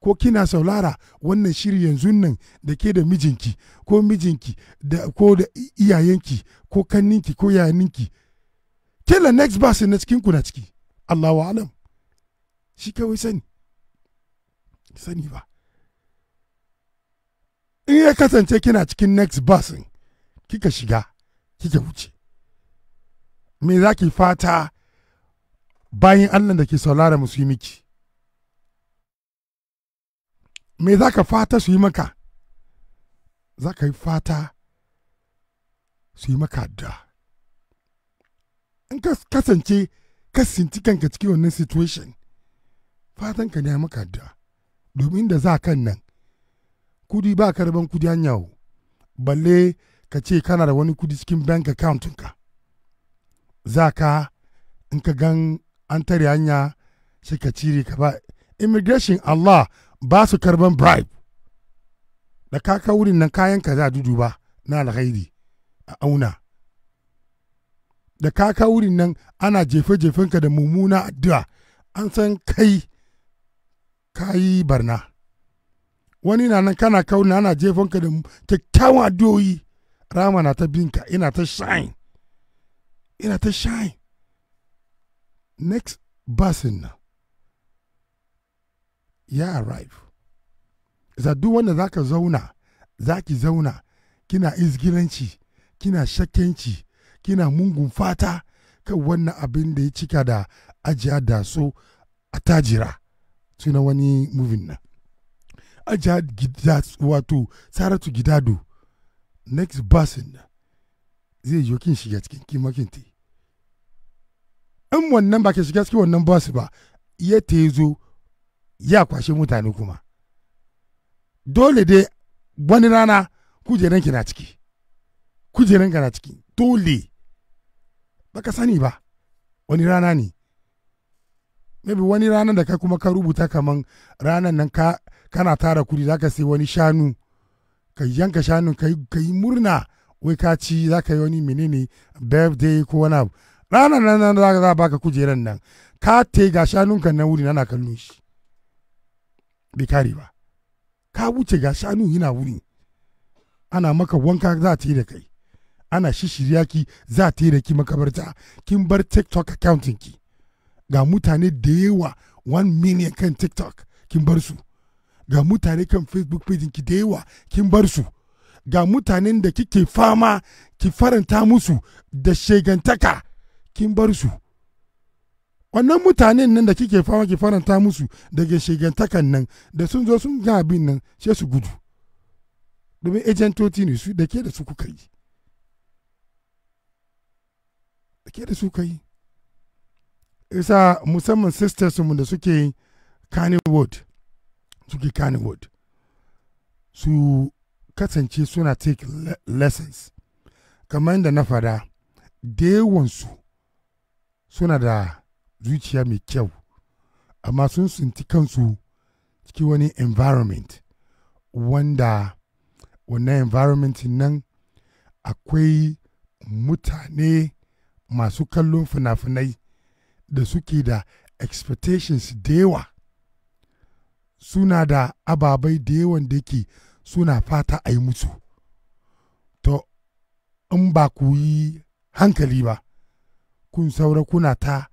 ko kina saulara wannan shiri yanzu nan da ke da mijinki ko mijinki da ko da iyayenki ko kanninki ko yayaninki kila next bus na cikin ku na ciki Allah wa alam shi kawai sani sani ba in ya kasance kina cikin next bus kika shiga kika wuce me za ki fata bayan Allah da ke saulara musu yi miki me za ka fata su yi maka za ka yi fata su yi maka da in ka kasance ka sinci kanka cikin wannan situation fatan ka ne maka da domin da za kan nan kudi ba ka rabon kudi yawo balle ka ce kana da wani kudi cikin bank account ka za ka in ka gan an tare hanya sai ka cire ka ba immigration Allah ba su karban bribe da kaka wurin nan kayan ka za dudu ba na alkhairi a auna da kaka wurin nan ana jefe-jefenka da mummuna addu'a an san kai kayi barna wani na nan kana kauna ana jefanka da kyakkyawan addu'o'i rama na ta binka ina ta shine ina ta shine next basin nan ya arrive za duk wanda za ka zauna za ki zauna kina izgilanci kina shakkenci kina mungun fata kan wannan abin da ya cika da ajiya da so a tajira suna wani movin nan ajiya gida wato saratu gidado next basin na zai yi kin shiga cikin kimakinti in wannan ba ke shiga cikin wannan bas ba iya ta zo ya kwashe mutane kuma dole dai wani rana ki na ciki kujeranka na ciki dole baka sani ba wani rana ne maybe wani ranar da kai kuma ka rubuta kaman ranar nan ka kana tara kudi zaka sai wani shanu ka yanka shanun ka yi murna wai ka ci zaka yi wani menene birthday ko wani abu ranar nan za ka baka kujeran nan ka te ga shanunka na wuri nana kallon shi bai kare ba ka wuce ga shanu yana wuri ana maka wanka za ta yi da kai ana shishirya ki za ta yi da ki makabarta kin bar tiktok accounting ki ga mutane da yawa 1 million kan tiktok kin bar su ga mutane kan facebook page ki da yawa kin bar su ga mutanen da kike fama ki faranta musu da shegantaka kin bar su wannan mutanen nan da kike fama ki faranta musu daga shigantakan nan da sun zo sun ga abin nan sai su gudu domin ejentoti ne su da ke da su kuka yi da ke da su kuka yi isa musamman sisters mu da suke Kannywood suke Kannywood su kasance suna take lessons kamar da na fada da yawansu suna da zuciya mai kyau amma sun sunti kansu cikin wani environment wanda wannan environment nan akwai mutane masu kallon fina-finai da suke da expectations da yawa suna da ababai da yawan da ke suna fata a yi musu to in ba ku yi hankali ba kun saura kuna ta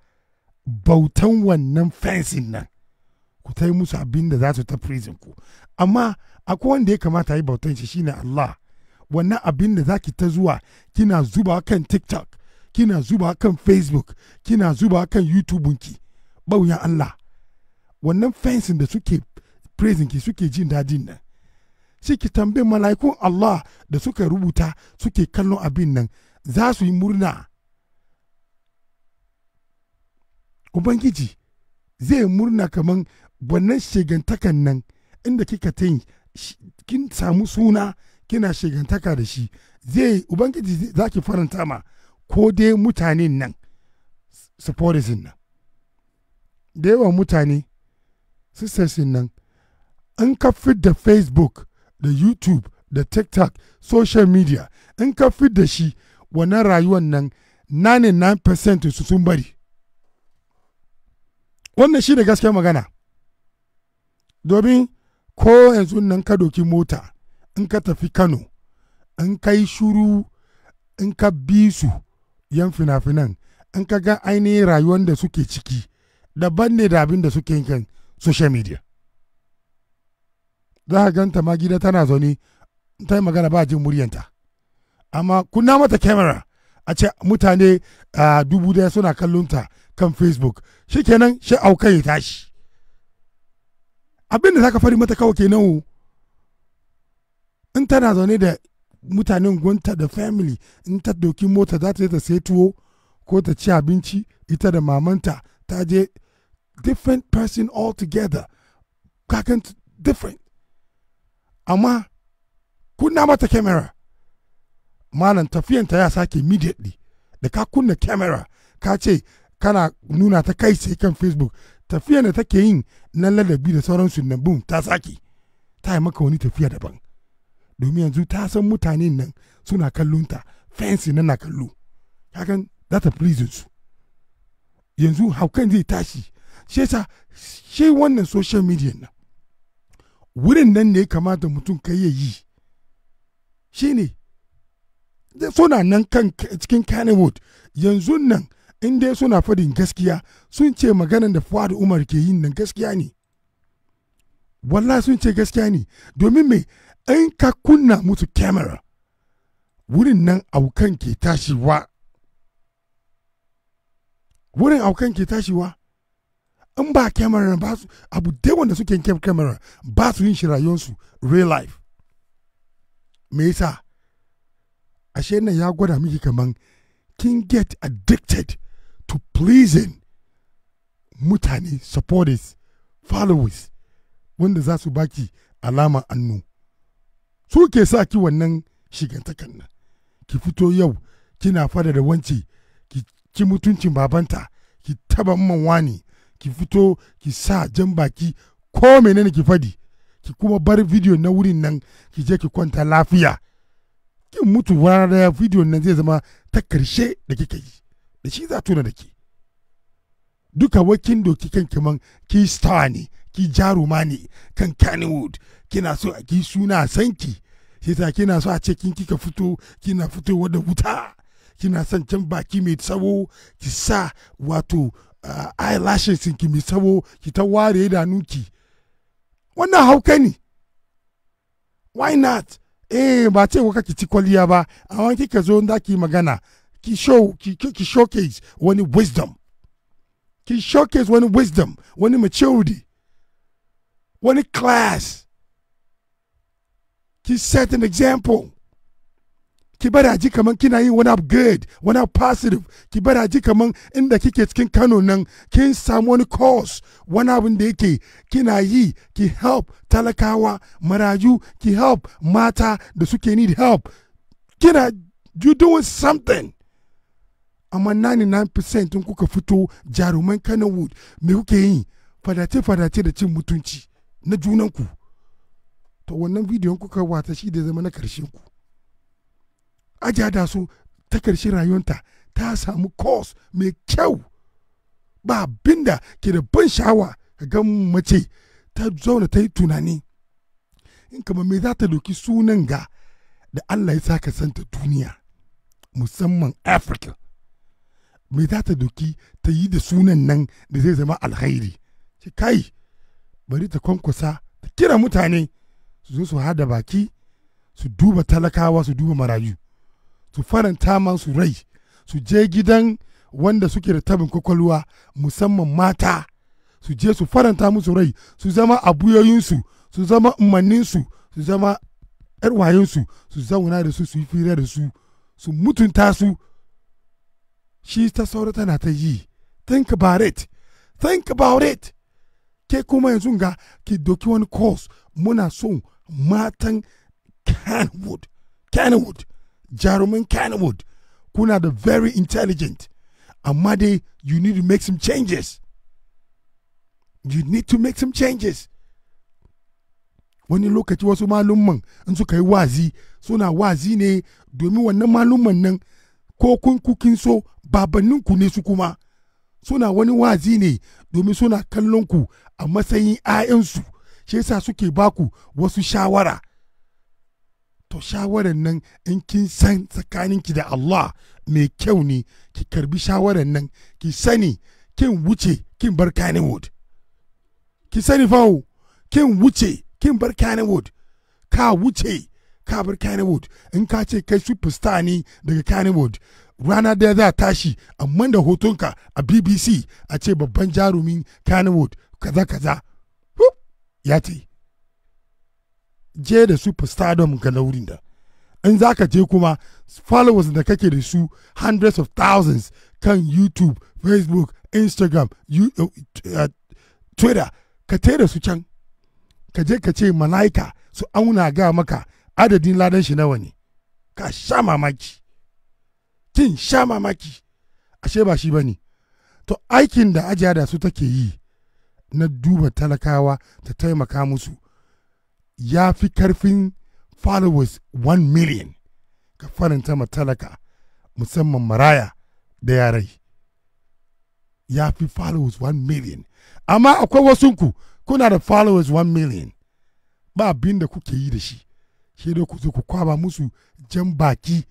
bautan wannan fensin nan ku ta yi musu abin da za su ta prison ku amma akwai wanda ya kamata yi bautan shi shine Allah wannan abin da za ki ta zuwa kina zuba kan TikTok kina zuba kan Facebook kina zuba kan YouTube ki bauyan Allah wannan fensin da suke prison ki suke jin dadin nan shi ki tambayi mala'ikun Allah da suka rubuta suke kallon abin nan za su yi murna ubangiji zai murna kamar wannan shegantakan nan inda kika ta yi kin samu suna kina shegantaka da shi zai ubangiji za ki faranta ma ko dai mutane nan supporting nan da yawan mutane sisters nan in ka fit da facebook da youtube da tiktok social media an ka fit da shi wannan rayuwan nan 99% su sun bari wannan shi ne gaskiyar magana domin ko yanzu nan ka doki mota in ka tafi kano in ka yi shuru in ka bi su yan fina-finan in ka ga ainihin rayuwar da suke ciki daban ne da abin da suke yankin social media za ka ganta ma gida tana zaune ta yi magana ba jin muryanta amma kunna mata kyamara a ce mutane ah, dubu daya suna kallonta kan facebook shikenan shi auka ya tashi abin da zaka fari mata kawai kenan o in tana zaune da mutanen gwanta da family in ta doki mota za ta je ta sai tuwo ko ta ci abinci ita da mamanta ta je different person altogether kakan different amma kunna mata camera malam tafiyanta ya sake immediately da ka kunna camera ka ce kana nuna ta kai sai kan facebook tafiya da take yin na ladabi da sauransu na boom ta sake ta yi maka wani tafiya daban domin yanzu ta san mutanen nan suna kallon kallonta fensi na kallo kakan za ta su yanzu haukan zai tashi shi yasa shi wannan social media nan wurin nan ne ya kamata mutum kai ya yi shi ne suna nan kan cikin Kannywood yanzu nan in dai suna fadin gaskiya sun ce maganan da Fuad Umar ke yin nan gaskiya ne wallahi sun ce gaskiya ne domin me in ka kunna musu kyamara wurin nan aukan ke tashiwa wurin aukan ke tashiwa in ba kyamara ba su abu dai wanda suke kyamara ba su yin shi rayuwarsu real life me yasa ashe nan ya gwada miki kaman kin get addicted to pleasing mutane supporters followers wanda za su baki alama annu su ke sa ki wannan shigantakan nan ki fito yau kina fada da wance ki mutuncin babanta ki taba man wani ki fito ki sa jan baki ko menene ki fadi ki kuma bar video na wurin nan ki je ki kwanta lafiya kin mutu rana da video nan zai zama ta karshe da kike yi da shi za tuna da ke duka wakin doki kan kiman ki star ne ki jaruma ne kan kannywood kina so a ki suna sanki shi ta kina so a ce kin kika fito kina fito da wuta kina son can baki mai tsawo ki sa wato ah, eyelashes ki mai tsawo ki ta ware idanunki wannan hauka ne why not eh ba ce ki ci kwaliya ba a wani kika zo da ki magana ki show ki, ki showcase when wisdom ki showcase when wisdom when maturity when class ki set an example ki bada ji kaman kina yin wani abu good wani abu positive ki bada ji kaman inda kike cikin kano nan kin samu wani course wani abin da yake kina yi ki help talakawa maraju ki help mata da suke need help kina you doing something amma 99% in kuka fito jaruman kanawood mai kuke yi fadace-fadace da cin mutunci na junanku to wannan bidiyon kuka wata shi da zama na karshen ku aja su ta karshen rayuwanta ta samu course mai kyau ba binda ke da ban sha'awa ga mace ta zauna ta yi tunani in kama me za ta doki sunan ga da Allah ya sa saka santa duniya musamman Africa me za ta doki ta yi da sunan nan da zai zama alkhairi ce kai bari ta kwankwasa ta kira mutane su zo su hada baki su duba talakawa su duba marayu su faranta su rai su je gidan wanda suke da tabin kwakwalwa musamman mata su je su faranta musu rai su zama abuyoyinsu su zama umarninsu su zama yarwayensu su zauna da su su yi fira da su su mutunta su shi ta saura tana ta yi think about it think about it ke kuma yanzu ga ki doki wani course muna so matan kenwood canwood jaruman canwood kuna da very intelligent amma dai you need to make some changes you need to make some changes wani lokaci wasu malumman in suka yi wazi suna wazi ne domin wannan malumman nan ko kun kukin so babanninku ne su kuma suna wani wazi ne domin suna kallon ku a matsayin 'ya'yansu shi yasa suke baku wasu shawara to shawarar nan in kin san tsakaninki da Allah mai kyau ne ki karbi shawarar nan ki sani kin wuce kin bar Kannywood ki sani fawo kin wuce kin bar Kannywood ka wuce ka bar in ka ce kai superstar ne daga kanewood rana daya za tashi amma da hotonka a BBC a ce babban jarumin Kannywood kaza kaza ya ce je da superstardom ga laurin da in za ka je kuma followers da kake da su hundreds of thousands kan youtube facebook instagram uh, twitter ka da su can ka je ka ce malaika su auna ga maka adadin ladan shi nawa ne ka sha mamaki kin sha mamaki ashe ba shi bane to aikin da ajiya da su take yi na duba talakawa ta taimaka musu ya fi karfin followers 1 million ka faranta ma talaka musamman maraya da yarai ya fi followers 1 million amma akwai wasunku kuna da followers 1 million ba abin da kuke yi da shi shi da ku ku kwaba musu jan baki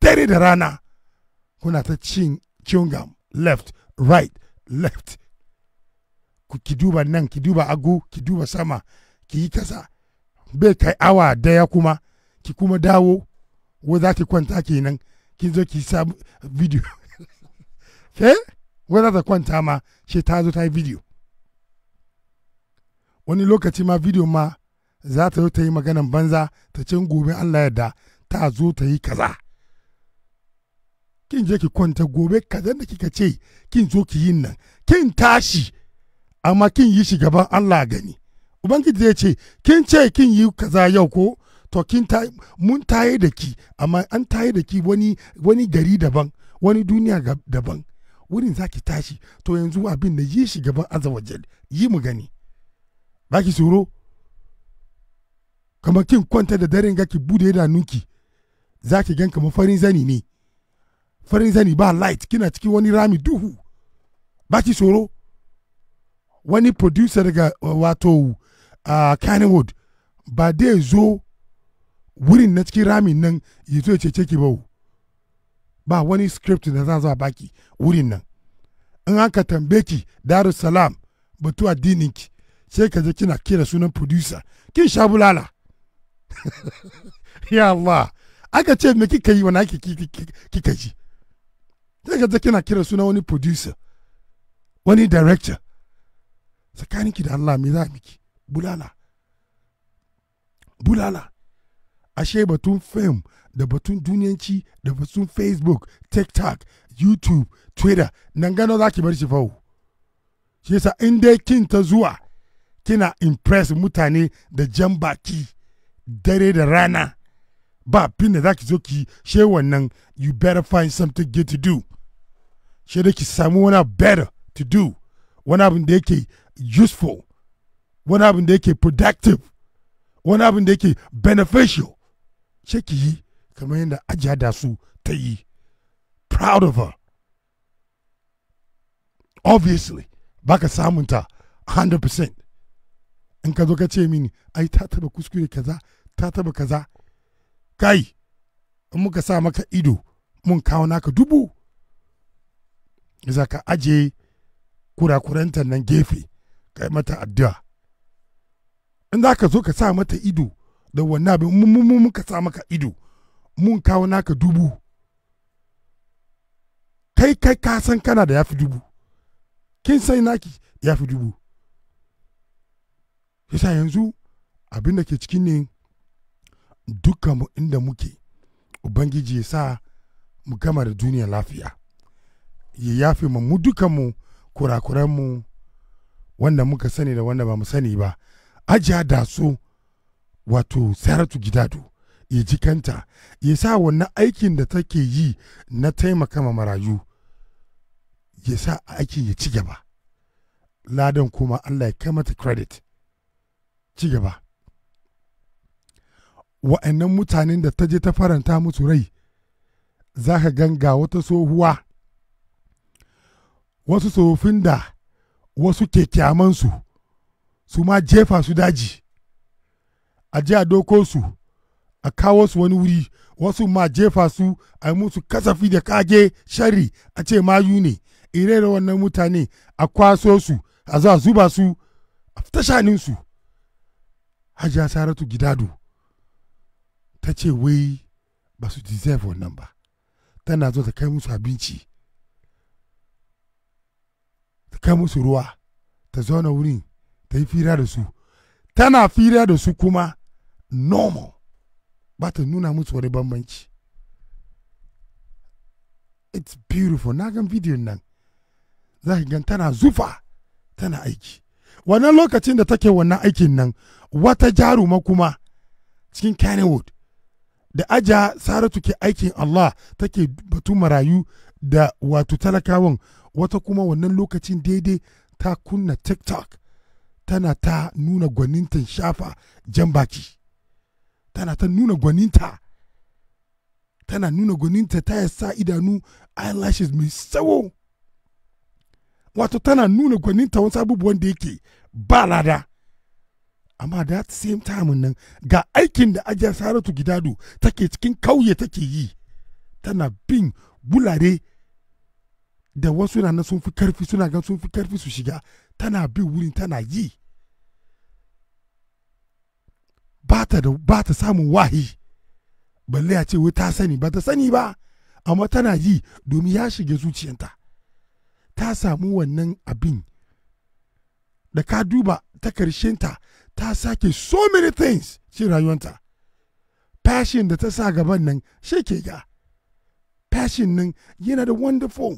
dare da rana kuna ta cin chewing left right left ku ki duba nan ki duba agu ki duba sama ki yi kasa bai kai awa daya kuma ki kuma dawo wo za ta kwanta kenan ki zo ki sa video ke eh? wo za ta kwanta ma shi ta zo ta yi video wani lokaci ma video ma za ta zo ta yi maganan banza ta cin gobe Allah yadda ta zo ta yi kaza kin je ki kwanta gobe kaza da kika ce kin zo ki yin nan kin tashi amma kin yi shi gaban Allah gani ubangiji zai ce kin ce kin yi kaza yau ko to kin ta mun taye da ki amma an taye da ki wani gari daban wani duniya daban wurin za ki tashi to yanzu abin da yi shi gaban azawajal yi mu gani ki tsoro kamar kin kwanta da daren ga ki bude idanunki za ki gan kamar farin zani ne farin zani ba light kina cikin wani rami duhu ba ki tsoro wani producer daga wato a Kannywood ba dai zo wurin na cikin ramin nan ya zo ce ki ba ba wani script da za zuwa baki wurin nan in aka tambaye ki darussalam batu addinin ki sai ka je kina kira sunan producer kin sha bulala ya Allah aka ce me kika yi wani ake kika ji sai ka kina kira suna wani producer wani director tsakaninki da Allah me za miki bulala bulala ashe batun fim da batun duniyanci da batun facebook tiktok youtube twitter nan gano za ki bar shi fawo shi yasa in dai kin ta zuwa kina impress mutane da jan baki dare da rana ba fin da za ki zo ki she wannan you better find something good to do she da ki samu wani better to do wani abin da yake useful wani abin da yake productive wani abin da yake beneficial she ki yi kamar yadda ajiya da su ta yi proud of her obviously ba ka samunta 100% in ka zo ka ce mini ai ta taba kuskure kaza ta taba kaza kai in muka sa maka ido mun kawo naka dubu za ka aje kurakurantar nan gefe kai mata addu'a in za ka zo ka sa mata ido da wannan abin mun muka sa maka ido mun kawo naka dubu kai kai ka san kana da yafi dubu kin sai naki yafi dubu yasa yanzu abin da ke cikin ne dukkan mu inda muke ubangiji ya sa mu gama da duniya lafiya ya yafe mu mu kurakuran mu wanda muka sani da wanda ba mu sani ba ajiya da su wato saratu gidado ya ji kanta ya sa wannan aikin da take yi na taimaka ma marayu ya sa aikin ya ci gaba ladan kuma allah ya kai mata credit ci gaba wa'annan mutanen da ta je ta faranta musu rai za ka ganga wata tsohuwa wasu tsofin da wasu ke kyamansu su ma jefa su daji a ji a doko a kawo su wani wuri wasu ma jefa su a musu kasafi da kage shari a ce mayu ne irere wannan mutane a kwaso su a za zuba su a tashaninsu hajiya saratu gidado ta ce wai ba su deserve wannan ba tana zo ta kai musu abinci ta kai musu ruwa ta zauna wurin ta yi fira da su tana fira da su kuma normal ba ta nuna musu wani bambanci it's beautiful na gan bidiyon nan za ka gan tana zufa tana aiki wannan lokacin da take wannan aikin nan wata jaruma kuma cikin kennywood da aja saratu ke aikin Allah take batu marayu da wato talakawan wata kuma wannan lokacin daidai ta kunna tiktok tana ta nuna gwanintan shafa jan baki tana ta nuna gwaninta tana nuna gwaninta ta sa idanu eyelashes mai tsawo wato tana nuna gwaninta wani wanda da yake ba lada amma da same time nan ga aikin da ajiyar saratu gidado take cikin kauye take yi tana bin bulare da wasu na sun fi karfi suna gan sun fi karfi su shiga tana bin wurin tana yi ba ta samun wahi balle a ce wai ta sani ba ta sani ba amma tana yi domin ya shiga zuciyanta ta samu wannan abin da ka duba ta karshenta ta sake so many things shi rayuwanta passion da ta sa gaban nan shi ke ga passion nan yana da wonderful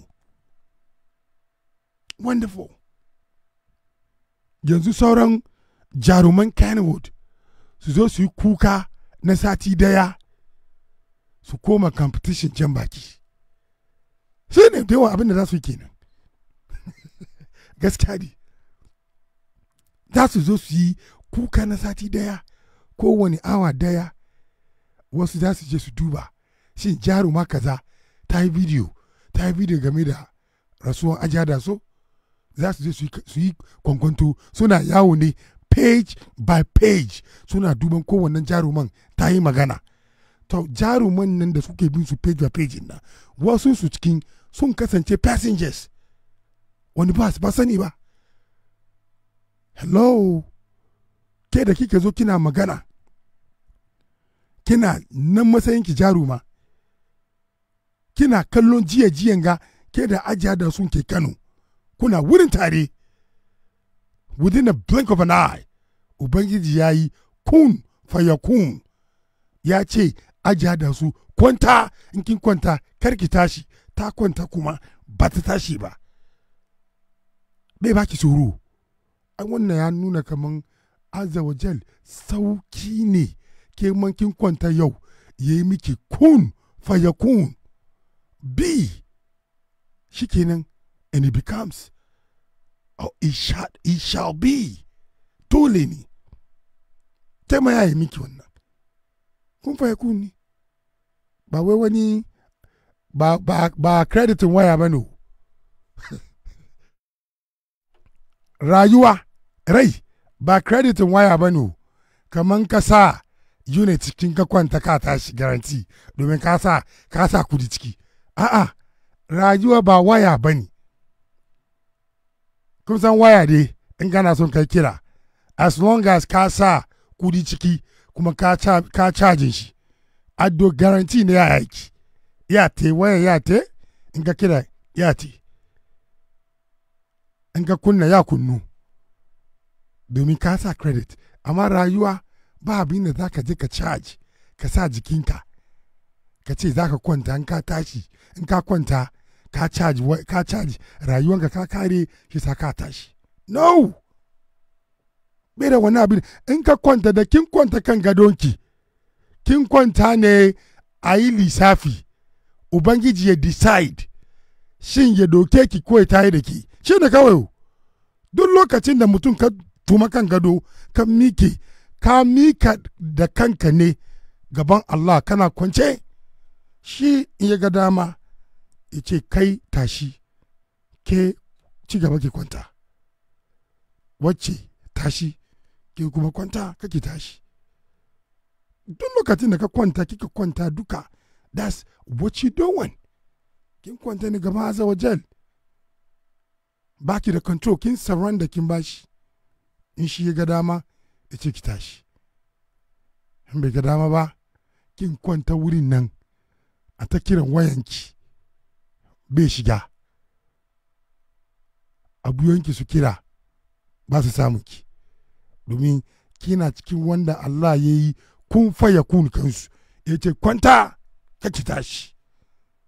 wonderful yanzu sauran jaruman kenwood su zo su yi kuka na sati daya su koma competition can baki shi ne da yawan abin da za su yi kenan gaskiya ne za su zo su yi kuka na sati daya kowane awa daya wasu za su je su duba shin jaruma kaza ta yi bidiyo ta yi bidiyo game da rasuwan ajada so za su je su yi kwankwanto suna yawo ne page by page suna duban kowane jaruman ta yi magana to jaruman nan da suke bin su page by page na wasu su cikin sun kasance passengers wani ba su ba sani ba hello ke da kike zo kina magana kina nan matsayin ki jaruma kina kallon jiya jiyan ga ke da ajiya da sun ke kano kuna wurin tare within a blink of an eye ubangiji ya yi kun fayakun ya ce ajiya da su kwanta in kin kwanta kar ki tashi ta kwanta kuma ba ta tashi ba bai baki tsoro an wannan ya nuna kaman azza wa jal sauki ne ke kin kwanta yau ya yi miki kun kun bi shikenan and it becomes or it shall, it shall be dole ne ta ma ya yi miki wannan kun kun ne ba wai wani ba ba ba creditin waya ba ne rayuwa rai ba kreditin waya ba ne kamar ka sa unit cikin ka kwanta ka tashi garanti domin ka sa ka sa kudi ciki a'a rayuwa ba waya ba ne kun san waya dai in kana son kai kira as long as ka sa kudi ciki kuma ka cajin shi addo garanti ne ya aiki ya te waya ya te in ka kira ya te in ka kunna ya kunnu domin ka sa credit amma rayuwa ba abin da za ka je ka charge ka sa jikinka ka ce za ka kwanta in ka tashi in ka kwanta ka charge ka charge rayuwanka ka kare shi sa ka tashi no bai da wani abin in ka kwanta da kin kwanta kan gadonki kin kwanta ne a yi lissafi ubangiji ya decide shin ya doke ki ko ya tayi da ki shi ne kawai duk lokacin da mutum ka tuma kan gado ka mike ka mika da kanka ne gaban Allah kana kwance shi in ya ga dama ya ce kai tashi ke ci gaba ke kwanta wacce tashi ke kuma kwanta kake tashi duk lokacin da ka kwanta kika kwanta duka that's what you doing kin kwanta ne gaba azawajal baki da control kin surrender kin bashi in shi ya ga dama ya ce ki tashi in bai ga dama ba kin kwanta wurin nan a ta kiran wayanki bai shiga abuyonki su kira ba su samun ki domin kina cikin wanda Allah ya yi kun faya kun kansu ya ce kwanta kake tashi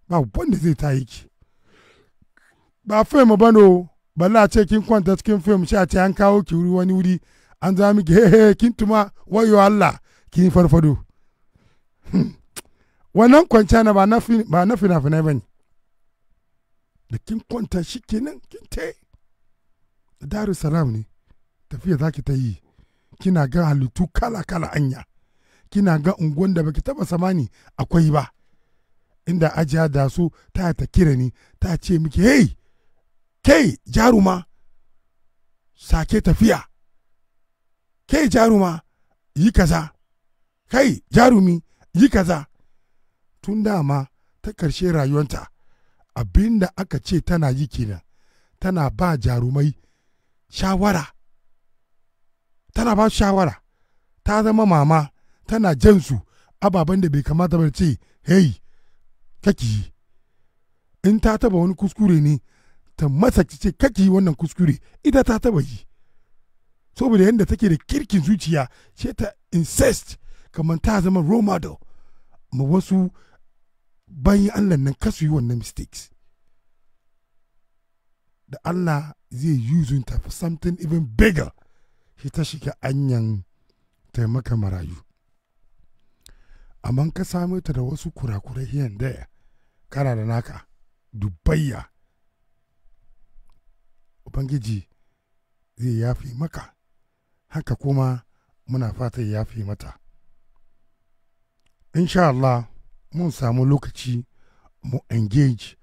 ba wanda zai ta yi ki ba fahimta ba balla ce kin kwanta cikin fim sha a ce an kawo ki wuri wani wuri an za miki hehe kin tuma wayo Allah kin farfado hmm. wannan kwanta na ba na fina-finai ba ne da kin kwanta shi kenan kin te da salam ne tafiya zaki ki ta yi kina ga halittu kala-kala anya kina ga unguwan da baki taba samani akwai ba inda ajiya da su ta ta kira ni ta ce miki hey Kai jaruma sake tafiya kai jaruma yi kaza kai jarumi yi kaza tun dama ta ƙarshe rayuwanta abinda aka ce tana yi kenan tana ba jarumai shawara tana ba shawara ta zama mama tana jan su ababen da bai kamata ba ce hey kaki in ta taba wani kuskure ne ta masa ce kake wannan kuskure ita ta taba yi saboda yadda take da kirkin zuciya ce ta incest kamar ta zama role model ma wasu bayan allah nan kasu yi wannan mistakes da allah zai yi ta for something even bigger shi ta shiga anyan taimaka marayu amma ka samu ta da wasu kurakurai yadda kara da naka dubayya ubangiji zai yafi maka haka kuma muna fatan yafi mata insha Allah mun samu lokaci mu engage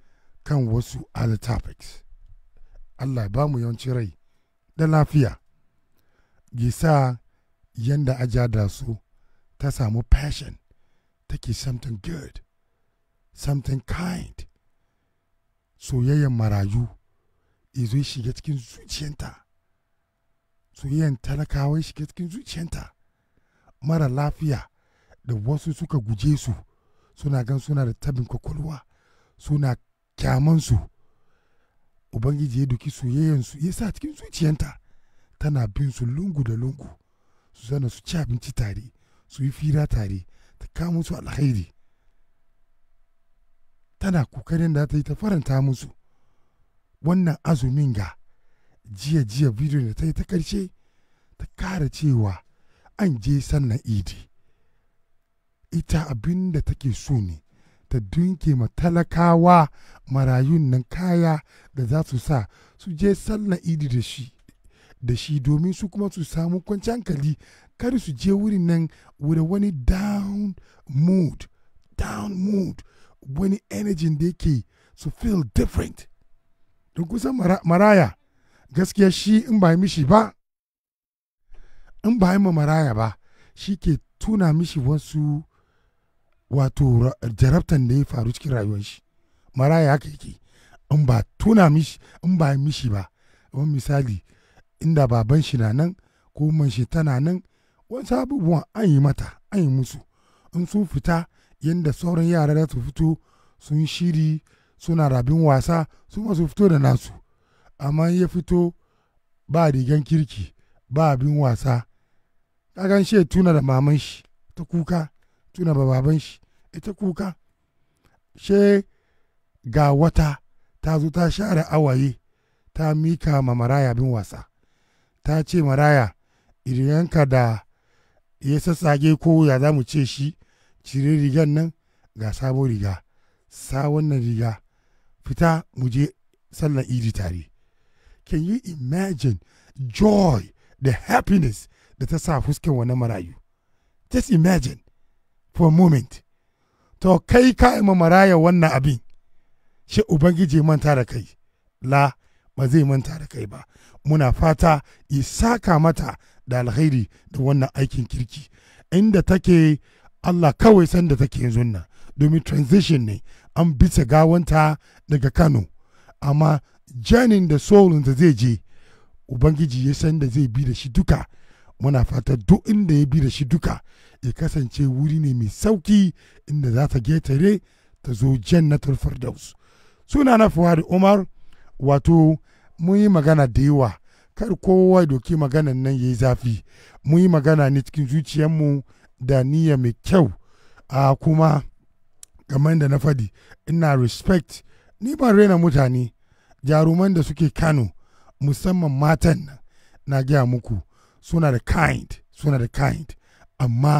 kan wasu other topics Allah ba mu yawanci rai da lafiya gisa yanda aja da su ta samu passion take something good something kind soyayyen marayu ya zo shiga cikin zuciyanta soyayyan talakawa ya shiga cikin zuciyanta mara lafiya da wasu suka guje su suna gan suna da tabin kwakwalwa suna kyamansu ubangiji ya duki soyayyansu ya sa cikin zuciyanta tana bin su lungu da lungu su zana su ci abinci tare su yi fira tare ta kama su alkhairi tana kokarin da ta yi ta faranta musu wannan azumin ga jiya jiya bidiyo da ta yi ta ƙarshe ta kara cewa an je sannan idi ita abin da take so ne ta dunke ma talakawa marayun nan kaya da za su sa su je sallan idi da shi da shi domin su kuma su samu kwanci hankali kar su je wurin nan wurin wani down mood down mood wani energy da yake su feel different to kusan maraya gaskiya shi in ba mishi ba in ba ma maraya ba shi ke tuna mishi wasu wato jarabtan da ya faru cikin rayuwar shi maraya haka yake in ba tuna mishi in ba mishi ba wani misali inda baban shi na nan ko man tana nan wasu abubuwan an yi mata an yi musu in sun fita yadda sauran yara za su fito sun shiri suna rabin wasa su masu fito da nasu amma ya fito ba rigan kirki ba abin wasa kagan shi tuna da maman shi ta kuka tuna da baban shi ita kuka she ga wata ta zo ta share awaye ta mika ma maraya bin wasa ta ce maraya riganka da ya sassage ko ya za mu ce shi cire rigan nan ga sabon riga sa wannan riga fita mu je sallar idi tare can you imagine joy the happiness da ta sa fuskan wani marayu just imagine for a moment to kai ka ma maraya wannan abin shi ubangiji manta da kai la ba zai manta da kai ba muna fata ya saka mata da alkhairi da wannan aikin kirki inda take Allah kawai sanda take yanzu nan domin transition ne an bisa gawanta daga kano amma janin da saurin da zai je ubangiji ya san da zai bi da shi duka muna fata duk inda ya bi da shi duka ya kasance wuri ne mai sauki inda za ta getare ta zo jannatul firdaus suna na da umar wato mun yi magana da yawa kar kowa doki maganan nan ya yi zafi mun yi magana ne cikin zuciyarmu da niyya mai kyau a kuma kamar da na fadi ina respect ni ban rena mutane jaruman da suke kano musamman matan na gaya muku suna da kind suna da kind amma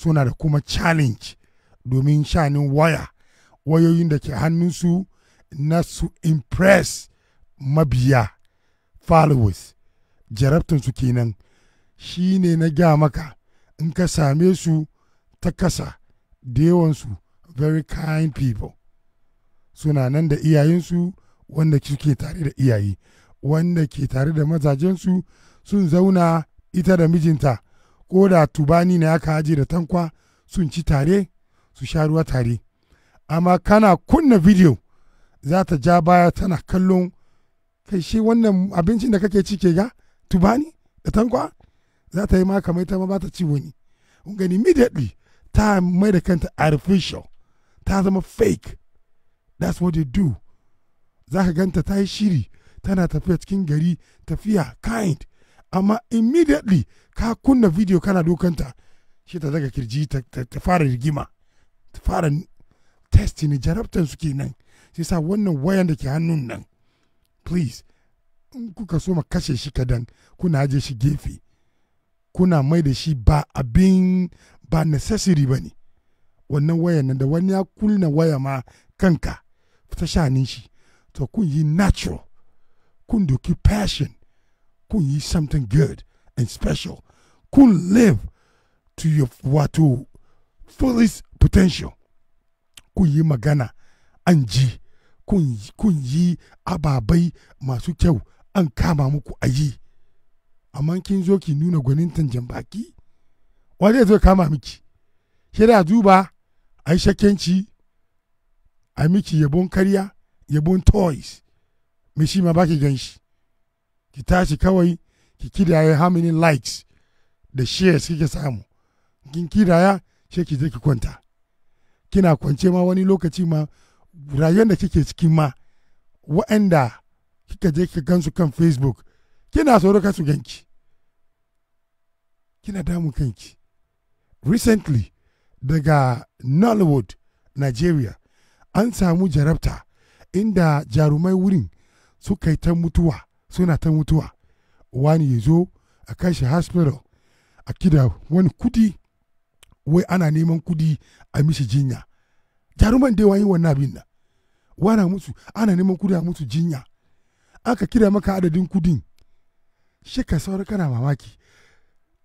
suna da kuma challenge domin shanin waya wayoyin da ke hannunsu na su impress mabiya followers jarabtansu kenan shine na gaya maka in ka same su ta kasa da yawansu very kind people suna nan da iyayensu wanda suke tare da iyaye wanda ke tare da mazajensu sun zauna ita da mijinta ko da tubani na aka haji da tankwa sun ci tare su sha ruwa tare amma kana kunna video za ta ja baya tana kallon kai shi wannan abincin da kake ci ke ga tubani da tankwa za ta yi ma kamar ta ma ba ta ci wani gani immediately ta mai da kanta artificial ta zama fake that's what they do za ka ganta ta yi shiri tana tafiya cikin gari tafiya kind amma immediately ka kunna video kana dokanta shi ta daga kirji ta fara rigima ta fara testi ne jarabtan su nan sai sa wannan wayan da ke hannun nan please in kuka so ma kashe shi kadan kuna aje shi gefe kuna mai da shi ba abin ba necessary ba ne wannan wayan nan da wani ya kunna waya ma kanka ta shanin shi to kun yi natural kun doki passion kun yi something good and special kun live to your wato fullest potential kun yi magana an ji kun yi ababai masu kyau an kama muku a yi amma kin zo ki nuna gwanin tanjan baki wa zai zo kama miki shi da duba ai shakenci a miki yabon karya yabon toys me shi ma baki gan shi ki tashi kawai ki kidaya how many likes da shares kike samu kin kidaya sai ki je ki kwanta kina kwance ma wani lokaci ma rayuwar da kike cikin ma wa'anda kika je kika gansu kan facebook kina tsoro ka ganki kina damun kanki recently daga Nollywood, Nigeria, an samu jarabta inda jarumai wurin suka yi ta mutuwa suna ta mutuwa wani ya zo a kashi hospital a kida wani kudi wai ana neman kudi a mishi jinya jaruman da yi wannan abin nan wana musu ana neman kudi a musu jinya aka kira maka adadin kudin shi ka saura kana mamaki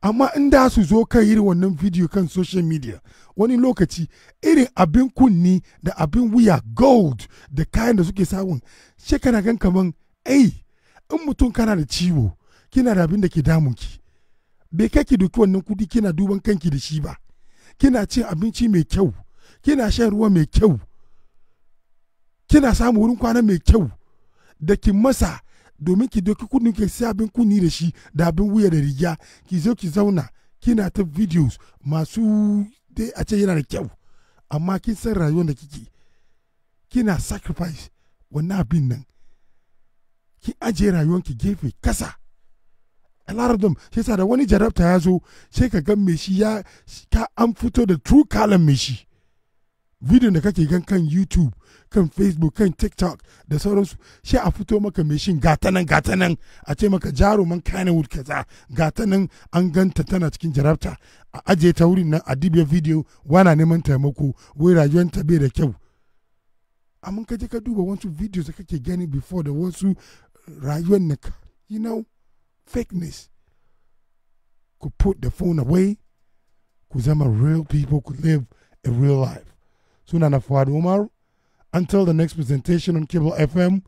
amma in da su zo kan irin wannan video kan social media wani lokaci irin abin kunni da abin wuya gold da kayan da suke samun shekara kan gan kaman ai in mutum kana da ciwo kina da abin da ke damunki bai kai ki doki wannan kudi kina duban kanki da shi ba kina cin abinci mai kyau kina shan ruwa mai kyau kina samun wurin kwana mai kyau da ki masa domin ki doki kudin ki sai abin kunni da shi da abin wuya da riga ki zo ki zauna kina ta videos masu dai a ce yana da kyau amma kin san rayuwar da kike kina sacrifice wannan abin nan kin ajiye ki gefe kasa a lot sa da wani jarabta ya zo sai ka ga me shi ya ka an fito da true color me shi video da kake gan kan youtube kan facebook kan tiktok da sauransu shi a fito maka mai shin gatanan gatanan a ce maka jaruman kannywood kaza gatanan an ganta tana cikin jarabta a ajiye ta wurin nan a dibiya video wana neman taimako wai rayuwar ta bai da kyau amma ka je ka duba wasu videos da kake gani before da wasu rayuwar na you know fakeness ku put the phone away ku zama real people ku live a real life sunana Fuad Umar. Until the next presentation on Cable FM,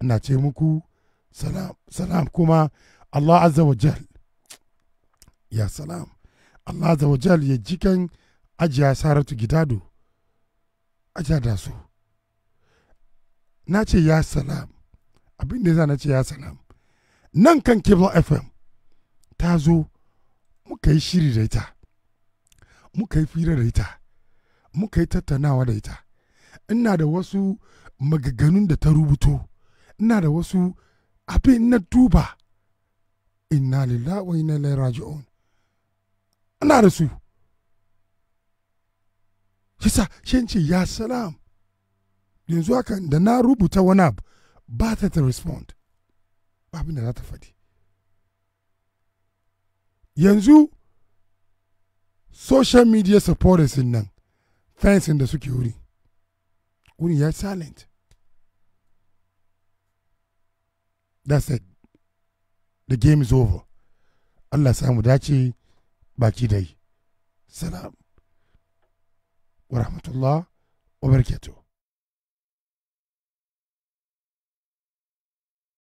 na ce muku salam, salam kuma Allah Azza wa Jal. Ya salam. Allah Azza wa Jal ya jikan ajiya saratu gidado. Ajiya da su. Na ce ya salam. Abin da ya na ce ya salam. Nan kan Cable FM ta zo muka yi shiri da ita. Muka yi fira da ita. muka yi tattaunawa da ita ina da wasu magaganun da ta rubuto ina da wasu abin na duba inna lillahi wa inna ilaihi raji'un ina da su yasa shi ce ya salam yanzu haka da na rubuta wani abu ba ta ta respond abin da za ta faɗi yanzu social media supporters nan fensin da suke wuri wuri ya silent that's it the game is over allah samu dace baki dai salam wa rahmatullah wa barakatuh